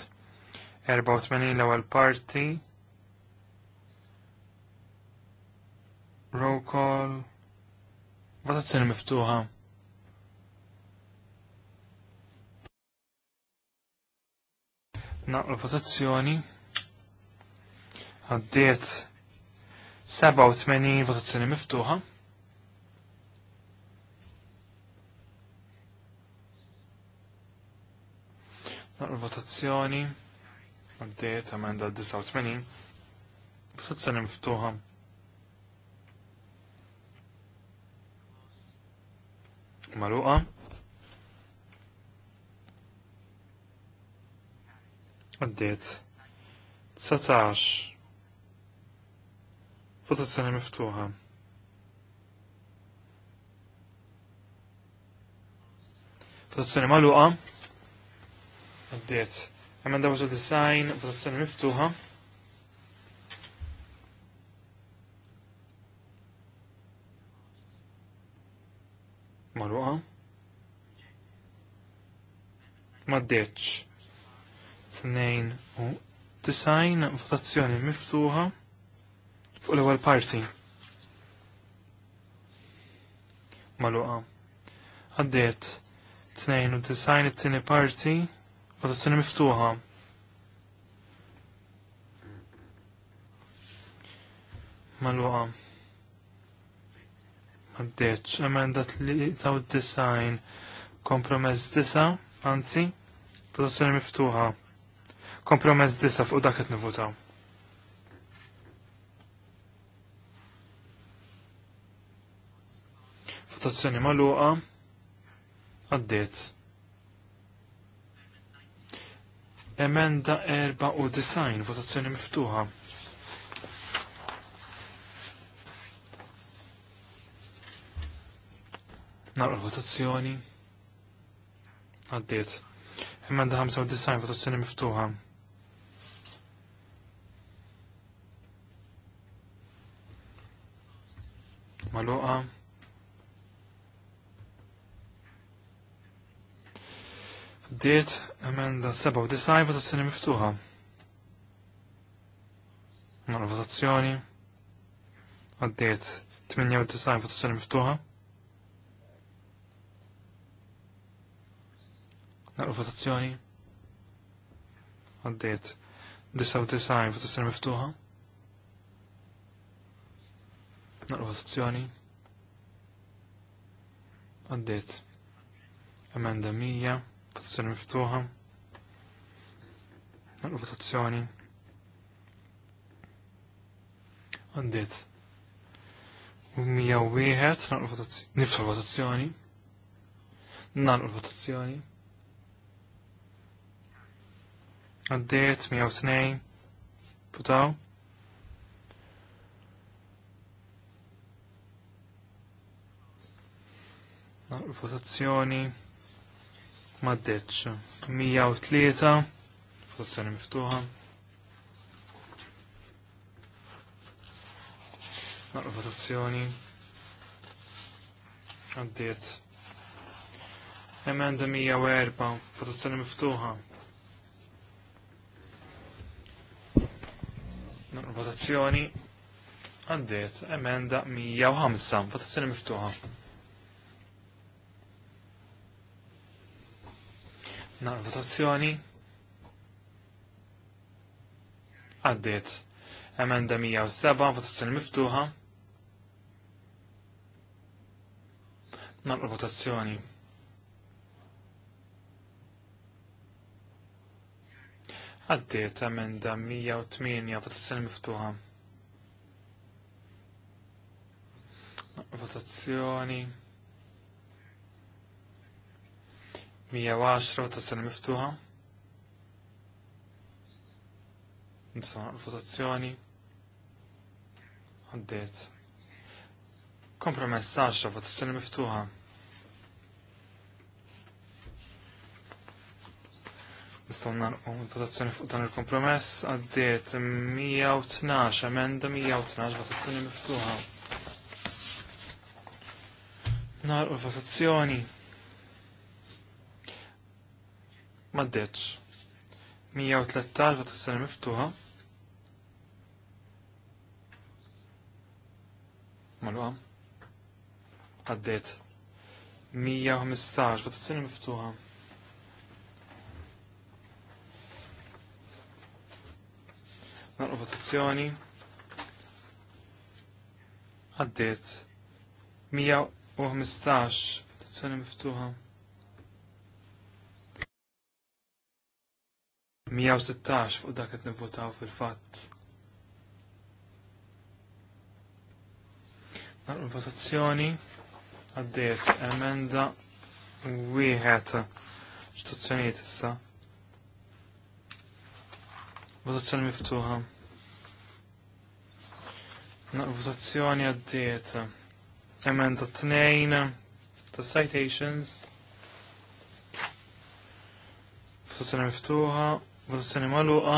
84 l-ewwel parti. Roll call. Votazzjoni miftuħa. Naqlu votazzjoni. Għaddiet 87 votazzjoni miftuħa. votazzjoni. Għaddiet emenda 89. Votazzjoni miftuħa. Maluqa. Għaddiet. 19. Votazzjoni miftuħa. Votazzjoni maluqa. Għaddiet. Emenda waġu design, votazzjoni miftuħa. Marruqa. Maddeċ. Snejn u design, votazzjoni miftuħa. Fuq l ewel parti. Marruqa. Għaddiet. Tnejn u design it tini parti. Votazzjoni miftuħa. Maluqa. Maddeċ, emenda li taw design. Kompromess disa, anzi, votazzjoni miftuħa. Kompromess disa fuq dak qed nivutaw. Votazzjoni maluqa. Għaddiet. Emenda 94, votazzjoni miftuħa. Narqa votazzjoni Għaddiet. Emenda 95, votazzjoni miftuħa. Maluqa. Diet emenda 97 votazzjoni miftuħa. Nara votazzjoni. Għaddiet 98 votazzjoni miftuħa. Nara votazzjoni. Għaddiet 99 votazzjoni miftuħa. Naqra votazzjoni. Għaddiet. Emenda 100. Votazzjoni miftuħa. Votazzjoni. Għandiet. U mija u wieħed, nifsu l-votazzjoni. Nalqu l-votazzjoni. għandiet mija u Votaw. Nalqu l-votazzjoni maddeċ. 103 votazzjoni miftuħa. Naqra votazzjoni. Għaddiet. Emenda 104 votazzjoni miftuħa. Naqra votazzjoni. Għaddiet. Emenda 105 votazzjoni miftuħa. nar votazzjoni għaddiet emenda 107 votazzjoni miftuħa nar votazzjoni għaddiet emenda 108 votazzjoni miftuħa votazzjoni 110 votazzjoni miftuħa. Nisa votazzjoni. Għaddiet. Kompromess 10 votazzjoni miftuħa. Nistaw narqu votazzjoni fuq dan il-kompromess għaddiet 112 emenda 112 votazzjoni miftuħa. Narqu votazzjoni. maddeċ. 113 s votazzjoni miftuħa. Malwa. Għaddiet. 115 s votazzjoni miftuħa. Narqu votazzjoni. Għaddiet. 115 votazzjoni miftuħa. 116 fuq dak qed nivvotaw fil-fatt. Nagħmlu votazzjoni għaddejt emenda wieħed istituzzjonijiet issa. Votazzjoni miftuħa. Naqra votazzjoni għaddejt Emenda tnejn ta' citations. Votazzjoni miftuħa votazzjoni maluqa,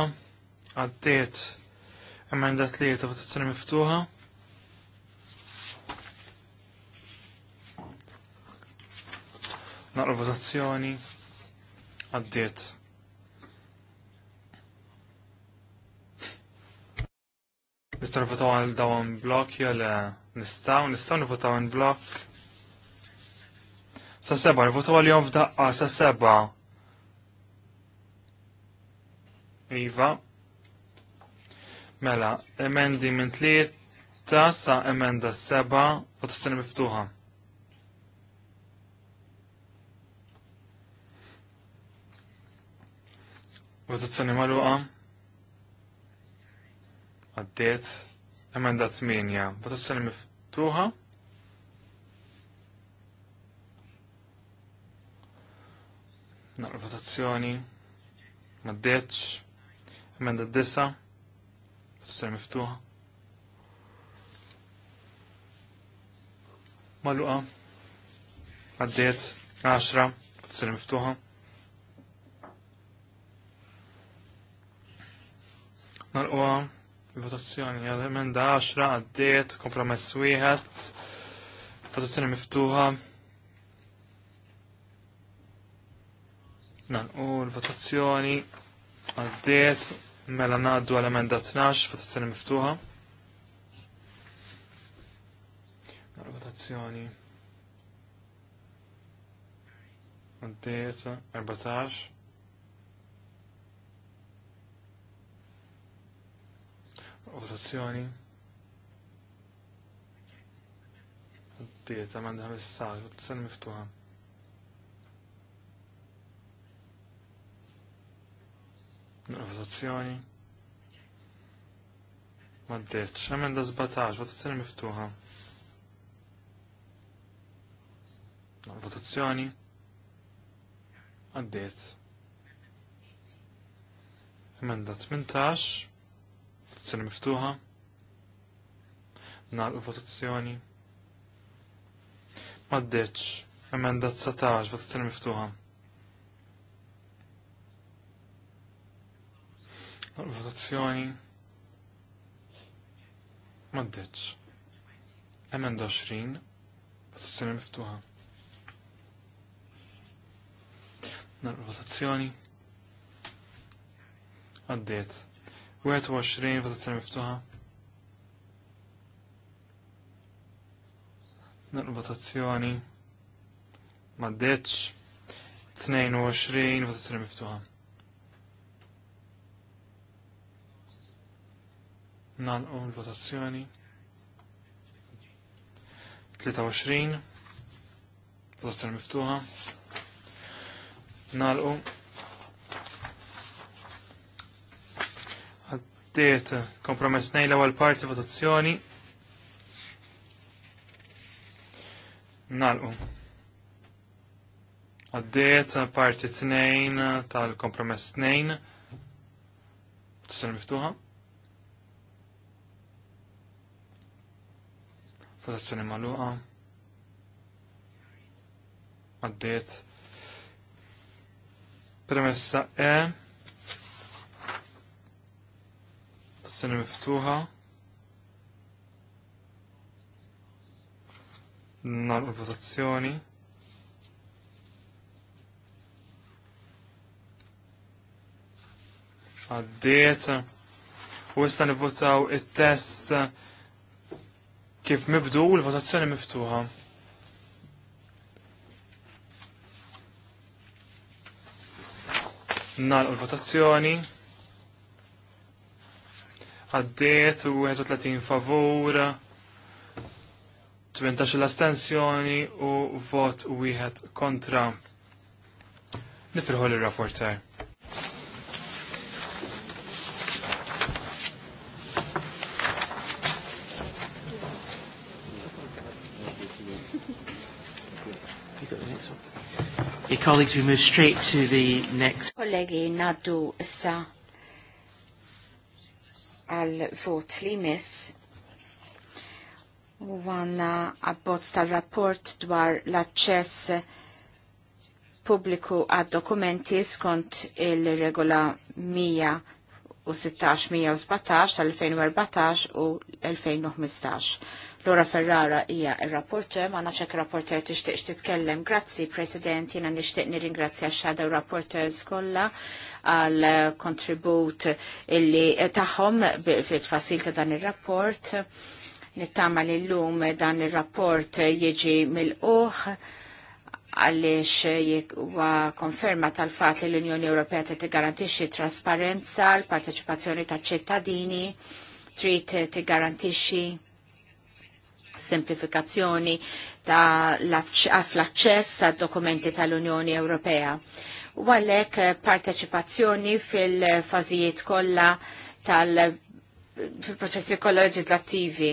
għaddiet emenda tlieta votazzjoni miftuħa. Naqra votazzjoni, għaddiet. Nistaw nivotaw għal dawn blok jole nistaw, nistaw nivotaw għal blok. Sa seba, nifotaw għal jom f'daqqa, sa seba, Iva. Mela, emendi minn tlieta sa emenda seba u t-tini miftuħa. Votazzjoni maluqa. Għaddiet. Emenda 8. Votazzjoni miftuħa. Naqra votazzjoni. Maddeċ. Menda d-dissa. Votazzjoni miftuħa. Maluqa. Għaddiet. 10. Votazzjoni miftuħa. Nalqwa. Votazzjoni għal emenda 10 għaddiet. Kompromess wieħed. Votazzjoni miftuħa. Nalqu l-votazzjoni għaddiet. Mela ngħaddu għal emenda 12 votazzjoni miftuħa. Votazzjoni. Għaddiet 14. Votazzjoni. Għaddiet emenda 15 votazzjoni miftuħa. votazzjoni. Maddeċ, emenda 17, votazzjoni miftuħa. Votazzjoni. Għaddiet. Emenda 18, votazzjoni miftuħa. Nar votazzjoni. Maddeċ, emenda 19, votazzjoni miftuħa. Votazzjoni. Maddeċ. Emenda 20. Votazzjoni miftuħa. Nar votazzjoni. Għaddiet. 21 votazzjoni miftuħa. Nar votazzjoni. Maddeċ. 22 votazzjoni miftuħa. nalqu l-votazzjoni. 23 votazzjoni miftuħa. Nalqu. Għaddiet kompromess nejla għal parti votazzjoni. Nalqu. Għaddiet parti 2 tal-kompromess 2. Votazzjoni miftuħa. votazzjoni maluqa, għaddiet, premessa E, votazzjoni miftuħa, nar votazzjoni, għaddiet, u issa nivvotaw it-test kif mibdu l-votazzjoni miftuħa. Nalqu l-votazzjoni. Għaddiet u 31 favur, 18 l-astensjoni u vot wieħed kontra. Nifirħu l-rapporter. colleagues, we move straight to the next. Kollegi, naddu issa għal vot li miss u għanna abbozz tal-rapport dwar l-access pubbliku għad dokumenti skont il-regola 116-117 tal-2014 u 2015 Laura Ferrara hija r-rapporter, ma nafx hekk rapporter tixtieq titkellem. Grazzi President, jiena nixtieq nirringrazzja x-shadow rapporters kollha għal kontribut illi tagħhom fil-tfasil ta' dan ir-rapport. Nittama li llum dan ir-rapport jiġi mill-uħ għaliex huwa konferma tal-fat li l-Unjoni Ewropea ti tigarantixxi trasparenza, l-parteċipazzjoni taċ-ċittadini, trid tigarantixxi semplifikazzjoni ta' l-aċċess ah, għad dokumenti tal-Unjoni Ewropea. U għalhekk eh, parteċipazzjoni fil-fażijiet kollha tal- fil-proċessi kollha leġislattivi.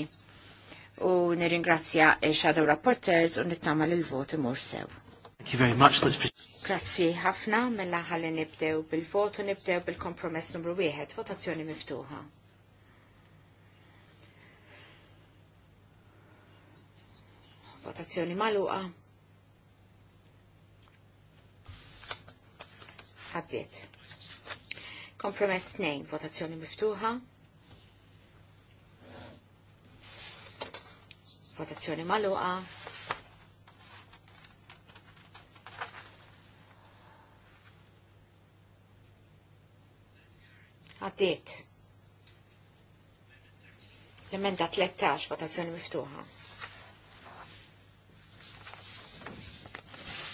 U nirringrazzja il-Shadow Rapporteurs u nittama il-vot imur sew. Thank you very much. Let's Grazzi ħafna mela ħalli nibdew bil-vot u nibdew bil-kompromess numru wieħed, votazzjoni miftuħa. votazzjoni maluqa. Għaddiet. Kompromess 2, votazzjoni miftuħa. Votazzjoni maluqa. Għaddiet. L-emenda 13, votazzjoni miftuħa.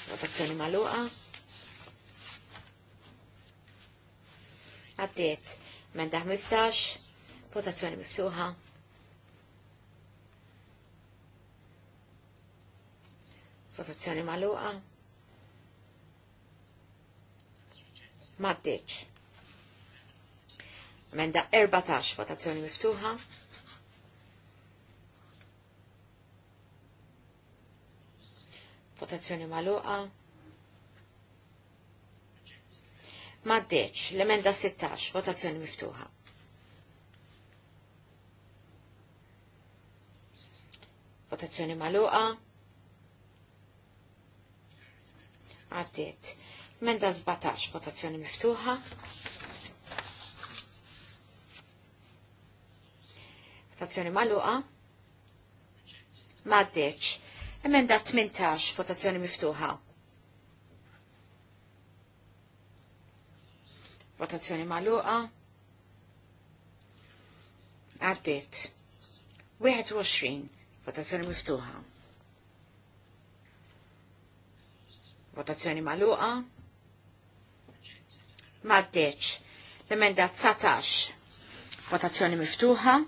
Votazzjoni maluqa. Għaddiet. Menda 15. Votazzjoni miftuħa. Votazzjoni maluqa. Maddiċ. Menda 14. Votazzjoni miftuħa. Votazzjoni maluqa. Maddeċ, l-emenda 16, votazzjoni miftuħa. Votazzjoni maluqa. Għaddiet. Emenda 17, votazzjoni miftuħa. Votazzjoni maluqa. Maddeċ. Emenda 18, votazzjoni miftuħa. Votazzjoni maluqa. Għaddit. 21, votazzjoni miftuħa. Votazzjoni maluqa. Maddeċ. L-emenda 19, votazzjoni miftuħa.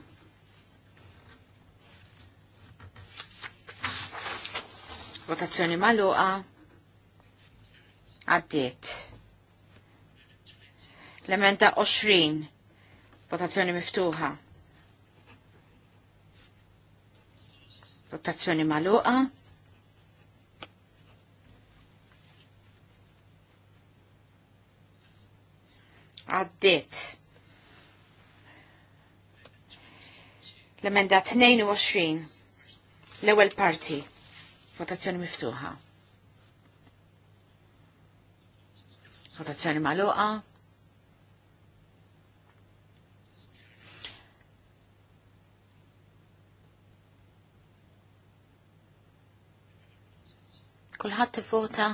Votazzjoni maluqa. Għaddiet. L-emenda 20. Votazzjoni miftuħa. Votazzjoni maluqa. Għaddiet. L-emenda 22. L-ewel parti. Votazzjoni miftuħa. Votazzjoni maluqa. Kulħadd ivvota.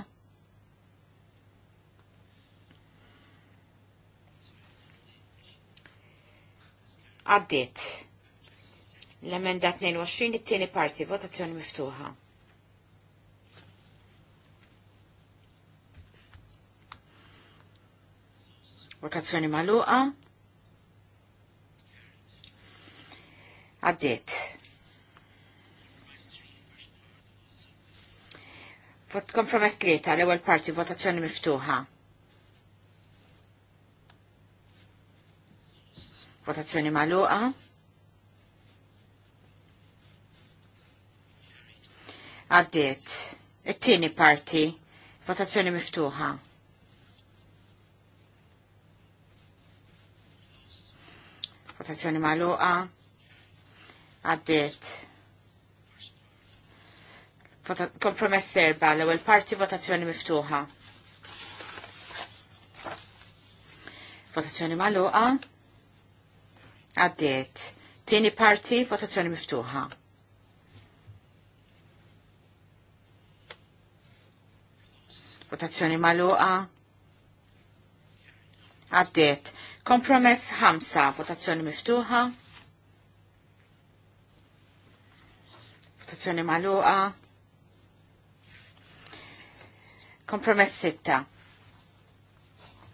Għaddiet. L-emenda 22 it-tieni parti, votazzjoni miftuħa. Votazzjoni maluqa. Għaddiet. Vot kompromess tlieta l-ewwel parti votazzjoni miftuħa. Votazzjoni magħluqa. Għaddiet. It-tieni parti votazzjoni miftuħa. votazzjoni maluqa, għaddit. Kompromess serba, l ewwel parti votazzjoni miftuħa. Votazzjoni maluqa, għaddit. Tieni parti votazzjoni miftuħa. Votazzjoni maluqa, għaddit Kompromess 5, votazzjoni miftuħa. Votazzjoni maluqa. Kompromess 6,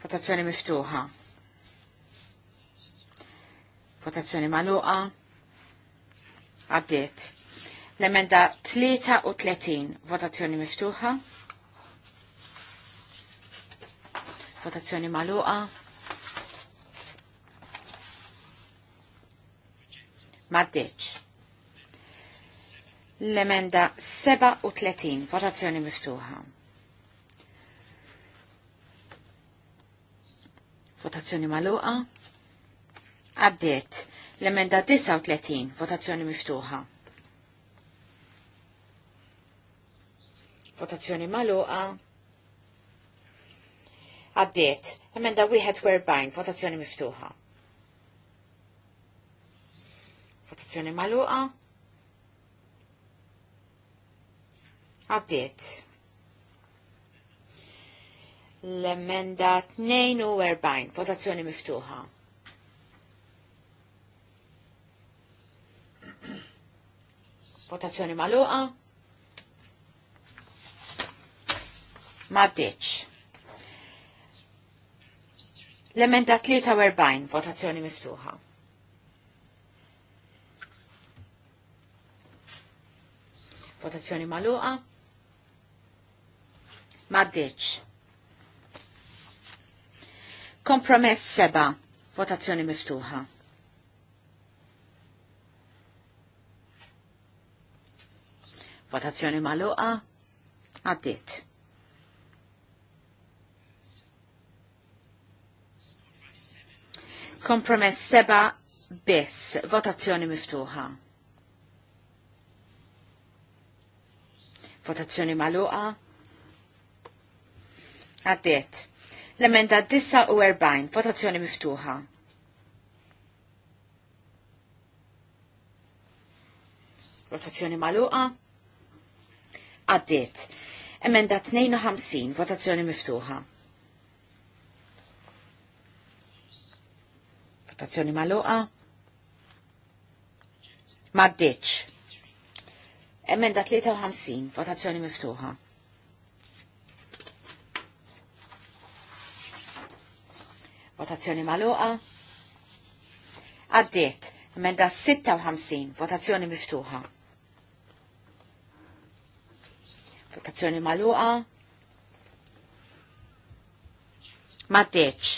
votazzjoni miftuħa. Votazzjoni maluqa. Għaddiet. L-emenda 33, votazzjoni miftuħa. Votazzjoni maluqa maddeċ. L-emenda 37, votazzjoni miftuħa. Votazzjoni maluqa. Għaddiet. L-emenda 39, votazzjoni miftuħa. Votazzjoni maluqa. Għaddiet. Emenda 41, votazzjoni miftuħa. votazzjoni maluqa. Għaddiet. L-emenda 42, votazzjoni miftuħa. Votazzjoni maluqa. Ma L-emenda 43, votazzjoni miftuħa. Votazzjoni maluqa. Maddiċ. Kompromess seba. Votazzjoni miftuħa. Votazzjoni maluqa. Għaddit. Kompromess seba bis. Votazzjoni miftuħa. Votazzjoni maluqa. Għaddiet. L-emenda 49. Votazzjoni miftuħa. Votazzjoni maluqa. Għaddiet. Emenda 52. Votazzjoni miftuħa. Votazzjoni maluqa. Maddiċ. Emenda 53, votazzjoni miftuħa. Votazzjoni maluqa. Għaddiet, emenda 56, votazzjoni miftuħa. Votazzjoni maluqa. Maddeċ,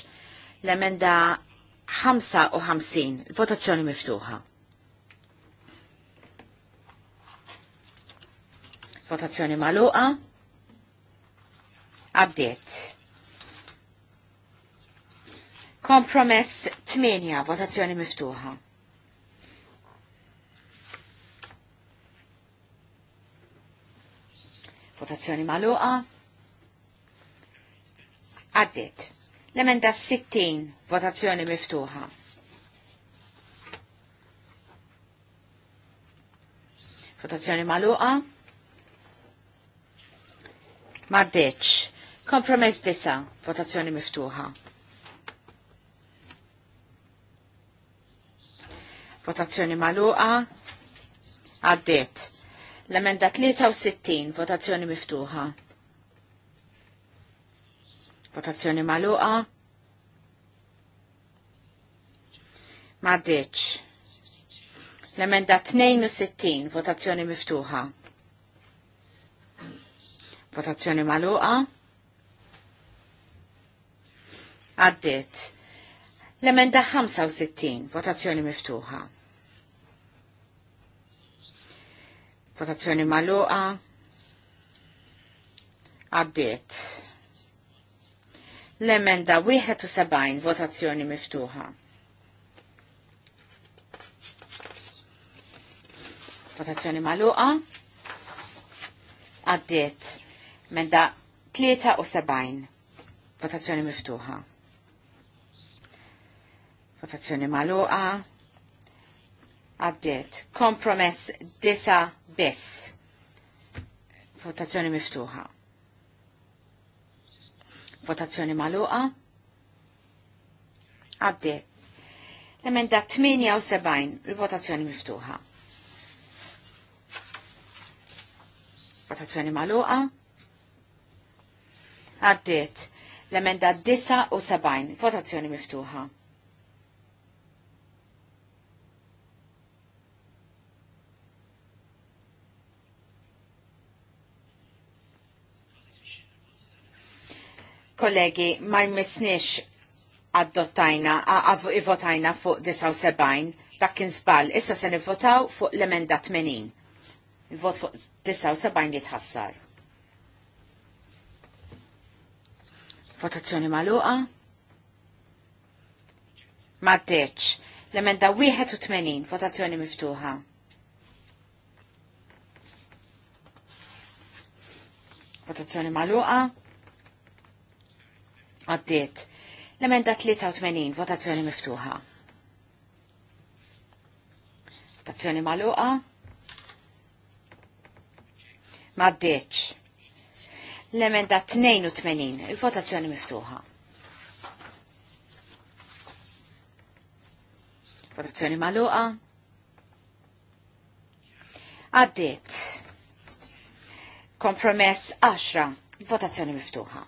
l-emenda 55, votazzjoni miftuħa. Votazzjoni maluqa. Abdiet. Kompromess 8, votazzjoni miftuħa. Votazzjoni maluqa. Għaddit. L-emenda 60, votazzjoni miftuħa. Votazzjoni maluqa. Maddeċ. Kompromess disa, votazzjoni miftuħa. Votazzjoni maluqa. Għaddit. L-emenda 63, votazzjoni miftuħa. Votazzjoni maluqa. Maddeċ. L-emenda 62, votazzjoni miftuħa. Votazzjoni maluqa. Għaddit. L-emenda 65, votazzjoni miftuħa. Votazzjoni maluqa. Għaddit. L-emenda 71, votazzjoni miftuħa. Votazzjoni maluqa. Għaddit Menda 73. Votazzjoni miftuħa. Votazzjoni maluqa. Għaddiet. Kompromess disa bis. Votazzjoni miftuħa. Votazzjoni maluqa. Għaddiet. Emenda 78, il-votazzjoni miftuħa. Votazzjoni maluqa għaddiet L-emenda 79. Votazzjoni miftuħa. Kollegi, ma jmissniex addottajna, votajna fuq 79, dak kien zbal, issa se nivvotaw fuq l-emenda 80. Il-vot fuq 79 li tħassar. Votazzjoni maluqa. Maddeċ. L-emenda 81, votazzjoni miftuħa. Votazzjoni maluqa. Għaddiet. L-emenda 83, votazzjoni miftuħa. Votazzjoni maluqa. Maddeċ l-emenda 82, il-votazzjoni miftuħa. Votazzjoni maluqa. Għaddit. Kompromess 10, votazzjoni miftuħa.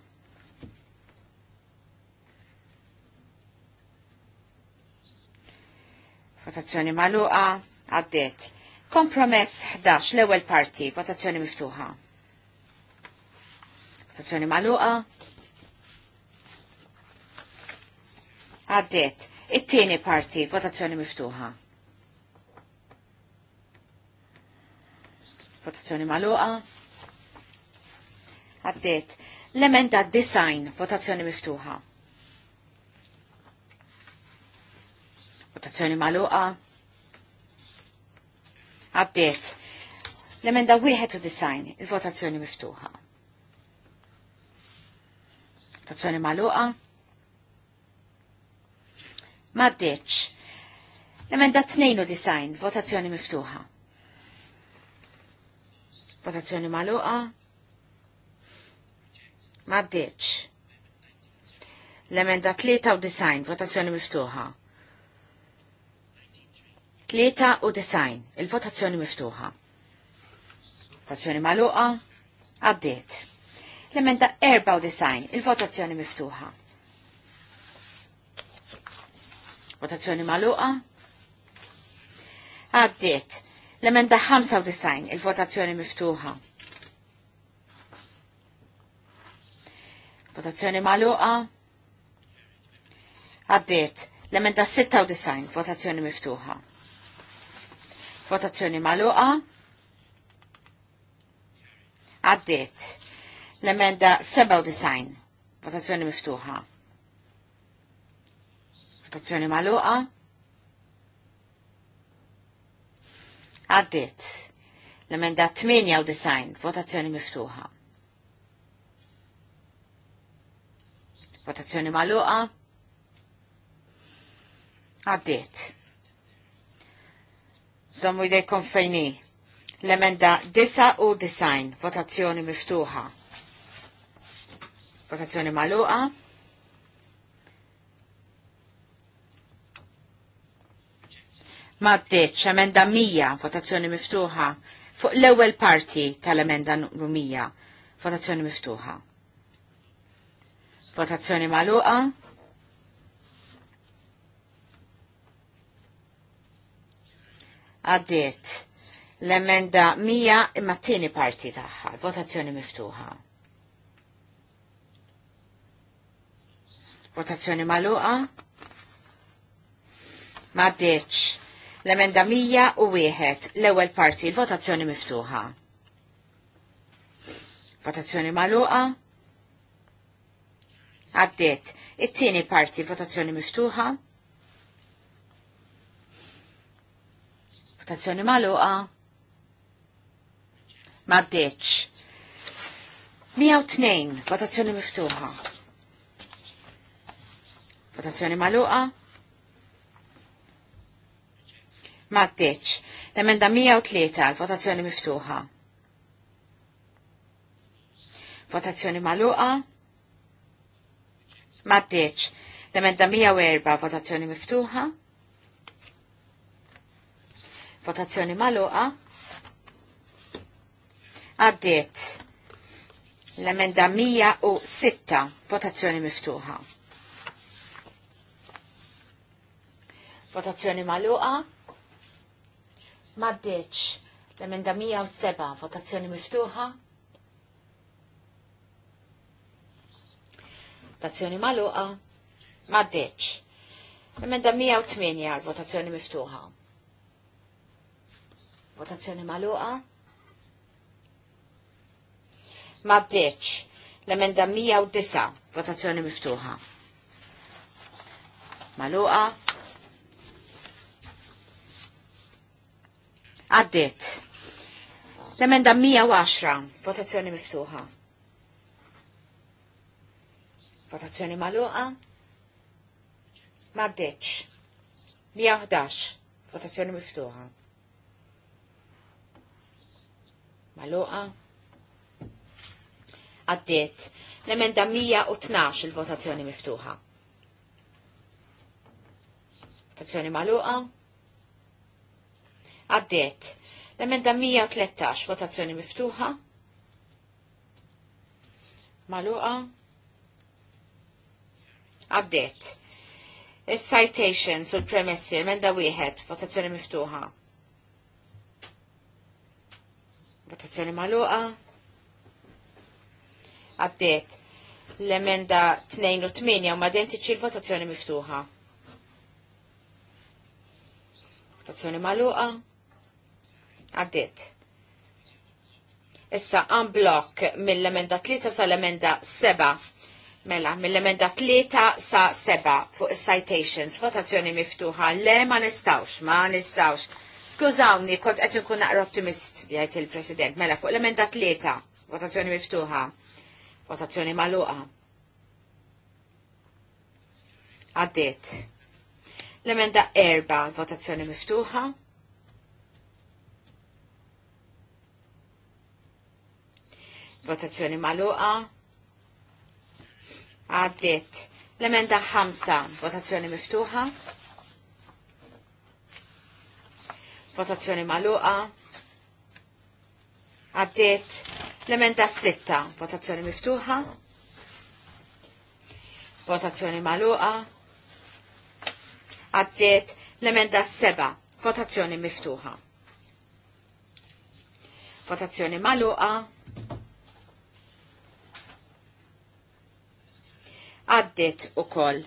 Votazzjoni maluqa. Għaddit. Kompromess 11, l-ewel parti, votazzjoni miftuħa. Votazzjoni maluqa. Għaddiet. It-tieni parti, votazzjoni miftuħa. Votazzjoni maluqa. Għaddiet. L-emenda design, votazzjoni miftuħa. Votazzjoni maluqa. Għaddiet. L-emenda wieħed u design, il-votazzjoni miftuħa. Votazzjoni maluqa. Maddeċ. Emenda disajn, votazzjoni miftuħa. Votazzjoni maluqa. Maddeċ. L-emenda disajn, votazzjoni miftuħa. u design. il-votazzjoni miftuħa. Votazzjoni maluqa. Għaddiet. L-emenda 94, il-votazzjoni miftuħa. Votazzjoni maluqa. Għaddiet. L-emenda 95, il-votazzjoni miftuħa. Votazzjoni maluqa. Għaddiet. L-emenda 96, votazzjoni miftuħa. Votazzjoni maluqa. Għaddiet L-emenda 97. Votazzjoni miftuħa. Votazzjoni maluqa. Għaddit. L-emenda 98. Votazzjoni miftuħa. Votazzjoni maluqa. Għaddit. Zommu jdejkom fejni. L-emenda 9 u design. Votazzjoni miftuħa. Votazzjoni maluqa. Mabdeċ, emenda 100, votazzjoni miftuħa. Fuq l-ewwel parti tal-emenda numru 100, votazzjoni miftuħa. Votazzjoni maluqa. Għaddiet l-emenda 100 imma t-tieni parti taħħa, votazzjoni miftuħa. Votazzjoni maluqa. Maddeċ, L-emenda mija u wieħed. L-ewwel parti. Votazzjoni miftuħa. Votazzjoni maluqa. Għaddiet. It-tieni parti. Votazzjoni miftuħa. Votazzjoni maluqa. Ma deċ. 102. Votazzjoni miftuħa. Votazzjoni maluqa. Mattiċ, L-emenda 103 l-votazzjoni miftuħa. Votazzjoni maluqa. Mattiċ, L-emenda 104 votazzjoni miftuħa. Votazzjoni maluqa. Għaddiet. L-emenda 106 votazzjoni miftuħa. Votazzjoni maluqa. Maddeċ. L-emenda 107. Votazzjoni miftuħa. Votazzjoni maluqa. Maddeċ. Emenda 108 votazzjoni miftuħa. Votazzjoni maluqa. Maddeċ. L-emenda 109. Votazzjoni miftuħa. Maluqa. Għaddit. L-emenda 110, votazzjoni miftuħa. Votazzjoni maluqa. Maddeċ. 111, votazzjoni miftuħa. Maluqa. Għaddit. L-emenda 112, il-votazzjoni miftuħa. Votazzjoni maluqa. Għaddiet. L-emenda 113, votazzjoni miftuħa. Maluqa. Għaddiet. Citation sul premessi, emenda wieħed, votazzjoni miftuħa. Votazzjoni maluqa. Għaddiet. L-emenda 28, u madentiċi l-votazzjoni miftuħa. Votazzjoni maluqa. Għaddit. Issa blok mill-emenda 3 sa l-emenda 7. Mela, mill-emenda 3 sa 7 fuq citations, votazzjoni miftuħa. Le, ma nistawx, ma nistawx. Skużawni, kont qed nkun naqra ottimist, jgħid il-President. Mela, fuq l-emenda 3, votazzjoni miftuħa. Votazzjoni maluqa. Għaddiet. L-emenda 4, votazzjoni miftuħa. Votazzjoni maluqa. Għaddit. L-emenda 5. Votazzjoni miftuħa. Votazzjoni maluqa. Għaddit. L-emenda 6. Votazzjoni miftuħa. Votazzjoni maluqa. Għaddit. L-emenda 7. Votazzjoni miftuħa. Votazzjoni maluqa għaddit u koll.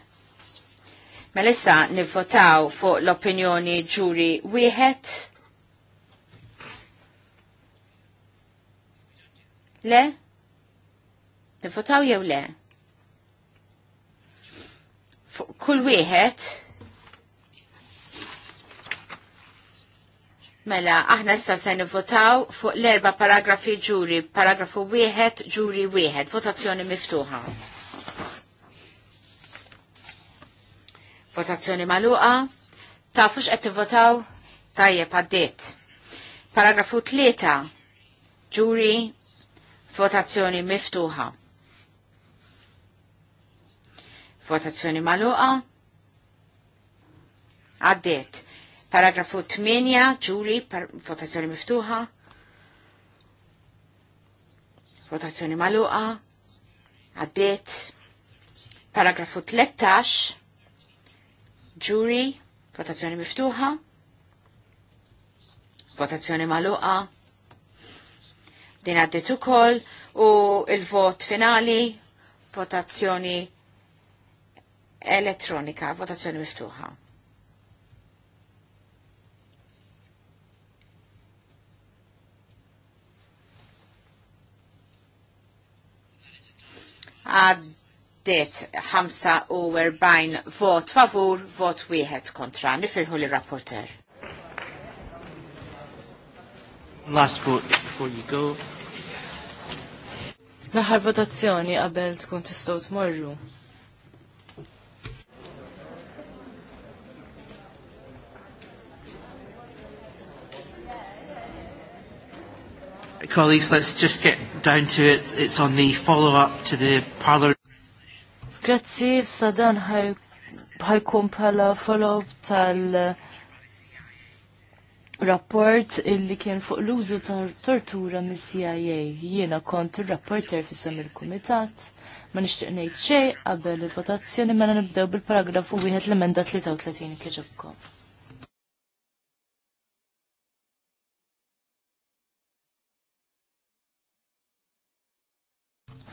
Melissa nivvotaw fuq l-opinjoni ġuri wieħed. Le? Nivvotaw jew le? Fuq kull wieħed Mela, aħna issa se nivvotaw fuq l-erba paragrafi ġuri, paragrafu wieħed ġuri wieħed, votazzjoni miftuħa. Votazzjoni maluqa. Tafux qed tivvotaw? Tajjeb għaddiet. Paragrafu 3. Ġuri votazzjoni miftuħa. Votazzjoni maluqa. Għaddiet. Paragrafu 8, ġuri, votazzjoni miftuħa. Votazzjoni maluqa. Għaddiet. Paragrafu 13, Jury, votazzjoni miftuħa, votazzjoni maluqa, din għaddit ukoll u il-vot finali, votazzjoni elettronika, votazzjoni miftuħa. għad għaddiet 45 vot favur, vot wieħed kontra. Nifirħu li rapporter. Last vote before you go. Naħar votazzjoni għabel tkun tistot morru. colleagues, let's just get down to it. It's on the follow-up to the parlor. Grazzi, sadan ħajkom bħala follow-up tal- uh, rapport illi kien fuq l-użu ta' tortura mis CIA. Jiena kont il-rapporter fissam il-komitat, ma nixtieq ngħid xej qabel il-votazzjoni mela nibdew bil-paragrafu wieħed l-emenda 33 kieġobkom.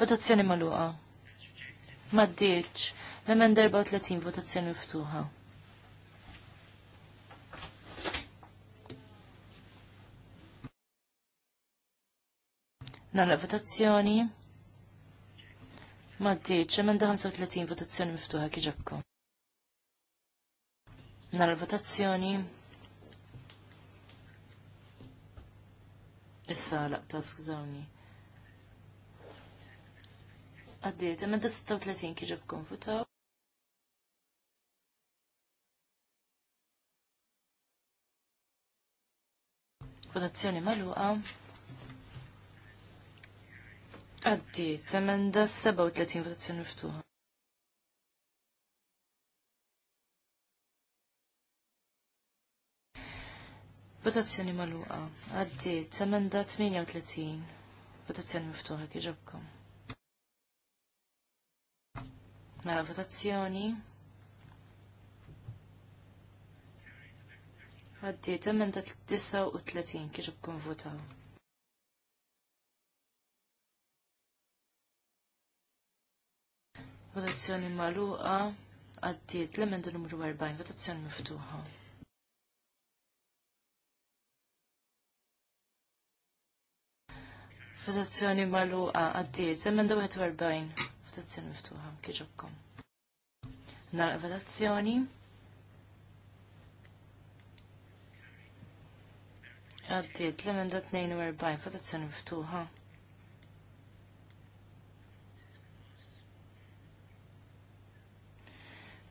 Votazzjoni magħluqa maddiċ. L-emenda 30 votazzjoni miftuħa. Nalla votazzjoni. Maddiċ, emenda 35 votazzjoni miftuħa kieġabkom. Nalla votazzjoni. Issa laqta skużawni. Għaddiet, emenda 36 kieġab konfutaw. Votazzjoni maluqa. Għaddiet, emenda 37 votazzjoni miftuħa. Votazzjoni maluqa. Għaddiet, emenda 38. Votazzjoni miftuħa kieġabkom. Nara votazzjoni. Għaddi, temmen ta' 39 kiex ikun votaw. Votazzjoni maluqa Għaddi, l-emenda numru 40, votazzjoni miftuħa. Votazzjoni maluqa Għaddi, temmen ta' 41 l votazzjoni miftuħa kieġobkom. Nara votazzjoni. Għaddiet l-emenda 42 votazzjoni miftuħa.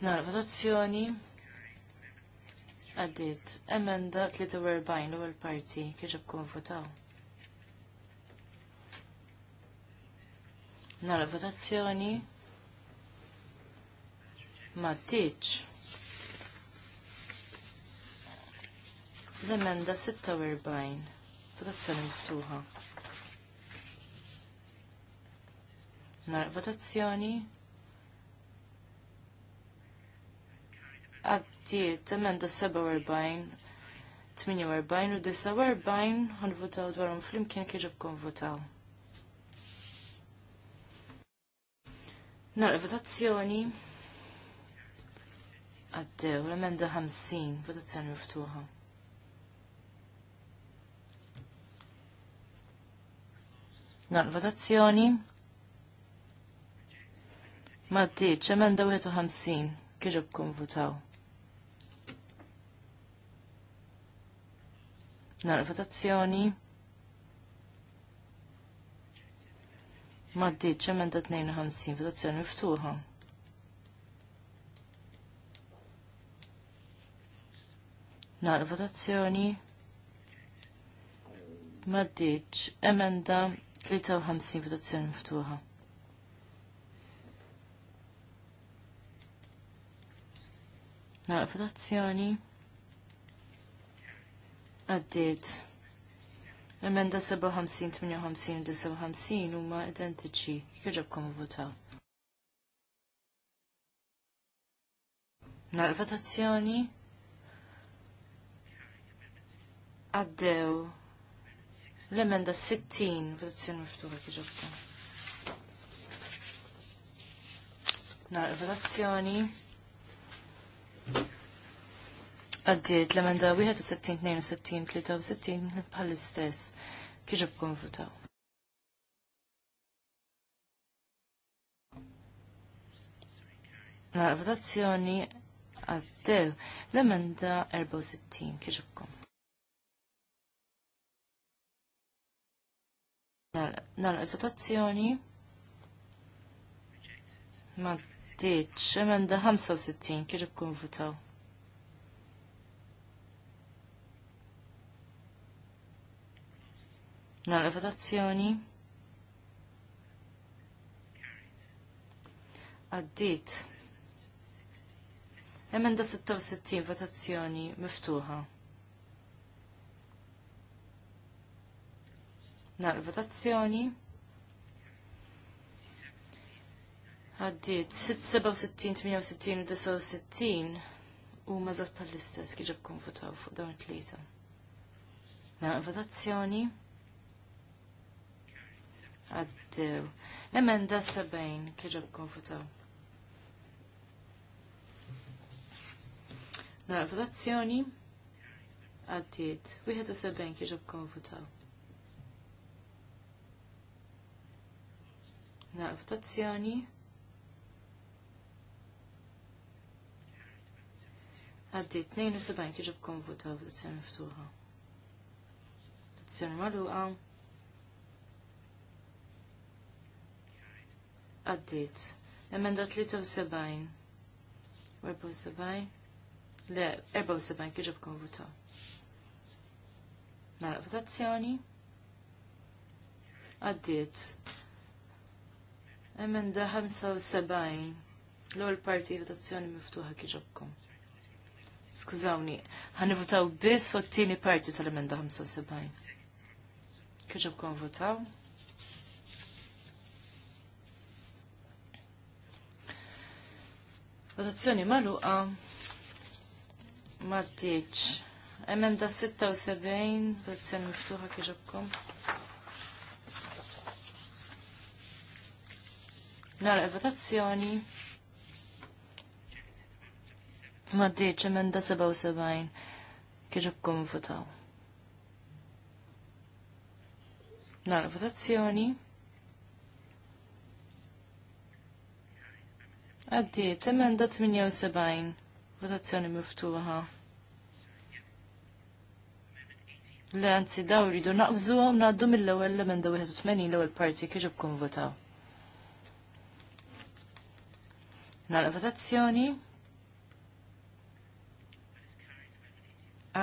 Nara votazzjoni. Għaddiet emenda 43 l għol parti kieġobkom votaw. Nara votazzjoni. Ma tiċ. L-emenda 46. Votazzjoni miftuħa. Nara votazzjoni. Għaddiet, emenda 47 48 u 49 għan votaw dwarom fl-imkien kieġib kon votaw. Nara votazzjoni għaddew l-emenda 50 votazzjoni miftuħa. Nara votazzjoni ma ddiċ emenda 51 kum votaw. Nara votazzjoni. Maddiċ, emenda 52, votazzjoni miftuħa. Naqra votazzjoni. Maddiċ, da 53, votazzjoni miftuħa. Naqra votazzjoni. Għaddiet. Emenda 57, 58, 59 huma identiċi. Jogħġobkom votaw. Nar votazzjoni Addew. l-emenda 60 votazzjoni miftuħa jogħġobkom. Nar votazzjoni Għaddiet l-emenda 61, 62, 63 bħal-istess. Kieġibkom votaw. Nara mela, votazzjoni għaddew l-emenda 64 kieġibkom. Nara votazzjoni ma ddiċ emenda 65 kieġibkom votaw. Nalla votazzjoni. Addit. Emenda 66 votazzjoni miftuħa. Nalla votazzjoni. Għaddit. 67, 68 u 69 u mażat pal-istess kieġab kun votaw fuq dawn it-tlieta. Nal votazzjoni għaddew. Emenda 70 kħiġab konfutaw. Nara fotazzjoni, għaddiet. wieħed u 71 kħiġab konfutaw. Nara votazzjoni Għaddi 72 kħiġab konvuta fotazzjoni ftuħa. Fotazzjoni maluqa. Għaddit. Emenda 73. 74. Le, 74 kieġab kon vuta. Nara votazzjoni. Għaddit. Emenda 75. L-ol parti votazzjoni miftuħa kieġabkom. Skużawni, ħanivutaw bis fuq t parti tal-emenda 75. Kieġabkom votaw? Votazzjoni maluqa ma tiċ. Emenda 76, votazzjoni miftuħa kieġobkom. Nara votazzjoni. Ma tiċ, emenda 77, kieġobkom votaw. Nara votazzjoni. Għaddi, Għaddiet, emenda 78, votazzjoni miftuħa. Le għanzi daw ridu, naqbżu għom naddu mill-ewel l-emenda 81 l-ewel parti kieġib kun votaw. Naqla votazzjoni.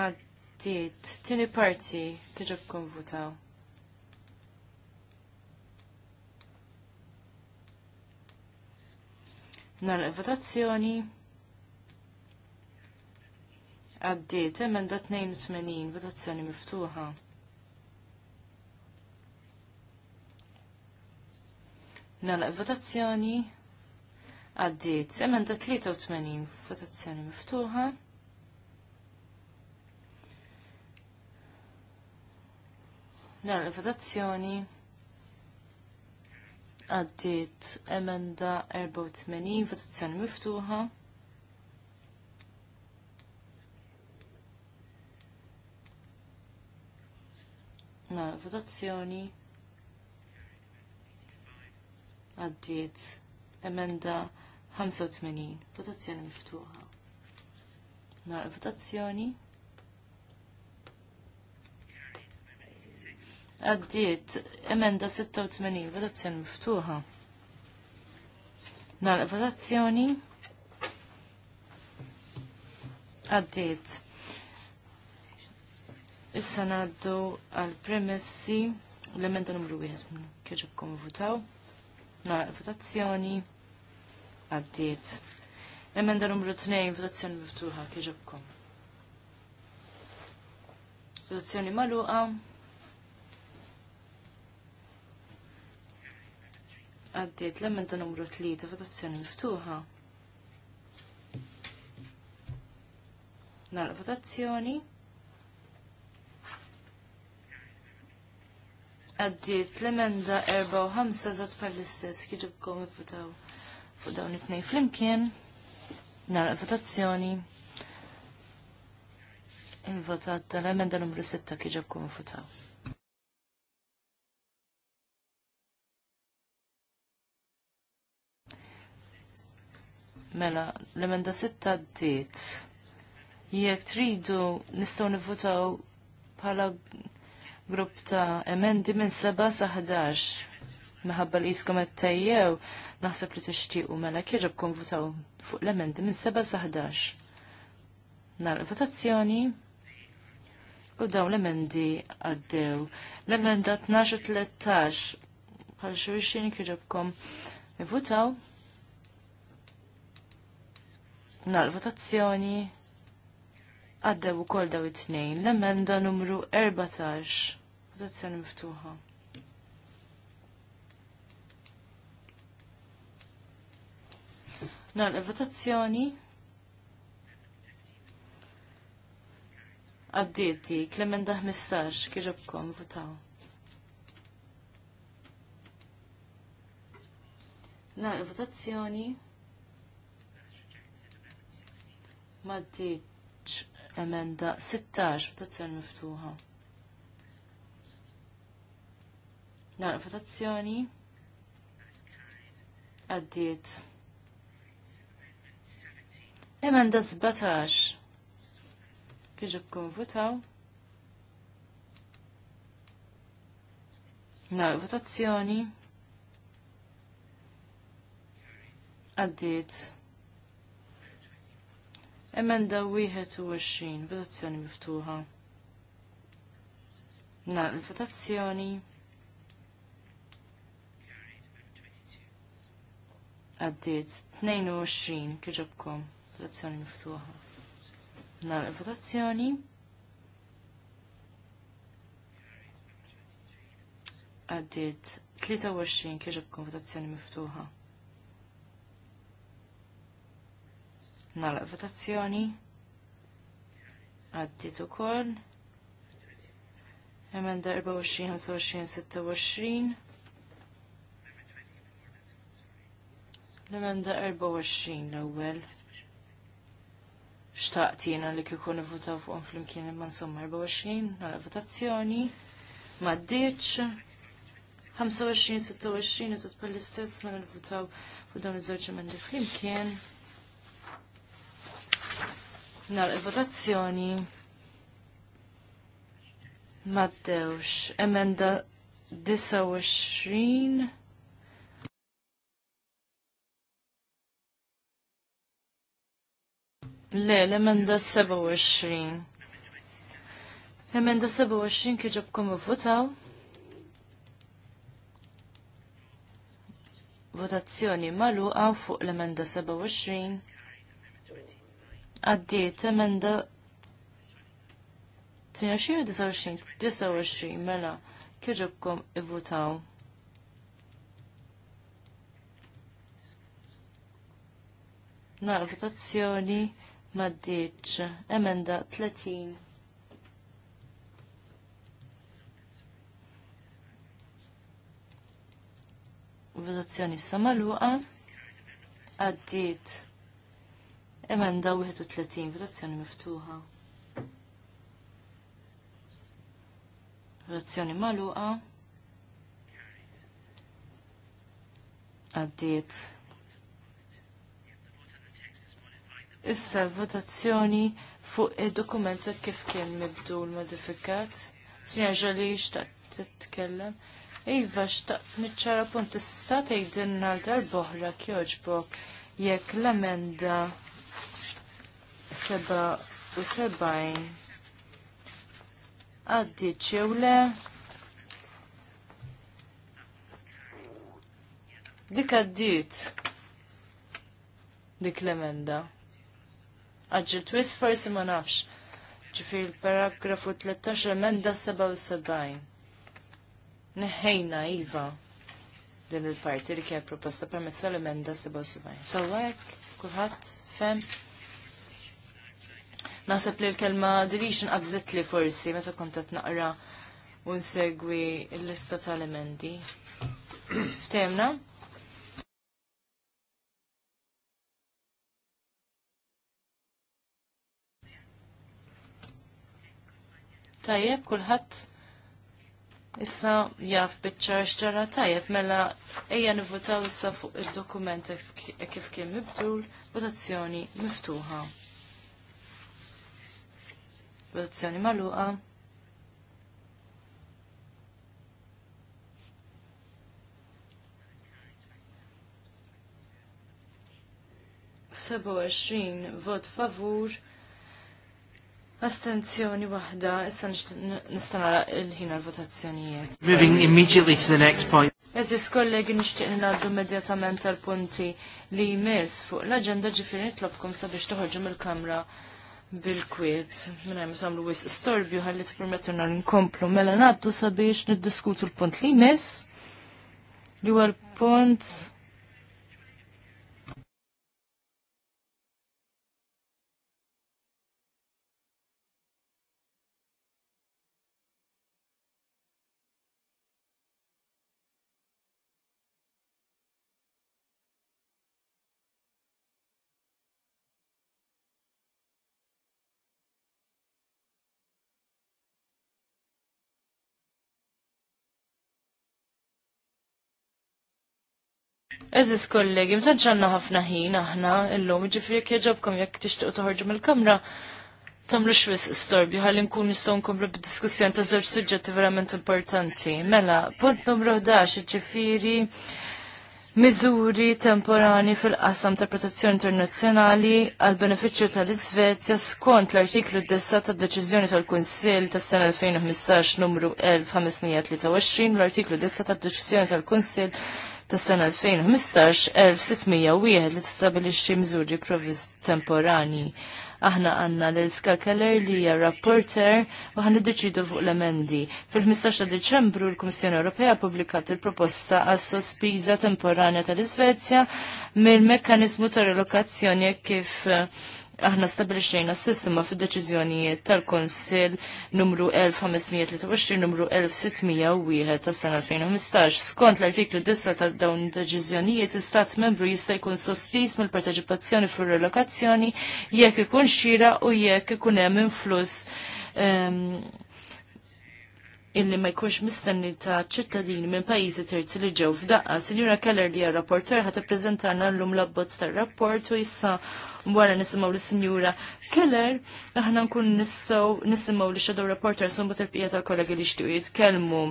Għaddiet, tini parti kieġib kun votaw. Nar votazzjoni għaddiet emenda 82 votazzjoni miftuħa. Nalaq votazzjoni għaddiet emenda 83 votazzjoni miftuħa. Nalaq votazzjoni għaddit emenda 84 votazzjoni miftuħa. Na, votazzjoni. għaddit emenda 85 votazzjoni miftuħa. Na, votazzjoni. Għaddiet, emenda 86, votazzjoni miftuħa. Nal votazzjoni. Għaddiet. Issa naddu għal premessi l-emenda numru 1. Kieġibkom votaw. Nal votazzjoni. Għaddiet. Emenda numru 2, votazzjoni miftuħa. Kieġibkom. Votazzjoni maluqa. Għaddiet l-emenda numru 3 votazzjoni miftuħa. Nal votazzjoni. Għaddiet l-emenda 4 5 zat par l-istess kħiġibkom votaw fuq dawn it tnejn flimkien. Nal votazzjoni. Il-votat tal-emenda numru 6 kħiġibkom votaw. Mela, l-emenda sitta d-diet. Jek tridu nistaw nivutaw bħala grupp ta' emendi minn seba sa' 11. Meħabba li jiskom għattajjew, naħseb li t-ixtiqu mela kieġab kon votaw fuq l-emendi minn seba sa' 11. Nar votazzjoni u daw l-emendi għaddew. L-emenda 12 u 13 bħal xurxin kieġabkom votaw. Nal votazzjoni għaddew ukoll daw it-tnejn. L-emenda numru 14. Votazzjoni miftuħa. Nal votazzjoni għaddieti l-emenda 15 kieġobkom votaw. Nal votazzjoni Maddiċ emenda 16 votazzjoni miftuħa. Nara votazzjoni għaddiet. Emenda 17 kieġibkom votaw. Nara votazzjoni. Għaddiet. Emenda 21, votazzjoni miftuħa. Na, l-votazzjoni. Għaddiet 22 kieġobkom, votazzjoni miftuħa. Na, l-votazzjoni. Għaddiet 23 kieġobkom, votazzjoni miftuħa. Nalaq votazzjoni. Għaddit ukoll. Emenda 24, 25, 26. L-emenda 24 l-ewwel. Xtaqtina li kikun votaw nivvutaw fuqhom flimkien imman summa 24 għal votazzjoni. Maddiċ. 25, 26 iżgħid pal istess ma l-votaw fuq dawn iż-żewġ emendi flimkien il votazzjoni maddewx. Emenda 29. Le, l-emenda 27. Emenda 27 kieġobkom votaw. Votazzjoni maluqa fuq l-emenda 27. Għaddiet emenda 28 u 29, 29 mela kieġobkom ivvutaw. Nara votazzjoni maddiċ emenda 30. Votazzjoni samaluqa għaddiet Emenda 31, votazzjoni miftuħa. Votazzjoni maluqa. Għaddiet. Issa l-votazzjoni fuq id-dokument kif kien mibdu l-modifikat. Sinja ġali xtaqt titkellem. Iva xtaqt nċara punt tista' tgħidilna l-darboħra kjoġbok jekk l-emenda 77 għaddi ċewle dik għaddit dik l-emenda. Għadġet wis forsi ma nafx ġifir paragrafu 13 emenda 77. Neħejna Iva din il-parti li kien proposta permessa l-emenda 77. Sawwek, kuħat, fem? Naħseb li l-kelma deletion qabżet li forsi meta kont naqra u nsegwi l-lista tal-emendi. Ftemna? Tajjeb, kulħadd Issa jaf bitċar xġara tajjeb mela ejja nivvotaw issa fuq il-dokument kif kien mibdul, votazzjoni miftuħa. Votazzjoni maluqa. Seba vot favur. Astenzjoni wahda, issa nistana il-ħina l-votazzjonijiet. Moving immediately to the next point. Eżis kollegi nishtiq naddu immedjatament għal punti li jmiss fuq l-agenda ġifiri nitlobkom sabiex toħorġu mill-kamra bil-kwiet, minna jem samlu wis storbju għalli t-permettuna l-inkomplu, mela naddu sabiex niddiskutu l-punt li mis, li għal punt Eżis kollegi, mżanċanna ħafna ħin aħna illum, ġifri kieġobkom jekk tixtiqu toħorġu mill-kamra, tamlu xwis storbi ħalli kun nistgħu nkomplu b diskussjoni ta' żewġ suġġetti verament importanti. Mela, punt numru 11, ġifiri miżuri temporani fil-qasam ta' protezzjoni internazzjonali għal benefiċċju tal-Iżvezja skont l-artiklu 10 ta' deċiżjoni tal-Kunsill ta' sena 2015 numru 1523 l-artiklu 10 ta' deċiżjoni tal-Kunsill tas-sena 2015 1601 li tistabilixxi miżuri provis temporani. Aħna għanna l iska Keller li hija rapporter u ħan deċidu fuq l-emendi. Fil-15 ta' Deċembru l-Kummissjoni Ewropea pubblikat il-proposta għas sospiża temporanja tal-Iżvezja mill-mekkanizmu ta' relokazzjoni kif uh, aħna stabilixxejna s-sistema fid-deċiżjonijiet tal-Konsil numru 1523 numru 1601 tas-sena 2015. Skont l-artiklu 10 ta' dawn deċiżjonijiet, istat membru jista' jkun sospiż mill-parteċipazzjoni fur-relokazzjoni jekk ikun xira u jekk ikun hemm influss um, illi ma jkunx mistenni ta' ċittadini minn pajjiżi terzi li ġew f'daqqa. Sinjura Keller li hija rapporter ħad ippreżentana llum l-abbozz tar-rapport u issa wara nisimgħu lis sinjura Keller aħna nkun nistgħu nisimgħu li xadow rapporter sumbat il-pija tal-kollegi li jixtiequ jitkellmu.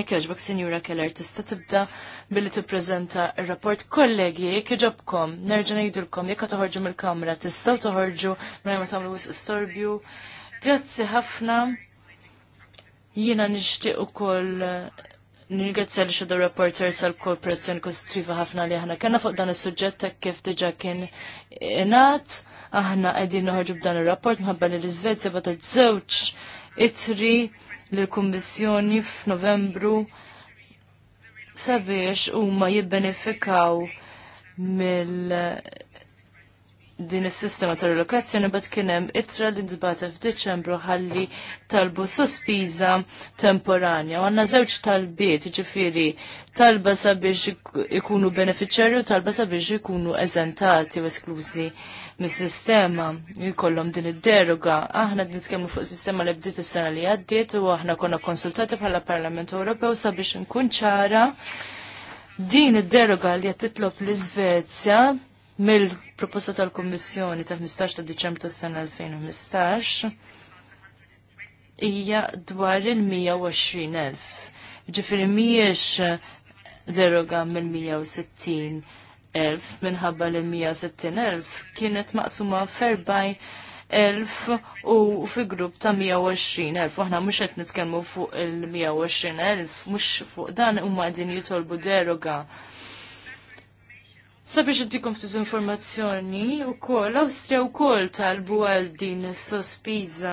Jekk jogħġbok, Sinjura Keller, tista' tibda billi tippreżenta r-rapport kollegi, jekk iġobkom, nerġa' ngħidulkom, jekk toħorġu mill-kamra, tistgħu toħorġu mingħajr ma tagħmlu wisq storbju. Grazzi ħafna. Jiena nixtieq ukoll nirgrazzja li xedu reporters għal kooperazzjoni kostruttiva ħafna li aħna kena fuq dan is-suġġett kif diġà kien ingħat aħna qegħdin noħorġu b'dan ir-rapport minħabba li l-Iżvezja bata żewġ itri lill-Kummissjoni f'Novembru sabiex huma jibbenefikaw mill din is-sistema ta' relokazzjoni bat kien hemm itra li dibata f'Diċembru ħalli talbu sospiża temporanja. U għandna żewġ talbiet, ġifiri, talba sabiex ikunu beneficjarju u talba sabiex ikunu eżentati u esklużi mis-sistema jkollhom din id-deroga. Aħna skemmu fuq sistema li bdiet is-sena li għaddiet u aħna konna konsultati bħala Parlament Ewropew sabiex nkun ċara din id-deroga li qed titlob l-Iżvezja mill proposta tal-Kommissjoni ta' 15 ta' Diċembru tas-sena 2015 hija dwar il-120,000. Ġifieri mhijiex deroga mill-160,000 minħabba l-160,000 kienet maqsuma ferbaj elf u fi grupp ta' 120 elf. Aħna mhux qed nitkellmu fuq il-120 elf, mhux fuq dan huma qegħdin jitolbu deroga Sabiex iddikom ftit informazzjoni u l Awstrija u kol talbu għal din sospiża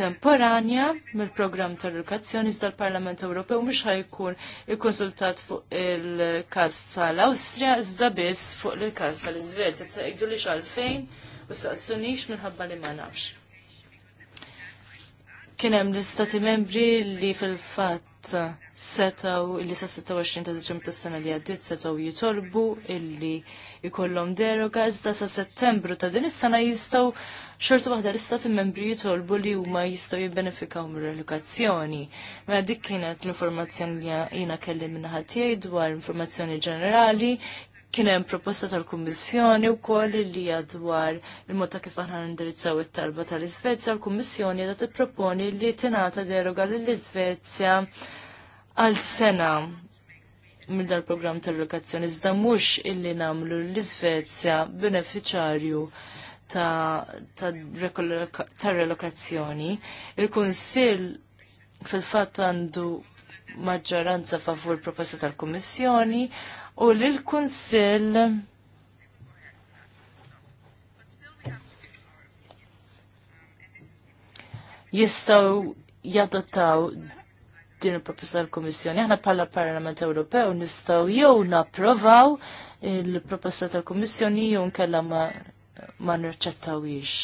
temporanja mill-programm tal-edukazzjoni dal parlament Ewropew mhux ħajkun ikkonsultat fuq il-każ tal austria iżda biss fuq il-każ tal ta Tgħidu li xalfejn u saqsunix minħabba li ma nafx. Kien hemm l-istati membri li fil-fatt setaw illi sa 26 ta' Deċembru tas-sena li għaddiet setaw jitolbu illi jkollhom deroga iżda sa Settembru ta' din is-sena jistgħu xorta waħda l-istati membri jitolbu li huma jistgħu jibbenefikaw mir-relokazzjoni. Mela dik kienet l-informazzjoni li jiena kelli minnaħa tiegħi dwar informazzjoni ġenerali kien hemm proposta tal-Kummissjoni wkoll li hija dwar il-mod ta' kif aħna nindirizzaw it-talba tal-Iżvezja, l-Kummissjoni qiegħda tipproponi li tingħata deroga lill-Iżvezja għal sena mill dal programm tal-lokazzjoni, iżda mhux illi nagħmlu l-Iżvezja beneficjarju ta' relokazzjoni. Il-Kunsill fil-fatt għandu maġġoranza favur proposta tal-Kummissjoni u l-Kunsill jistaw jadottaw din il-proposta tal-Komissjoni. Aħna bħala Parlament Ewropew nistgħu jew napprovaw il-proposta tal-Komissjoni jew nkella ma ma nirċettawix.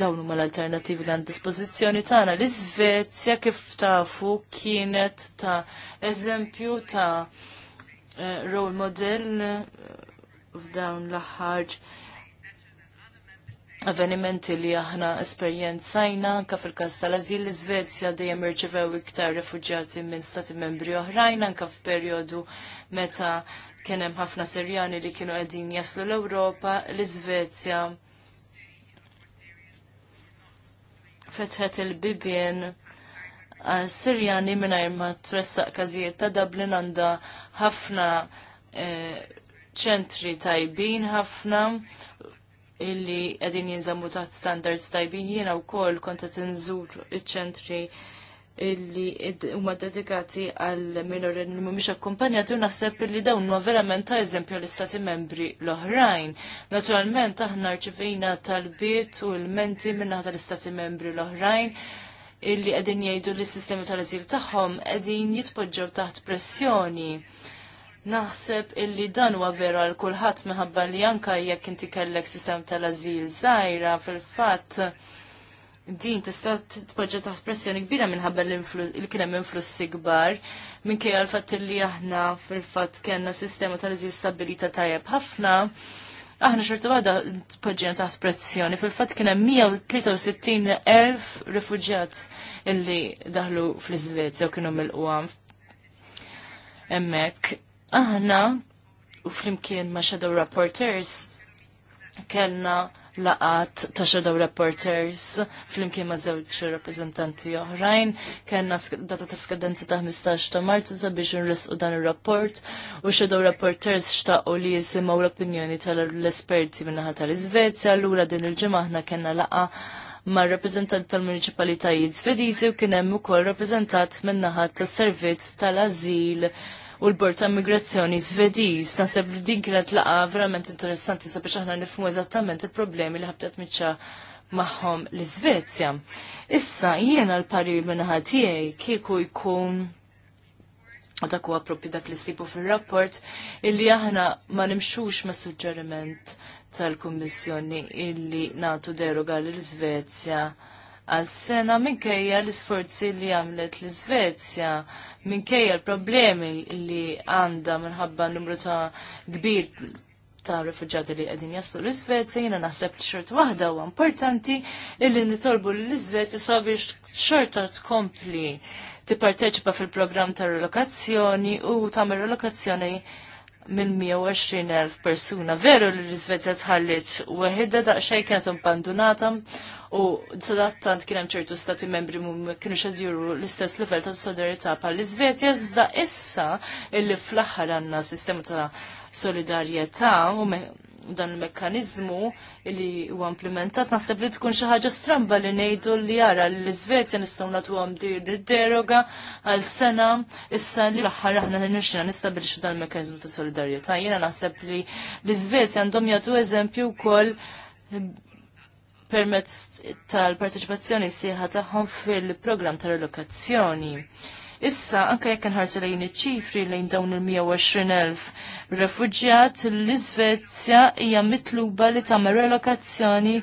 Dawn huma l-alternativi li għand dispożizzjoni tagħna l-Iżvezja kif tafu kienet ta' eżempju ta' eh, role model eh, f'dawn l-aħħar avvenimenti li aħna esperjenzajna anka fil-każ tal-azil l-Iżvezja dejjem irċivew iktar refuġjati minn stati membri oħrajn anka f'perjodu meta kien hemm ħafna Sirjani li kienu qegħdin jaslu l-Ewropa, l-Iżvezja fetħet il-bibien għal Sirjani mingħajr ma tressaq każijiet ta' Dublin għandha ħafna eh, ċentri tajbin ħafna illi qegħdin jinżammu taħt standards tajbin jiena wkoll kont qed inżur iċ-ċentri illi huma dedikati għal minorin li mhumiex akkumpanjati u naħseb illi dawn huma verament ta' eżempju l-istati membri l-oħrajn. Naturalment aħna rċivejna talbiet u l-menti minnaħ tal-istati membri l-oħrajn illi għedin jgħidu li s-sistemi tal-azil tagħhom qegħdin jitpoġġew taħt pressjoni. Naħseb illi dan huwa vera għal kulħadd minħabba li anka jekk inti kellek sistem tal azil żgħira fil-fatt din tista' tpoġġa taħt pressjoni kbira minħabba li kien hemm influssi kbar minkejja għal fatt illi aħna fil-fatt kellna sistema tal-ażil stabilita tajjeb ħafna aħna xortu għada tpoġġina taħt pressjoni. Fil-fat kien hemm 163,000 rifugġat illi daħlu fl-Iżvezja u kienu mill-qwam. Emmek, Aħna, u flimkien ma' Shadow Reporters, kellna laqat ta' Shadow Reporters flimkien ma' żewġ rappreżentanti oħrajn, kellna data ta' skadenza ta' 15 ta' Martu sabiex nresqu dan ir-rapport u Shadow Reporters xtaqgħu li jisimgħu l-opinjoni tal-esperti min-naħa tal-Iżvezja, allura din il-ġimgħa aħna kellna laqa ma' rappresentant tal-municipalitajiet svedizi u kien hemm ukoll rappreżentat min-naħa tas-servizz tal-ażil u l-Bord ta' Immigrazzjoni Svediż. Naseb li din kienet laqa verament interessanti sabiex aħna nifhmu eżattament il-problemi li ħabtet miċċa magħhom l-Iżvezja. Issa jiena l-parir minn tiegħi kieku jkun u dak huwa proprju dak li sibu fir-rapport illi aħna ma nimxux ma' suġġeriment tal-Kummissjoni illi nagħtu deroga l-Iżvezja għal sena minkejja l-isforzi li għamlet l-Svezja, minkejja l-problemi li għanda minħabba numru ta' kbir ta' rifugġati li għedin jaslu l-Svezja, jina naħseb t xort wahda u importanti illi nitolbu l-Svezja sabiex xorta tkompli tipparteċipa fil-programm ta' relokazzjoni u ta' relokazzjoni minn 120.000 persuna. Veru li l-Svezja tħallit da' daqxej kienet impandunata u sadattant kien hemm ċertu stati membri mhum kienu xadjuru l-istess livell ta' pa' bħal iżvezja iżda issa illi fl-aħħar għandna sistema ta' solidarjetà u dan il-mekkanizmu li huwa implementat naħseb li tkun xi ħaġa stramba li ngħidu li jara l iżvezja nistgħu nagħtuhom din id-deroga għal sena issa li l-aħħar aħna nirxina nistabilixu dan il-mekkanizmu ta' solidarjetà. Jiena naħseb li l iżvezja għandhom jagħtu eżempju wkoll permezz tal-parteċipazzjoni sieħa tagħhom fil-programm tal-allokazzjoni. Issa, anke jekk nħarsu lejn iċ-ċifri lejn dawn il-120.000 refuġjat, l-Iżvezja hija mitluba li tagħmel relokazzjoni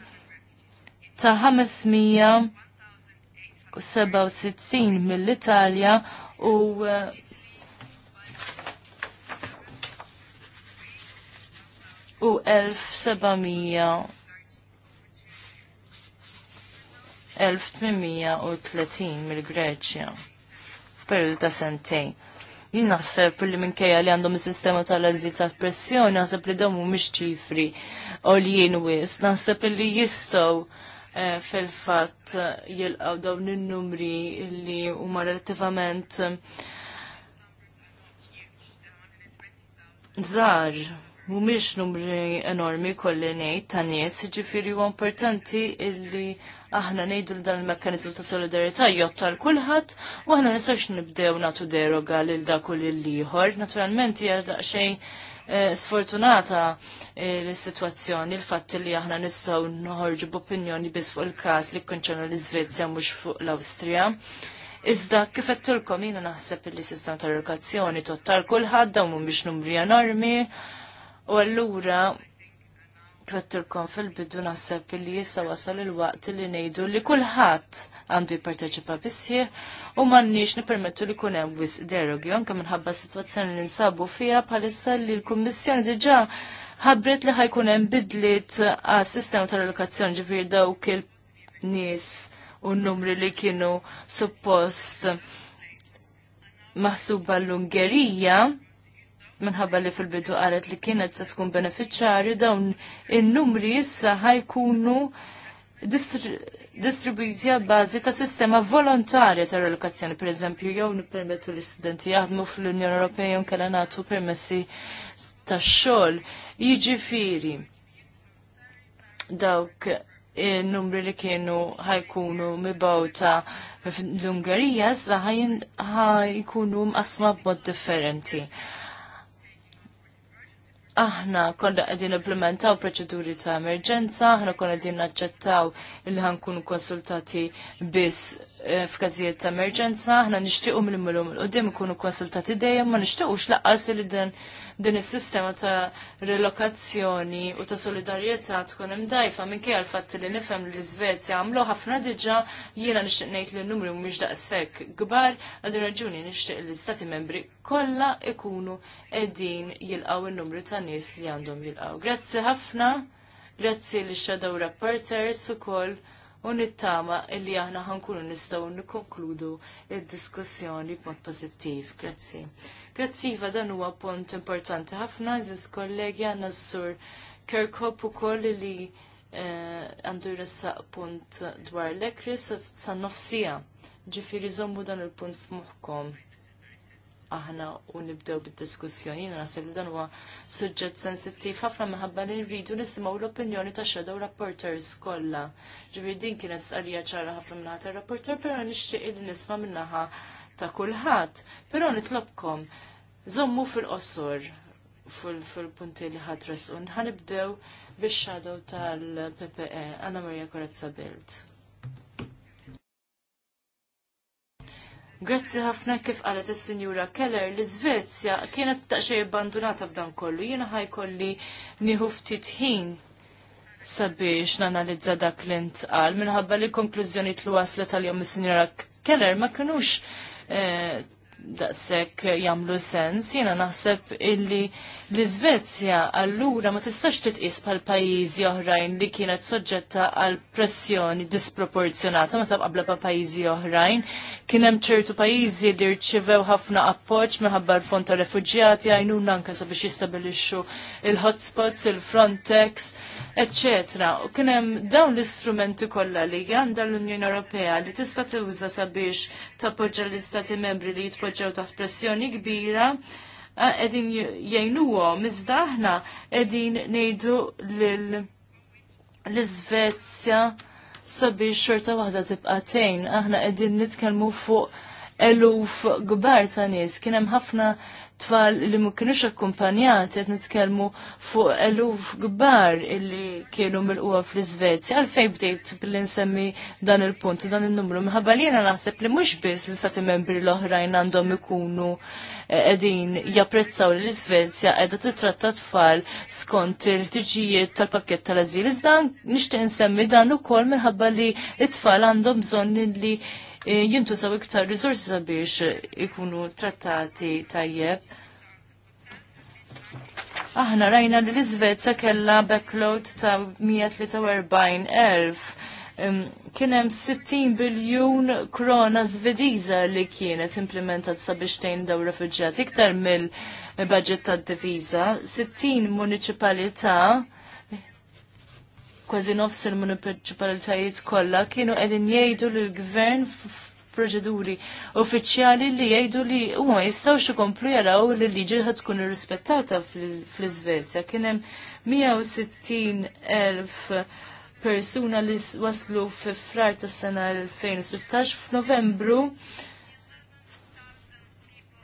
ta' 567 mill-Italja u uh, u 1700 1830 mill-Greċja f'periodu ta' sentejn. Jien naħseb li minkejja li għandhom is-sistema tal azil ta' pressjoni naħseb li dawn mhumiex ċifri għoljien wis, naħseb li jistgħu eh, fil-fatt jilqgħu dawn in-numri li huma relattivament żgħar mumiex numri enormi kolli nejt ta' nies, ġifiri u importanti illi aħna ngħidu dan il-mekkaniżmu ta' solidarità jottar kulħadd u aħna nistax nibdew nagħtu deroga lil dak u lil ieħor. Naturalment hija daqsxejn eh, sfortunata eh, l-situazzjoni, il-fatt li aħna nistgħu noħorġu b'opinjoni biss fuq il-każ li kkonċerna l-Iżvezja mhux fuq l-Awstrija. Iżda kif qedtulkom jiena naħseb li sistem ta' edukazzjoni tottal kulħadd dawn mhumiex numri enormi u allura kvetturkom fil-bidu naħseb li jissa wasal il-waqt li nejdu li kullħat għandu jipparteċipa bisħieħ u mannix nipermettu li kunem wis derogi anke minħabba situazzjoni li nsabu fija bħalissa li l-Kummissjoni diġa ħabbret li ħajkun hemm bidliet għas sistema tal-edukazzjoni ġifir dawk il-nies u n-numri li kienu suppost maħsuba l-Ungerija minħabba li fil-bidu qalet li kienet se tkun beneficjarju dawn in-numri issa ħajkunu distribuiti għal bażi ta' sistema volontarja ta' relokazzjoni, per eżempju, jew nippermettu li studenti jaħdmu fl-Unjoni Ewropea jew kellha nagħtu permessi ta' xogħol. Jiġifieri dawk il-numri li kienu ħajkunu mibawta l-Ungerija, issa ħajkunu mqasma b'mod differenti aħna konna qegħdin implementaw proċeduri ta' emerġenza, aħna konna għedin naċċettaw li ħankun konsultati biss Eh, f'każijiet ta' emerġenza, aħna nixtiequ mill-mulum il qudiem ikunu konsultati dejjem ma nixtiequx laqqas li din din is-sistema ta' relokazzjoni u ta' solidarjetà tkun hemm dajfa minkejja l-fatt li nifhem li l-Iżvezja għamlu ħafna diġà jiena nixtieq ngħid li n-numri mhumiex daqshekk kbar għal din raġuni nixtieq li l-Stati membri kollha ikunu qegħdin jilqgħu n-numru ta' nies li għandhom jilqgħu. Grazzi ħafna, grazzi li shadow reporters ukoll u nittama illi aħna ħankunu nistgħu nikkonkludu il diskussjoni b'mod pożittiv. Grazzi. Grazzi va dan huwa punt importanti ħafna, żis kollegi għanna s-sur u ukoll li eh, għandu jressa punt dwar l-ekris sa nofsija. ġifiri zombu dan il-punt f'moħħkom aħna u nibdew bid-diskussjoni. Jina naħseb li dan huwa suġġett sensittiv ħafna minħabba li nridu nisimgħu l-opinjoni ta' shadow rapporters kollha. Ġifieri din kienet stqarrija ċara ħafna minnaħa ir rapporter però nixtieq li nisma' minnaħa ta' kulħadd. Però nitlobkom żommu fil-qosor fil-punti li ħatres un ħanibdew bix-shadow tal-PPE Anna Maria Korazza Bild. Grazzi ħafna kif qalet is-Sinjura Keller li Svezja kienet taqxej abbandunata f'dan kollu. Jiena ħajkolli nieħu ftit ħin sabiex nanalizza dak li ntqal minħabba li konklużjoni li waslet għal jom is-Sinjura Keller ma kinux eh, daqshekk jagħmlu sens, jiena naħseb illi l-Iżvezja allura ma tistax titqis bħal pajjiżi oħrajn li kienet soġġetta għal pressjoni disproporzjonata meta qabla pa' pajjiżi oħrajn. Kien hemm ċertu pajjiżi li rċivew ħafna appoġġ minħabba l-fond ta' refuġjati għajnuna anke sabiex jistabilixxu il-hotspots, il-Frontex, eccetera. U kien hemm dawn l-istrumenti kollha li għandha l-Unjoni Ewropea li tista' tuża sabiex tappoġġa l-istati membri li jitpoġġew taħt pressjoni kbira eh, qegħdin jgħinuhom iżda aħna qegħdin ngħidu l-Iżvezja sabiex xorta waħda tibqa' tgħin. Aħna qegħdin nitkellmu fuq eluf gbar ta' nies, kien hemm ħafna tfal li ma kienux akkumpanjati qed nitkellmu fuq eluf kbar illi kienu milquha fl-Iżvezja għalfejn bdejt billi nsemmi dan il-punt u dan in-numru minħabba li jiena naħseb li mhux biss li stati membri l-oħrajn għandhom ikunu eh, qegħdin japprezzaw li l-Iżvezja qiegħda titratta tfal skont il-ħtiġijiet tal-pakkett tal-ażil. Iżda nixtieq nsemmi dan ukoll minħabba li t-tfal għandhom bżonn li E, Jintu saw iktar risorsi sabiex ikunu trattati tajjeb. Aħna rajna li l-Iżvezja kellha backload ta' 143,000 kien hemm 60 biljun krona zvediza li kienet implementat sabiex tejn daw refugġati iktar mill-budget tad-diviża, 60 municipalita' kważi nofs il-municipalitajiet kollha kienu qegħdin jgħidu lill gvern proċeduri uffiċjali li jgħidu li huma jistgħux ikomplu jaraw li l-liġi tkun irrispettata fl-Iżvezja. Kien hemm 160 elf persuna li waslu fi frar tas-sena 2016 f'Novembru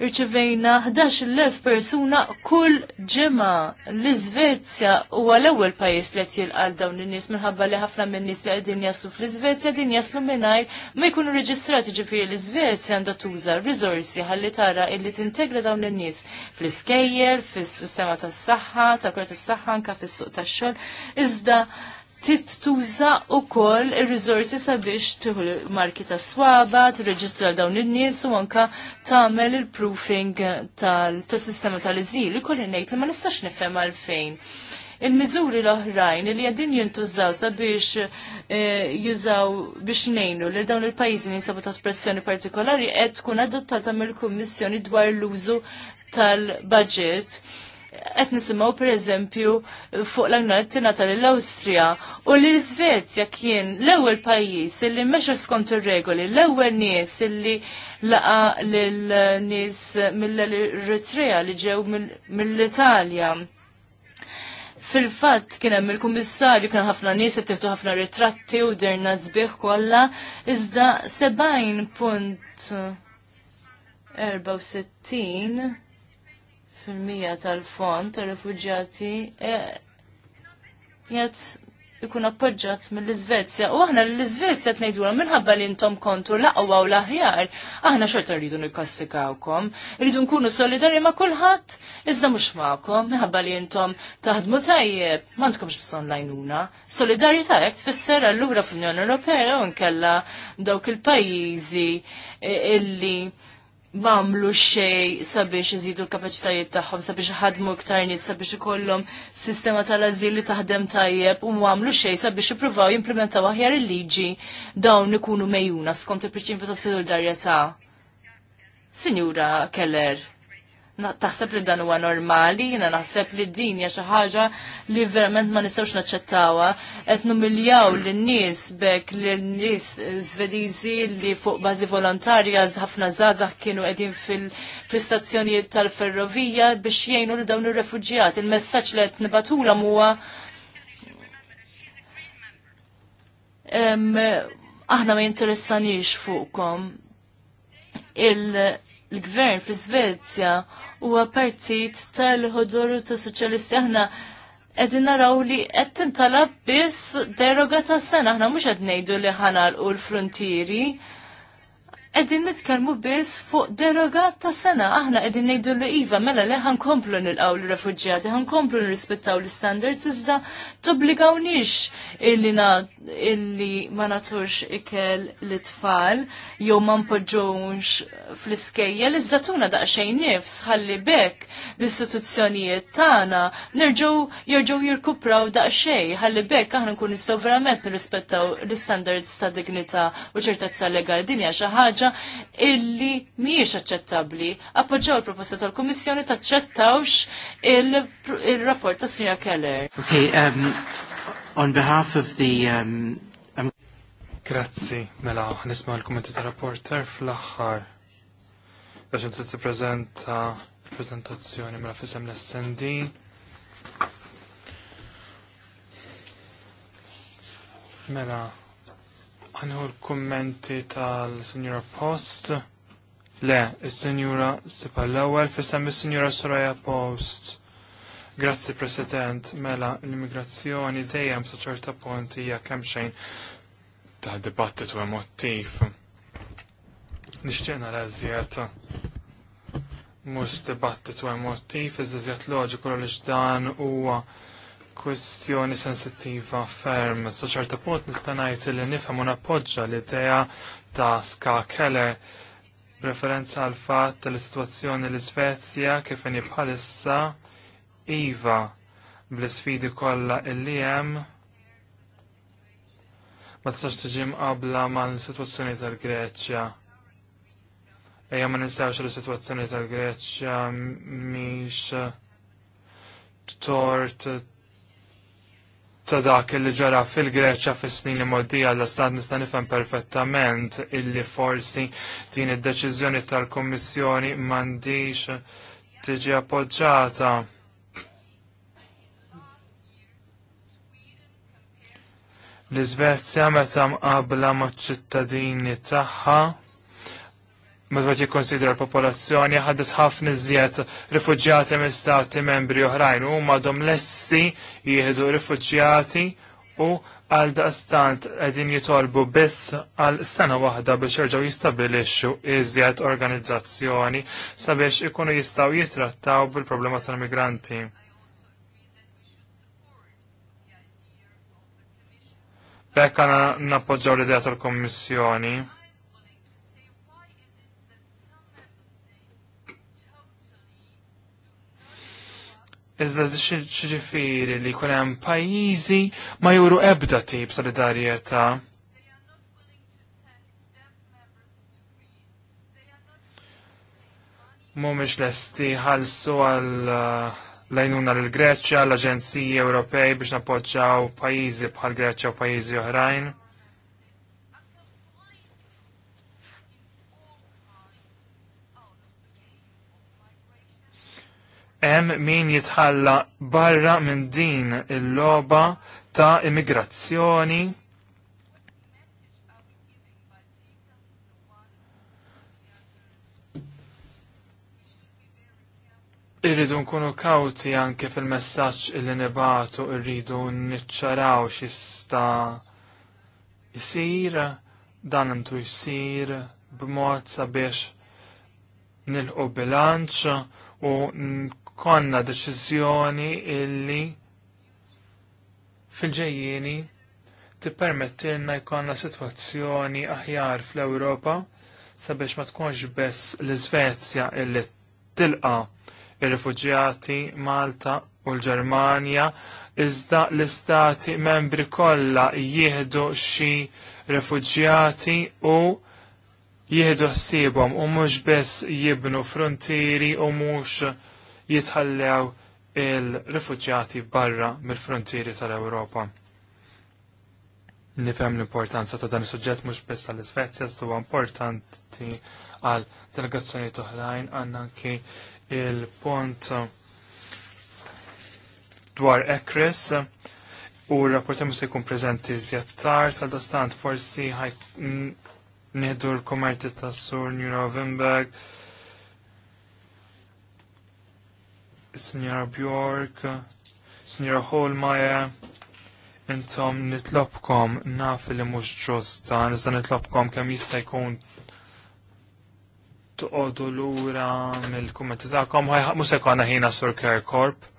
irċivejna 11.000 persuna kull ġemma l iżvezja u għal-ewel pajis li qed jilqal dawn in-nies minħabba li ħafna min-nies li qegħdin jaslu fl-Iżvezja din jaslu mingħajr ma jkunu reġistrati ġifieri l-Iżvezja għandha tuża riżorsi ħalli tara illi tintegra dawn in-nies fl iskejjer fis-sistema tas-saħħa, ta' kura tas-saħħa anke fis-suq tax-xogħol. Iżda tittuża wkoll ir-riżorsi sabiex tieħu marki ta' swaba, tirreġistra dawn in-nies u anke tagħmel il-proofing tas-sistema tal-iżil. Ikolli ngħid li ma nistax nifhem għalfejn. Il-miżuri l-oħrajn li għadin jintużaw sabiex eh, jużaw biex nejnu li dawn il-pajjiżi jinsabu ta' pressjoni partikolari qed tkun adottata mill-Kummissjoni dwar l-użu tal-budget qed nisimgħu pereżempju fuq l-għajnuna tingħata lill-Awstrija u li l-Iżvezja kien l-ewwel pajjiż illi mexa skont ir-regoli, l-ewwel nies illi laqa lil nies mill-Eritrea li ġew mill-Italja fil-fatt kien hemm il-kummissarju kien ħafna nies qed tieħdu ħafna ritratti u dirna sbieħ kollha, iżda 70 punt 64 fil-mija tal-fond tal-refugġati e, jgħat ikun appoġġat mill-Izvezja. U aħna l-Izvezja t-nejdu minħabba li intom kontu laqwa u laħjar. Aħna xorta rridu nikassikawkom, rridu nkunu solidari ma' kullħat, iżda mux ma'kom, minħabba li intom taħdmu tajjeb, ma' ntkomx lajnuna. Solidarieta jek tfisser allura fl-Unjoni Ewropea u nkella dawk il-pajizi e, illi mamlu xej sabiex iżidu l-kapacitajiet tagħhom, sabiex ħadmu iktar nies, sabiex ikollhom sistema tal-azil li taħdem tajjeb u mamlu xej sabiex ippruvaw jimplementaw aħjar il-liġi dawn ikunu mejjuna skont il-prinċipju tas solidarjetà. Sinjura Keller, taħseb li dan huwa normali, jiena naħseb li din hija xi ħaġa li verament ma nistgħux naċċettawha qed numiljaw lin-nies bekk lin-nies Svediżi li fuq bażi volontarja ħafna żgħażagħ kienu qegħdin fil-istazzjonijiet tal-ferrovija biex jgħinu li dawn ir-refuġjati. Il-messaġġ li qed nibatulhom huwa aħna ma jinteressanix fuqkom il-gvern fl-Svezja huwa partit tal-ħodur ta' soċjalisti aħna Edin naraw li qed talab biss deroga ta' sena, aħna mhux qed ngħidu li ħanalqu l-frontieri, Edin nitkelmu biss fuq deroga ta' sena, aħna edin nejdu li iva, mela li komplu nil għaw l-refugġjati, ħankomplu nirrispettaw l-standards, iżda tobbligawniex illi, illi ma naturx ikel l-tfal, jew ma npoġġowx fl iskejja iżda tuna daqxejn nifs, ħalli bekk l-istituzzjonijiet tagħna nerġgħu jerġgħu jirkupraw daqxej, ħalli bekk aħna nkun nistgħu verament nirrispettaw l-standards ta' dignità u ċertezza legali. Dinja xi ħaġa ħaġa illi miex aċċettabbli. Appoġġaw il-proposta tal-Kummissjoni taċċettawx il-rapport ta' Sinja Keller. Ok, um, on behalf of the um, um Grazzi, mela, nisma' l kommenti tal-rapporter fl-aħħar. Biex t tippreżenta l-preżentazzjoni mela fisem l-SND. Mela, ħanħu l-kommenti tal-Sinjura Post. Le, il-Sinjura Sipa l-ewel, fissam il-Sinjura Soraya Post. Grazzi, President. Mela, l-immigrazzjoni dejjem sa ċerta punti hija kemm xejn ta' dibattitu emottiv. Nixtieq nara eżjed mhux dibattitu emottiv, iż eżjed loġiku li x'dan huwa kwestjoni sensittiva ferm. Sa ċerta punt nista' ngħid li nifhem u nappoġġa l ideja ta' Ska Keller referenza għal fatt li situazzjoni l-Svezja kif inhi bħalissa iva bl-isfidi kollha illi hemm ma tistax tiġi mqabla mal-sitwazzjoni tal-Greċja. Ejja ma ninsawx li situazzjoni tal-Greċja mhix tort ta' dak li ġara fil-Greċja fis-snin immoddija l stat nista' nifhem perfettament illi forsi din id-deċiżjoni tal-Kummissjoni m'għandix tiġi appoġġjata. L-Iżvezja meta mqabla maċ-ċittadini tagħha Mażbaċ jikkonsidra l-popolazzjoni ħadet ħafna iżjed rifuġjati minn stati membri oħrajn u madhom lessi jieħdu rifuġjati u għal daqstant qegħdin jitolbu biss għal sena waħda biex jerġgħu jistabilixxu iżjed organizzazzjoni sabiex ikunu jistgħu jitrattaw bil-problema tal-migranti. Bekk għana nappoġġaw l-idea tal-Kommissjoni Iżda xiġifieri li jkun hemm pajjiżi ma juru ebda tip solidarjetà. Mhumiex lesti ħalsu għal eh, lajnuna l-Greċja, l-Aġenziji Ewropej biex nappoġġaw pajjiżi bħal Greċja u pajjiżi oħrajn. hemm min jitħalla barra minn din il-loba ta' immigrazzjoni. Irridu nkunu kawti anke fil-messaġġ li nibatu irridu niċċaraw x'ista jsir dan intu jsir b'mod sabiex nilqu bilanċ u konna deċiżjoni illi fil-ġejjieni tippermettilna jkollna sitwazzjoni aħjar fl-Ewropa sabiex ma tkunx biss l-Iżvezja illi tilqa il rifuġjati Malta u l-Ġermanja iżda l-istati membri kollha jieħdu xi refuġjati u jieħdu ħsiebhom u mhux biss jibnu frontieri u mhux jitħallew il rifuġġjati barra mill-frontieri tal-Ewropa. Nifhem l-importanza ta' dan is-suġġett mhux biss tal-Iżvezja huwa importanti għal delegazzjoni oħrajn għandna anki il-pont dwar Ekris u r-rapporti se jkun preżenti żjettar, tal-dastant forsi ħaj nieħdu l-komerti tas-sur New November Signora Bjork, Signora Holmaja, intom nitlobkom naf li mhux ġusta, nista nitlobkom kemm jista' jkun l lura mill-kummenti tagħkom, mhux se jkollna ħina sur Care Corp.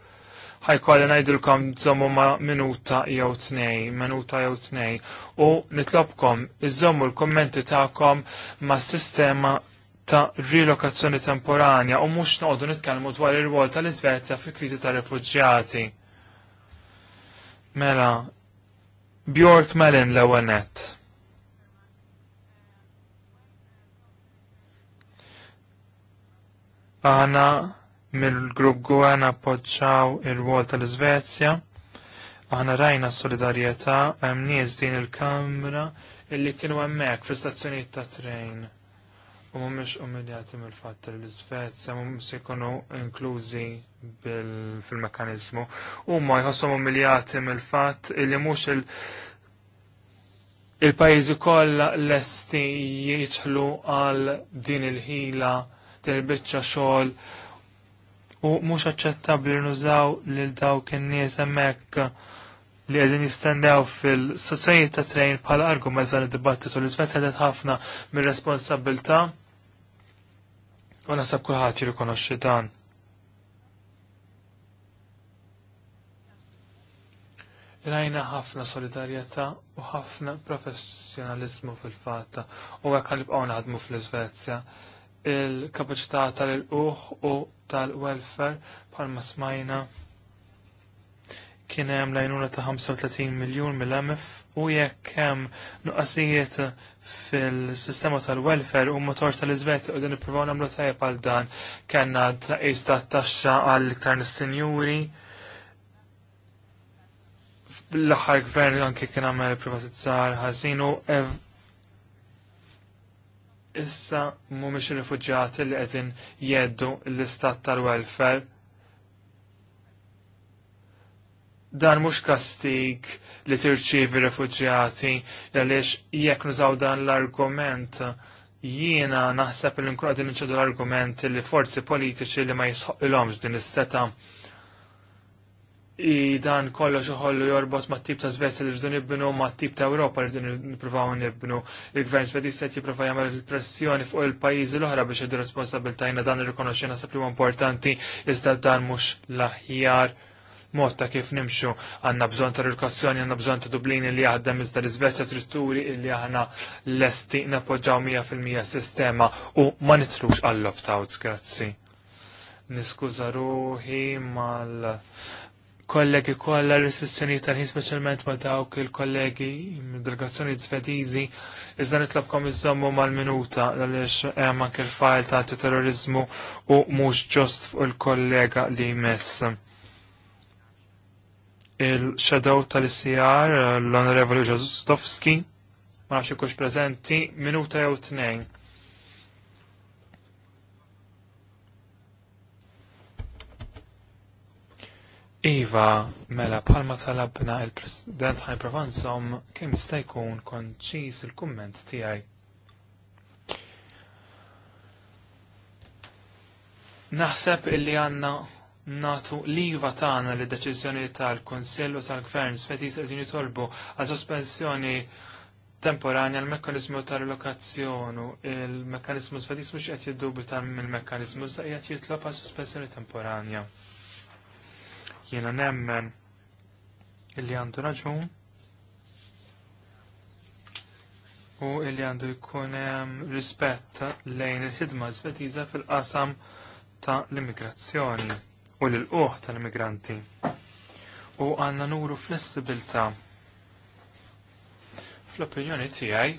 kolli ngħidilkom zommu ma' minuta jew tnej, minuta jew tnej, u nitlobkom zommu l-kummenti tagħkom ma' sistema ta' rilokazzjoni temporanja u mhux noqogħdu nitkellmu dwar ir-rwol tal-Iżvezja fi kriżi tar rifuġjati Mela, Bjork Melin l-ewwel nett. Aħna mill-grupp Gwen appoġġaw ir-rwol tal-Iżvezja. Aħna rajna s-solidarjetà hemm nies din il-Kamra illi kienu hemmhekk fl-istazzjonijiet ta' trejn u mhumiex umiljati mill-fatt li l-Svezja mumiex ikonu inklużi fil-mekkaniżmu huma jħossom umiljati mill-fatt li mhux il- il kolla kollha lesti jitħlu għal din il-ħila, din il-biċċa xogħol u mhux aċċettabbli nużaw lil daw in-nies hemmhekk li għedin jistendew fil-soċajiet ta' trejn bħala argument dan id-dibattitu li għedet ħafna mir-responsabilta' U nasab kulħadd jirrikonoxxi dan. Rajna ħafna solidarjetà u ħafna professjonalizmu fil-fatta u hekk ħanibqgħu naħdmu fl-Iżvezja. Il-kapaċità tal uħ u tal-welfare bħalma smajna kien hemm lajnuna ta' 35 miljun mill-MF u jekk hemm nuqqasijiet fil-sistema tal-welfare u motor tal-iżvet u din ippruvaw nagħmlu tajjeb għal dan kellna tnaqis ta' taxxa għal iktar nis-sinjuri l-aħħar gvern anke kien għamel privatizzar ħażin u issa mhumiex ir-rifuġġjati li qegħdin jgħeddu l-istat tal-welfare dan mhux kastig li tirċievi refuġjati għaliex jekk nużaw dan l-argument jiena naħseb li nkun qegħdin l-argument li forzi politiċi li ma jisħoqilhomx din is-seta i dan kollox xoħollu jorbot ma' tip ta' Svezja li rridu nibnu ma' tip ta' Ewropa li rridu nipruvaw nibnu. Il-gvern set jiprofaw jipprova jagħmel pressjoni fuq il-pajjiżi l-oħra biex jiddu responsabiltajna dan il naħseb li huwa importanti iżda dan mhux l-aħjar mod ta' kif nimxu għanna bżon ta' rilkazzjoni, għanna bżon ta' Dublini li għaddem iżda l-Izvezja strutturi li għanna l-esti napoġaw 100% sistema u ma nitlux għall-opt-outs, grazzi. Niskuza ruħi mal kollegi kollha restrizzjoni tal-ħin speċjalment ma' dawk il-kollegi mid-delegazzjoni svediżi, iżda nitlobkom iżommu mal-minuta għaliex hemm anke il-fajl ta' terrorizmu u mhux ġost fuq il-kollega li jmiss il-shadow tal-ICR l-Onorevoli Ġazustowski ma nafx ikux prezenti minuta jew tnejn. Iva, mela bħalma talabna il-President ħan provanzom kemm jista' jkun konċis il-kumment tiegħi. Naħseb illi għanna natu liva tagħna li deċiżjoni tal-Kunsill u tal-Gvern s qegħdin jitolbu għal sospensjoni temporanja l mekkanizmu tal-lokazzjonu, il-mekkanizmu sfetis mhux qed jiddubi tal-mekkanizmu iżda qed jitlob għal sospensjoni temporanja. Jiena nemmen illi għandu raġun u illi għandu jkun rispett lejn il-ħidma svetiża fil-qasam ta' l-immigrazzjoni u l-uħ tal-immigranti. U għanna nuru flessibilta. Fl-opinjoni tiegħi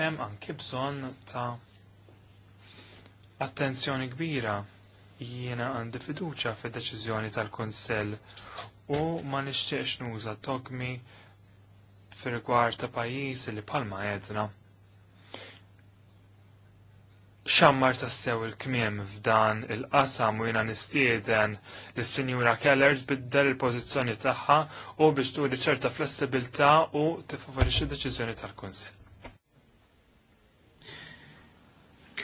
hemm anki bżonn ta' attenzjoni kbira jiena għandi fiduċa fid-deċiżjoni tal-Kunsell u ma nixtieqx nuża dogmi fir-rigward ta' pajjiżi li palma għedna xammar tassew il-kmiem f'dan il-qasam u jina nistieden l-Sinjura Keller tbiddel il-pozizjoni tagħha u biex turi ċerta flessibilità u tifavorixxi deċiżjoni tal-Kunsill.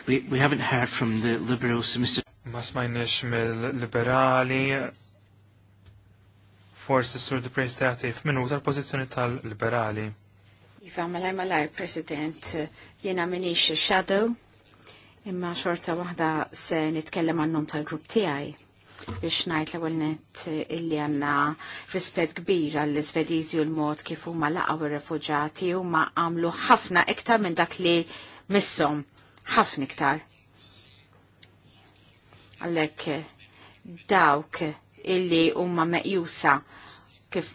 We, we haven't heard from the Liberals, Mr. Ma smajniex mill-liberali forsi sur di prestativ minu tal-pozizjoni tal-liberali. Iva, malaj malaj, President, jena minix shadow Imma xorta waħda se nitkellem għannum tal-grupp tiegħi biex ngħid l-ewwel nett illi għandna rispett kbir għall svedizi u l-mod kif huma laqgħu ir-refuġati huma għamlu ħafna iktar minn dak li misshom ħafna iktar. Għalhekk dawk illi huma meqjusa kif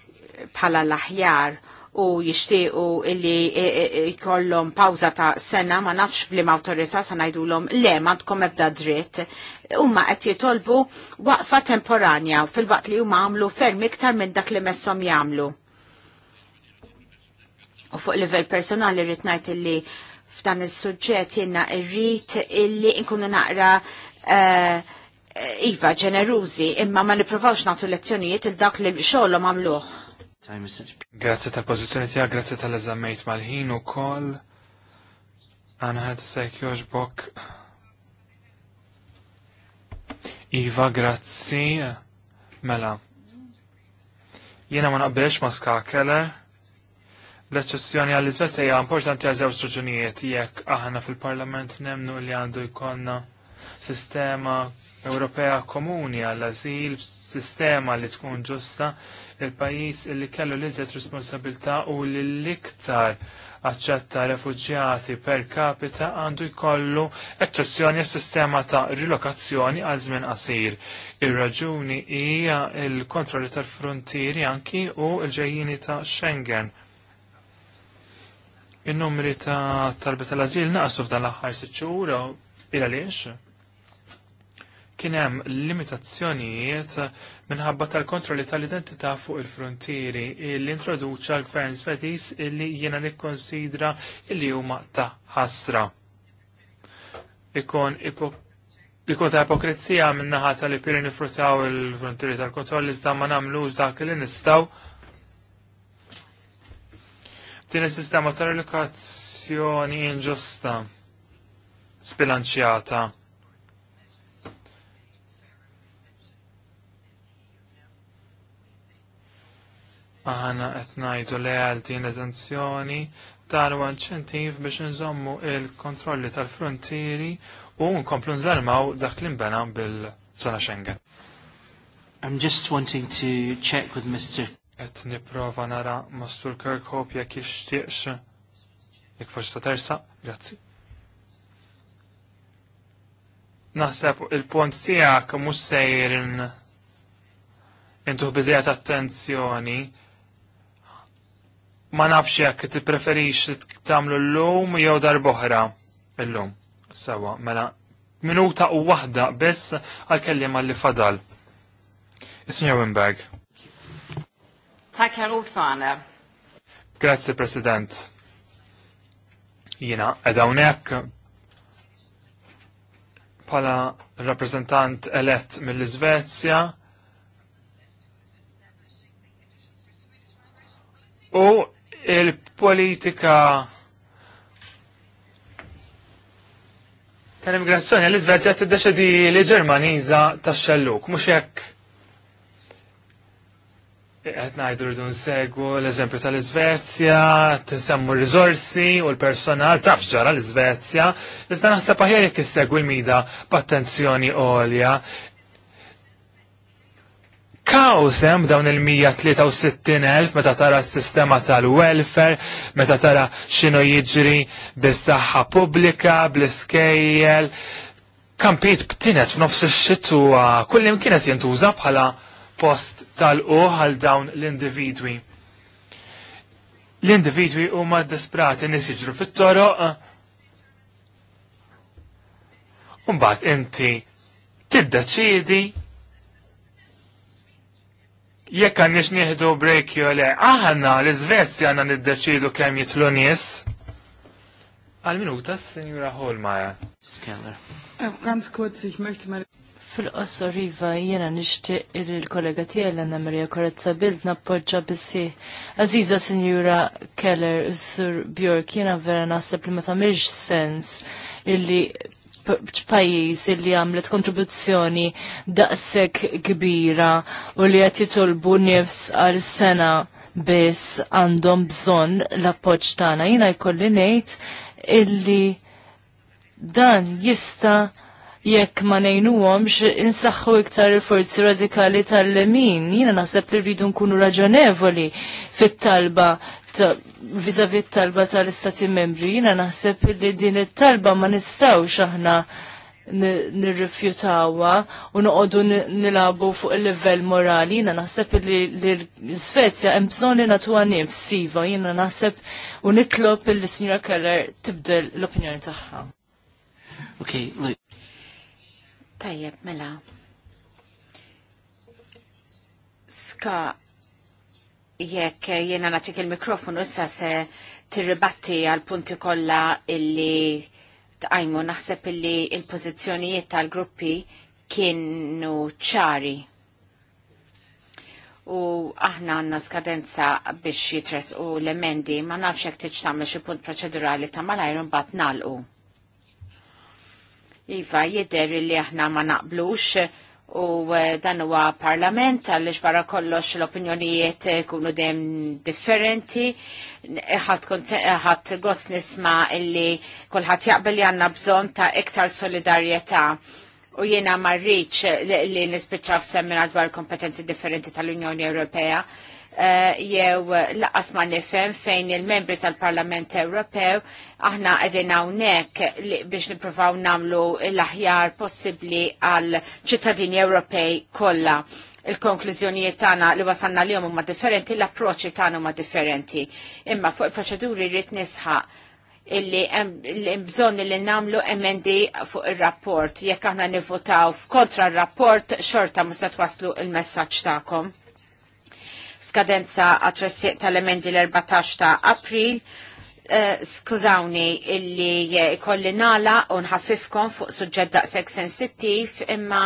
bħala l-aħjar u jishtiqu illi e, e, e, jkollhom pawza ta' sena ma nafx blim awtorità sa ngħidulhom le m'għandkom ebda dritt. Huma qed jitolbu waqfa temporanja fil-waqt li huma għamlu ferm iktar minn dak li messhom jagħmlu. U fuq livell personali rrid ngħid illi f'dan is-suġġett jiena rrid illi nkunu naqra Iva ġenerużi, imma ma niprofawx nagħtu lezzjonijiet il-dak li xogħolhom għamluh Grazzi tal-pozizjoni tiegħek, grazzi tal-eżammejt mal-ħin ukoll. Għana ħad sek joġbok. Iva, grazzi. Mela. Jiena ma naqbilx ma skakele. L-eċċessjoni għall-iżvezja hija importanti għal żewġ raġunijiet jekk aħna fil-Parlament nemnu li għandu jkollna sistema Ewropea komuni għall-azil, sistema li tkun ġusta il-pajis li kellu l-iżjed responsabilta u l-iktar aċċetta refuġjati per capita għandu jkollu eċċezzjoni s-sistema ta' rilokazzjoni għal żmien qasir. Ir-raġuni hija il-kontrolli tal-frontieri anki u l-ġejjini ta' Schengen. In-numri ta' talbi tal-azil naqsu f'dan l-aħħar sitt xhur il għaliex? kien hemm limitazzjonijiet minħabba tal-kontrolli tal-identità fuq il-frontieri li introduċa l-gvern Svediż li jiena nikkonsidra li huma ta' ħasra. Ikon Ikun ta' ipokrizija minnaħa tal-li piri nifrutaw il-frontieri tal-kontrolli iżda ma nagħmlux dak li nistgħu. Din is-sistema tal-edukazzjoni inġusta, spilanċjata Aħna qed ngħidu lealti l-eżenzjoni taru inċentiv biex nżommu il-kontrolli tal-frontieri u nkomplu nżarmaw dak li nbena bil-żona Schengen. I'm just wanting to check with Mr. Et niprofa nara Mastur Kirkhope jekk ixtieqx jekk forsi tersa, grazzi. Naħseb il-punt tiegħek mhux sejrin intuħ biżejjed attenzjoni ma nafx jekk tippreferix tagħmlu llum jew l llum. Sawa, mela minuta u wahda biss għal kelliema li fadal. Is-Sinjor Wimberg. Tak, Herr fana. Grazie, President. Jina, unek pala rappresentant elett mill-Svezja u il-politika tal-immigrazzjoni l-Iżvezja tiddeċedi li ġermaniza tax-xelluk, mhux hekk qed ngħidu dun segu l-eżempju tal-Iżvezja, tinsemmu r rizorsi u l-personal taf fġara l-Iżvezja, iżda naħseb aħjar jekk segu l-mida b'attenzjoni għolja kaos dawn il-163,000 meta tara s-sistema tal-welfare, meta tara x'inhu jiġri bis-saħħa pubblika, bl-iskejjel, kampijiet btinet f'nofs ix-xitwa, ah, kullim kienet jintuża bħala post tal uħal għal dawn l-individwi. L-individwi huma disprati nies jiġru fit-toroq. mbagħad inti tiddeċiedi jekk nix nieħdu break jo le, aħna l-Iżvezja għandna niddeċidu kemm jitlu nies. Għal minuta s-Sinjura Holmaja. Skeller. Äh, ganz kurz, ich möchte mal fil qosso riva jena nishti il-kollega tiegħi l-Anna Maria Korezza Bild nappoġġa bissi. Aziza senjura Keller, Sur Bjork, jena vera naħseb li ma tamirx sens illi pajjiż li għamlet kontribuzzjoni daqshekk kbira u li qed jitolbu nifs għal sena biss għandhom bżonn l-appoġġ tagħna. Jiena jkolli ngħid illi dan jista' jekk ma nejnuhomx insaħħu iktar il-forzi radikali tal-lemin. Jiena naħseb li rridu nkunu raġonevoli fit-talba vizavi talba tal-istati membri, jina naħseb li din it-talba ma nistawx aħna nirrifjutawa u noqogħdu nilabu fuq il-livell morali, jina naħseb li l-Svezja hemm bżonn li natuha nifsiva, jina naħseb u nitlob il-Sinjora Keller tibdel l-opinjoni tagħha. Ok, look. Tajjeb, mela. Ska jekk jena natik il-mikrofonu issa se tirribatti għal punti kolla illi tqajmu naħseb illi il-pozizjonijiet tal-gruppi kienu ċari. U aħna għanna skadenza biex jitres u l-emendi ma nafx jek tiġtamlu xie punt proċedurali ta' malajrun bat nalqu. Iva, jider illi aħna ma naqblux u eh, dan huwa parlament għaliex barra kollox l-opinjonijiet eh, kunu dem differenti ħadd gost nisma illi kulħadd jaqbel li għandna bżonn ta' iktar solidarjetà u jiena marriċ li nispiċċaw seminar dwar kompetenzi differenti tal-Unjoni Ewropea Eh, jew laqas ma nifhem fejn il-membri tal-Parlament Ewropew aħna qegħdin hawnhekk biex nippruvaw nagħmlu l-aħjar possibbli għal ċittadini Ewropej kollha il-konklużjonijiet tagħna li wasanna li huma differenti, l-approċċi tagħna huma differenti. Imma fuq il-proċeduri rrid nisħaq illi bżonn li namlu emendi fuq il-rapport. Jekk aħna nivvotaw kontra r rapport xorta musta waslu il messaġġ ta'kom skadenza għat tal-emendi l-14 ta' april. Uh, skużawni illi eh, kolli nala unħaffifkom fuq suġġed daqseg sensittiv imma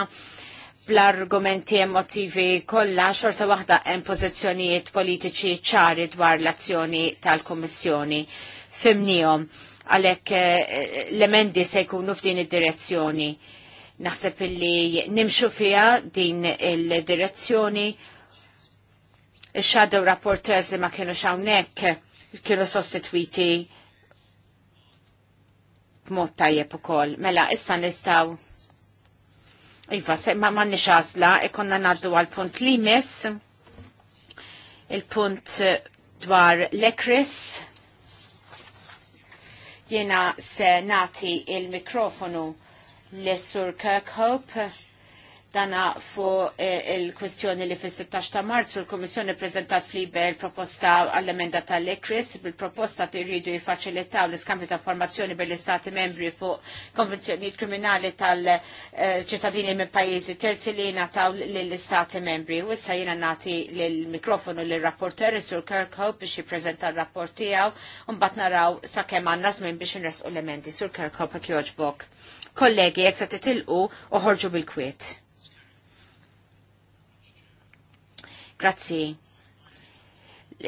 bl-argumenti emotivi kollha xorta waħda hemm pożizzjonijiet politiċi ċari dwar l-azzjoni tal-Kummissjoni. Fimnihom għalhekk eh, l-emendi se jkunu f'din id-direzzjoni. Naħseb illi nimxu fiha din il-direzzjoni il-shadow rapporteurs li ma kienu xawnek kienu sostituiti b'mod tajjeb ukoll. Mela, issa nistaw Iva, se ma ma nixasla, ikonna e naddu għal punt limis, il-punt eh, dwar l-ekris. Jena se nati il-mikrofonu l-Sur Kirkhope dana fu e, il-kwestjoni li fis-16 ta' Marzu l-Kummissjoni preżentat fliber proposta għall-emenda tal ekris bil-proposta rridu jifacilitaw l-iskambju ta' informazzjoni bil istati membri fuq konvenzjoni kriminali tal-ċittadini minn pajjiżi terzi li nataw l-istati membri. U issa jiena nagħti l-mikrofonu l rapporter Sur Kirkhope biex jippreżenta r-rapport tiegħu u mbagħad naraw sakemm għandna żmien biex inresqu l-emendi. Sur Kirkhope jogħġbok. Kollegi, jekk se titilqu uħorġu bil-kwiet. Grazzi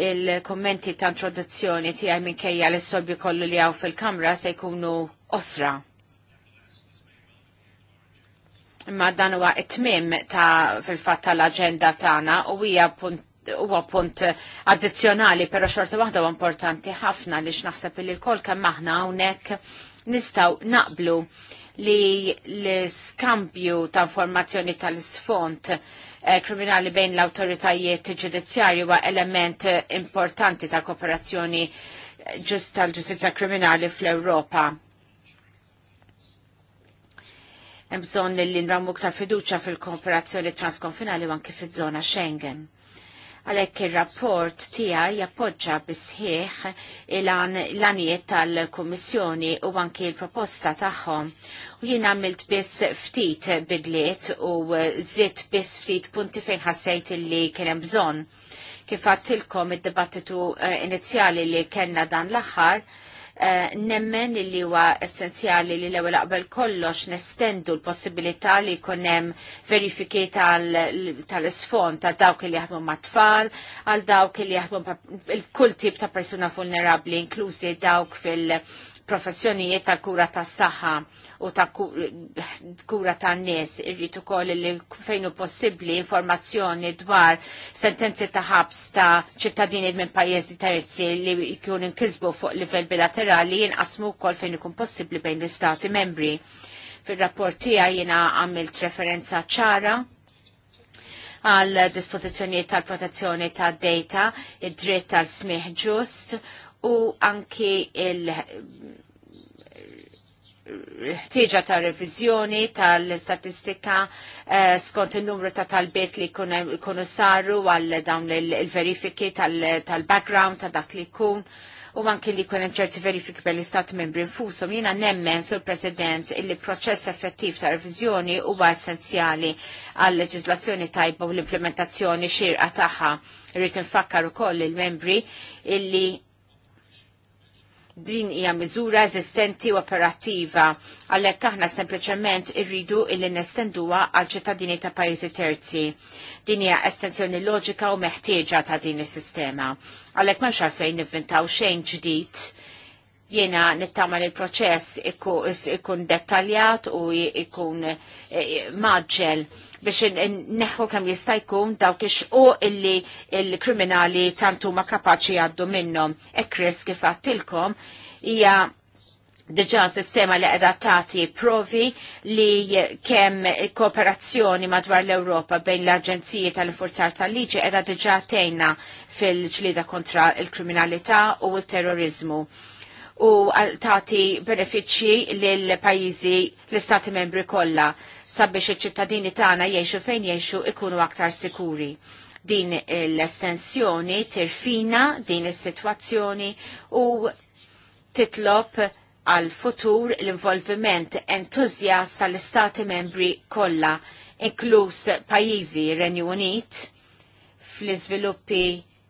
il-kommenti ta' introduzzjoni tiegħi minkejja l sobbi kollu li għaw fil-kamra se jkunu osra. Imma dan huwa it-tmim ta' fil-fatt tal-aġenda tagħna u hija punt huwa punt addizzjonali, però xorta waħda huwa importanti ħafna li x'naħseb li l-kol kemm aħna hawnhekk nistgħu naqblu li l skampju ta' informazzjoni tal-sfont eh, kriminali bejn l-autoritajiet ġudizzjarju huwa element importanti ta' kooperazzjoni eh, ġust tal-ġustizja kriminali fl-Ewropa. Hemm bżonn li nrammu ktar fiduċja fil-kooperazzjoni transkonfinali u anke fiż-żona Schengen. Għalhekk ir-rapport tiegħi jappoġġa bisħieħ l għaniet tal-Kummissjoni u anki l-proposta tagħhom. U jien għamilt biss ftit bidliet u żitt biss ftit punti fejn ħassejt illi kien hemm bżonn. Kif tilkom id-dibattitu eh, inizjali li kellna dan l-aħħar, Eh, nemmen li huwa essenzjali li l-ewwel qabel kollox nestendu l-possibilità li jkun hemm verifiki tal-isfond tal dawk li jaħdmu mat-tfal, għal dawk li jaħdmu il-kull tip ta' persuna vulnerabbli, inklużi dawk fil- professjonijiet tal-kura tas-saħħa u ta' kura ta' nies irrid ukoll li fejnu possibbli informazzjoni dwar sentenzi ta' ħabs ta' ċittadini minn pajjiżi terzi li jkun inkisbu fuq livell bilaterali jinqasmu wkoll fejn ikun possibbli bejn l-istati membri. Fir-rapport tiegħi jiena għamilt referenza ċara għal dispozizjoni tal-protezzjoni tad data, id-dritt tal-smih ġust u anki il- ħtieġa ta' revizjoni tal-statistika eh, skont il-numru ta' talbiet li kunu saru għal dawn il-verifiki tal-background ta' dak li kun u manki li kunem ċerti verifiki per l-istat membri infusum. Jina nemmen sur president il-li proċess effettiv ta' revizjoni huwa essenzjali għal leġizlazzjoni tajba u l-implementazzjoni xirqa taħħa. fakkar u ukoll il-membri illi din hija miżura eżistenti u operattiva għalhekk aħna sempliċement irridu illi nestenduha għal ċittadini ta' pajjiżi terzi. Din hija estensjoni loġika u meħtieġa ta' din is-sistema. Għalhekk m'hemmx għalfejn nivvintaw xejn ġdid Jiena nittama il proċess ikun dettaljat u ikun e, e, maġġel biex neħu kam jista' jkun dawk ix u illi l-kriminali tantu ma kapaċi għaddu minnhom. E kris kif għattilkom hija diġa sistema li qiegħda tagħti provi li kemm kooperazzjoni madwar l-Ewropa bejn l-Aġenziji tal-Forzar tal-Liġi qiegħda diġa tgħinna fil-ġlida kontra l kriminalità u t-terrorizmu u tagħti benefiċċji l pajjiżi l-istati membri kollha sabiex iċ-ċittadini tagħna jgħixu fejn jgħixu ikunu aktar sikuri. Din l-estensjoni tirfina din is-sitwazzjoni u titlob għal futur l-involviment entuzjast tal-istati membri kollha, inkluż pajjiżi Renju Unit fl-iżviluppi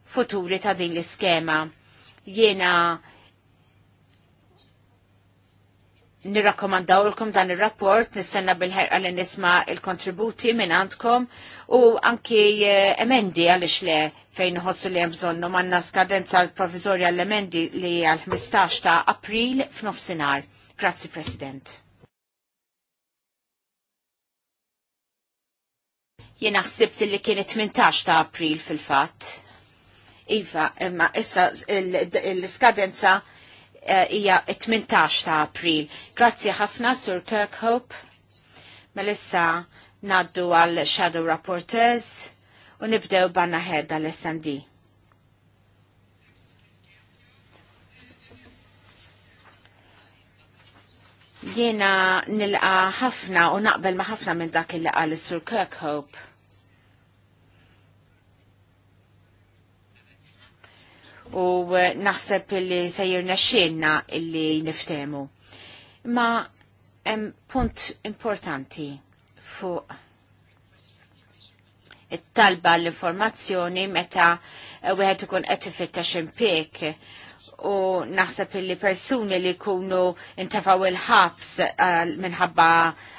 futuri ta' din l-iskema. Jiena l-kom dan ir-rapport, nistenna bil-ħerqa li nisma il-kontributi minn għandkom u anki eh, emendi għaliex le fejn ħossu li hemm manna skadenza provizorja l-emendi li għal 15 ta' April f'nofsinhar. Grazzi President. Jien ħsibt li kien 18 ta' April fil-fatt. Iva, imma issa l-skadenza Eh, hija 18 ta' April. Grazzi ħafna Sur Kirkhope. Melissa naddu għal Shadow Rapporteurs u nibdew banna ħedda l-SND. Jiena nilqa ħafna u naqbel ma ħafna minn dak il-laqa l-Sur Kirkhope u eh, naħseb li sejjer xienna illi niftemu. Ma hemm punt importanti fuq it-talba l-informazzjoni meta eh, wieħed ikun qed ifitta impik u naħseb li persuni li jkunu intefaw il-ħabs eh, minħabba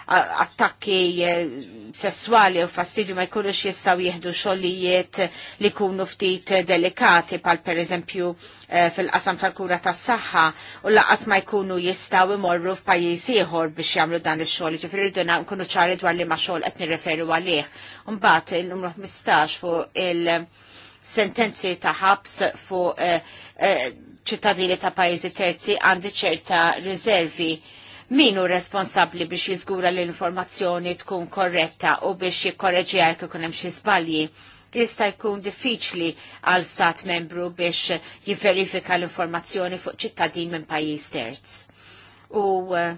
attakki eh, sessuali u fastidju ma jkunux jistaw jihdu xollijiet li kunu ftit delikati pal per eżempju eh, fil-qasam tal-kura tas saħħa u laqas ma jkunu jistaw imorru f'pajjiż ieħor biex jagħmlu dan ix-xogħol, ġifieri rridu nkunu ċari dwar li ma xogħol qed nirreferu għalih. Mbagħad il-numru 15 fuq il-sentenzi ta' ħabs fuq eh, ċittadini ta' pajjiżi terzi għandi ċerta riservi min hu responsabbli biex jiżgura li l-informazzjoni tkun korretta u biex jikkorreġiha jekk ikun hemm xi żbalji jista' jkun diffiċli għal stat membru biex jiverifika l-informazzjoni fuq ċittadin minn pajjiż terz. U eh,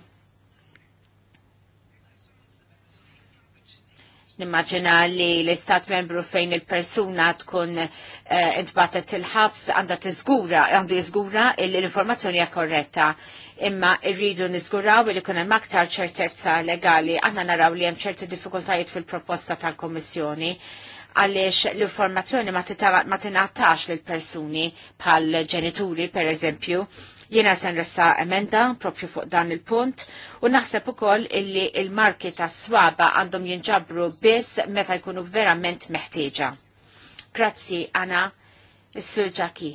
nimmaġina li l-istat membru fejn il-persuna tkun eh, intbatet il-ħabs għanda tiżgura, għandu jiżgura l-informazzjoni hija korretta imma rridu niżguraw li kun hemm aktar ċertezza legali għanna naraw li hemm ċerti diffikultajiet fil-proposta tal komissjoni għaliex l-informazzjoni ma tingħatax lil persuni pal ġenituri per eżempju jiena se nressa emenda propju fuq dan il-punt u naħseb ukoll illi il-marki ta' swaba għandhom jinġabru biss meta jkunu verament meħtieġa. Grazzi Anna, s sur Ġaki.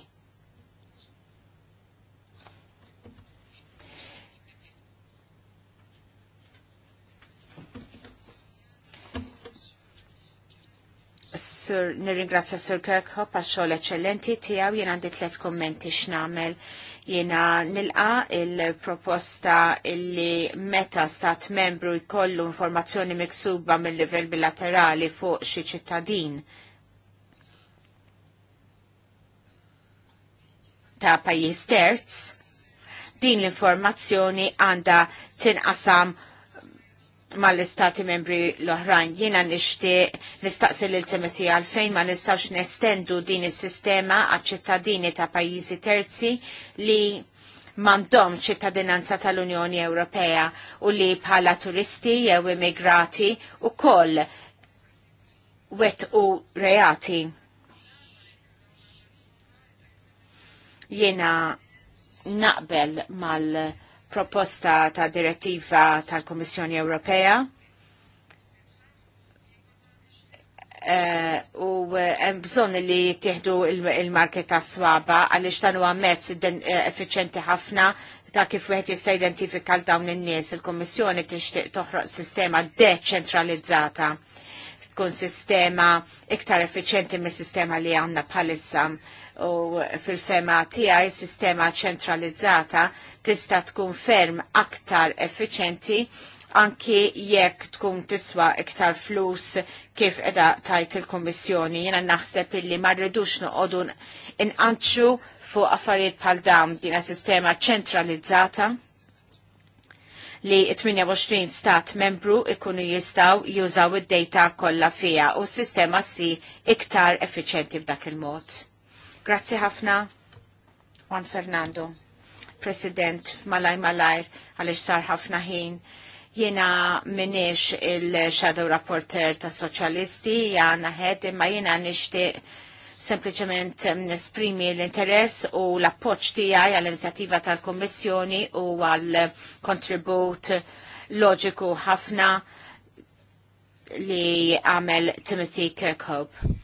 Sir, nirringrazzja Sir Kirkho għax xogħol eċċellenti tiegħu jien għandi tliet kummenti x'namel. Jiena nilqa il-proposta illi meta stat membru jkollu informazzjoni miksuba mill-livell bilaterali fuq xi ċittadin ta' pajjiż terz, din l-informazzjoni għandha tinqasam mal-istati membri l-oħrajn. Jiena nixtieq nistaqsi lil Timothy għalfejn ma nistgħux nestendu din is-sistema għal ċittadini ta' pajjiżi terzi li mandom ċittadinanza tal-Unjoni Ewropea u li bħala turisti jew immigrati u koll wet u reati. Jena naqbel mal- proposta ta' direttiva tal-Komissjoni Ewropea eh, u eh, hemm bżonn li tieħdu il-market ta' swaba għaliex dan huwa mezz eh, effiċjenti ħafna ta' kif wieħed jista' identifika l dawn in-nies il-Kummissjoni tixtieq toħroq sistema deċentralizzata tkun sistema iktar effiċjenti mis sistema li għandna bħalissa u fil-fema tiegħi sistema ċentralizzata tista' tkun ferm aktar effiċenti anki jekk tkun tiswa iktar flus kif edha tajt il-Kommissjoni. Jena naħseb illi ma rridux noqogħdu inqanċu fuq affarijiet bħal dawn dina sistema ċentralizzata li 28 stat membru ikunu jistaw jużaw id-data kollha fija u s-sistema si iktar effiċenti b'dak il-mod. Grazzi ħafna, Juan Fernando, President Malaj Malajr, għalix sar ħafna ħin. Jena minix il-Shadow Rapporter ta' Soċjalisti, jana ħed, imma jena nishti sempliciment nesprimi l-interess u l-appoċ tijaj għall-inizjativa tal-Kommissjoni u għall-kontribut loġiku ħafna li għamel Timothy Kirkhope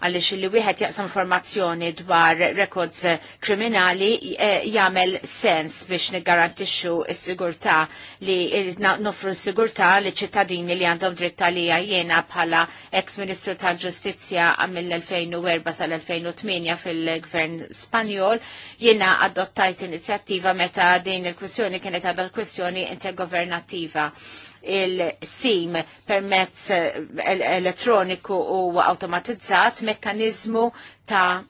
għaliex xilli wieħed jaqsam informazzjoni dwar records kriminali eh, jagħmel sens biex niggarantixxu s-sigurtà li nofru s-sigurtà li ċittadini li għandhom dritt għalija jiena bħala ex-Ministru tal-Ġustizzja mill-2004 sal-2008 fil-Gvern Spanjol jiena adottajt inizjattiva meta din il-kwistjoni kienet għadha kwistjoni intergovernativa il-sim permezz eh, elettroniku u automatizzat mekkanizmu ta'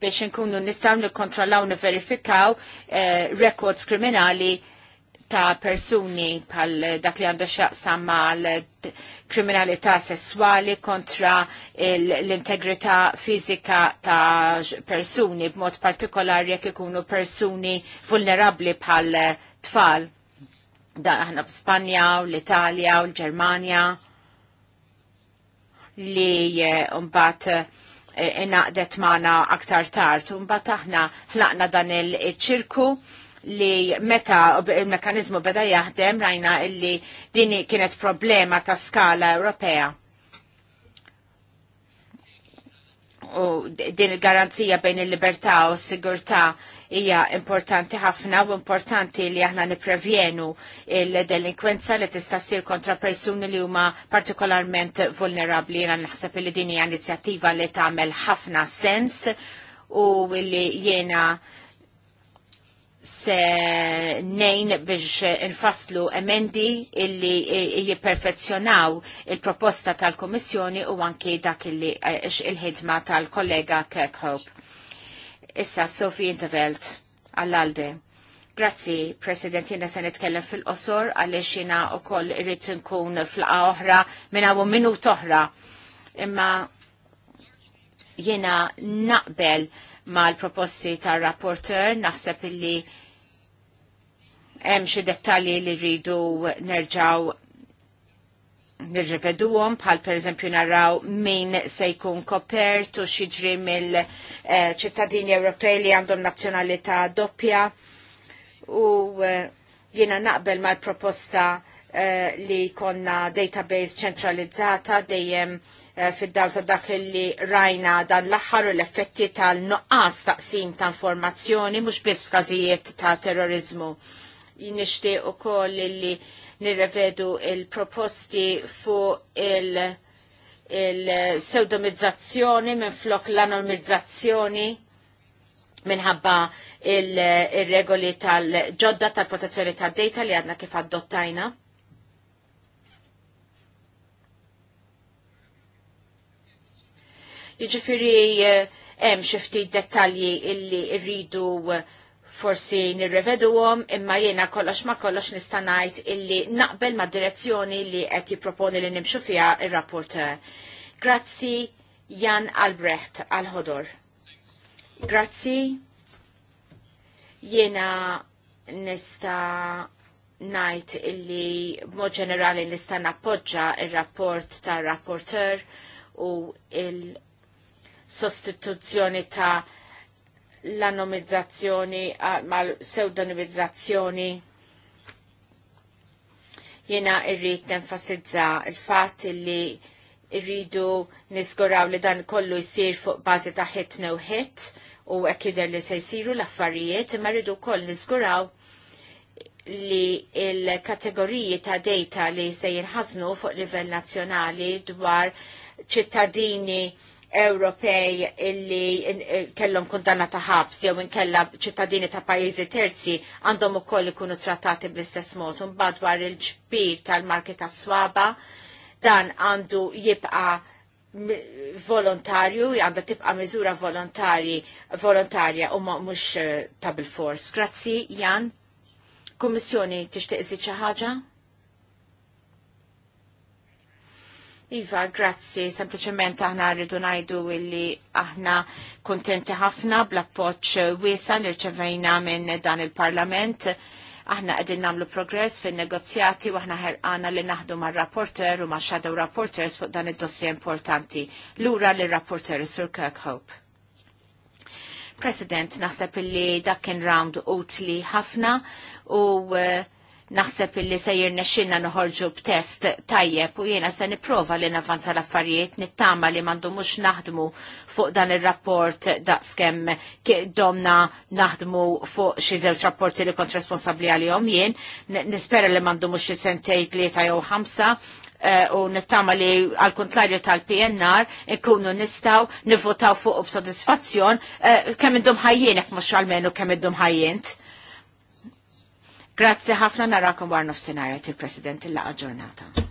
biex nkunu nistaw nikkontrollaw niverifikaw eh, records kriminali ta' persuni pal dak li għandu xaqsam l kriminalità sessuali kontra l-integrità fizika ta' persuni b'mod partikolari jekk ikunu persuni vulnerabli pal tfal. Da aħna f'Spanja u l-Italja u l-Ġermanja li eh, mbagħad eh, inaqdet maħna aktar tard. Mbagħad aħna ħlaqna dan il-ċirku li meta il-mekanizmu beda jaħdem rajna illi dini kienet problema ta' skala Ewropea. U din il-garanzija bejn il-libertà u s-sigurtà hija importanti ħafna u importanti li aħna niprevjenu il-delinkwenza li tista' ssir kontra persuni li huma partikolarment vulnerabbli. Jiena naħseb li din hija inizjattiva li tagħmel ħafna sens u li jiena se nejn biex infaslu emendi illi e, e, jiperfezzjonaw il-proposta tal-Komissjoni u anki dak illi e, il-ħidma tal-kollega Hope. Issa, Sofi Intervelt, għall-alde. Grazzi, President, jena se nitkellem fil-qosor għaliex xina u koll irrit nkun fl-qa oħra minna u minut oħra. Imma jena naqbel mal-proposti tar-rapporter, naħseb illi hemm xi dettalji li rridu nerġaw nirriveduhom bħal pereżempju naraw min se jkun kopert u xiġri mill-ċittadini Ewropej li għandhom nazzjonalità doppja u eh, jiena naqbel mal-proposta eh, li konna database ċentralizzata dejjem Eh, fid-dawl ta' dak li rajna dan l-aħħar u l-effetti tal-nuqqas taqsim ta' informazzjoni mhux biss f'każijiet ta' terrorizmu. Nixtieq ukoll li nirrevedu il-proposti fuq il- il-pseudomizzazzjoni minn flok l-anomizzazzjoni minħabba il-regoli tal-ġodda tal-protezzjoni tal-data li għadna kif adottajna. Jiġifieri eh, hemm xi ftit dettalji illi rridu eh, forsi nirreveduhom imma jiena kollox ma kollox nista' ngħid illi naqbel mad direzzjoni li qed jipproponi li nimxu fiha ir rapport Grazzi Jan Albrecht għal-ħodor. Grazzi. Jena nista najt illi mod ġenerali nista nappoġġa ir rapport tar rapporter u il- sostituzzjoni ta' l-anomizzazzjoni mal pseudonimizzazzjoni jena irrit nenfasizza il-fat li irridu nisguraw li dan kollu jisir fuq bazi ta' hit no hit u ekkider li se jisiru l-affarijiet imma rridu koll nisguraw li il-kategoriji ta' data li se jinħaznu fuq livell nazzjonali dwar ċittadini Ewropej illi eh, kellhom kundanna ta' ħabs jew inkella ċittadini ta' pajjiżi terzi għandhom ukoll ikunu trattati bl-istess mod imbagħad dwar il-ġbir tal-marki ta' swaba dan għandu jibqa' volontarju, għandha tibqa' miżura volontari volontarja u mhux eh, ta' bil-fors. Grazzi, Jan. Kummissjoni tixtieq xi ħaġa? Iva, grazzi, sempliciment aħna rridu najdu illi aħna kontenti ħafna bl-appoċ wiesa li rċevajna minn dan il-parlament. Aħna għedin namlu progress fin negozjati u aħna ħerqana li naħdu ma' rapporter u ma' shadow rapporters fuq dan id dossi importanti. Lura li rapporter Sir Kirkhope. President, naħseb illi dak kien round utli ħafna u uh, Naħseb illi sejjer nexxinna noħorġu b'test tajjeb u jiena se nipprova li navanza l-affarijiet nittama li mandu mhux naħdmu fuq dan ir-rapport daqskemm domna naħdmu fuq xi żewġ rapporti li kont responsabbli għalihom jien. Nispera li mandu mhux xi sentej tlieta jew ħamsa eh, u nittama li għal kontrarju tal-PNR ikkunu nistaw nivvotaw fuq b'sodisfazzjon eh, kemm indum ħajjienek mhux għalmenu kemm indum ħajjint. Grazie ħafna narakom war nofsinarja til-President il-laqa ġurnata.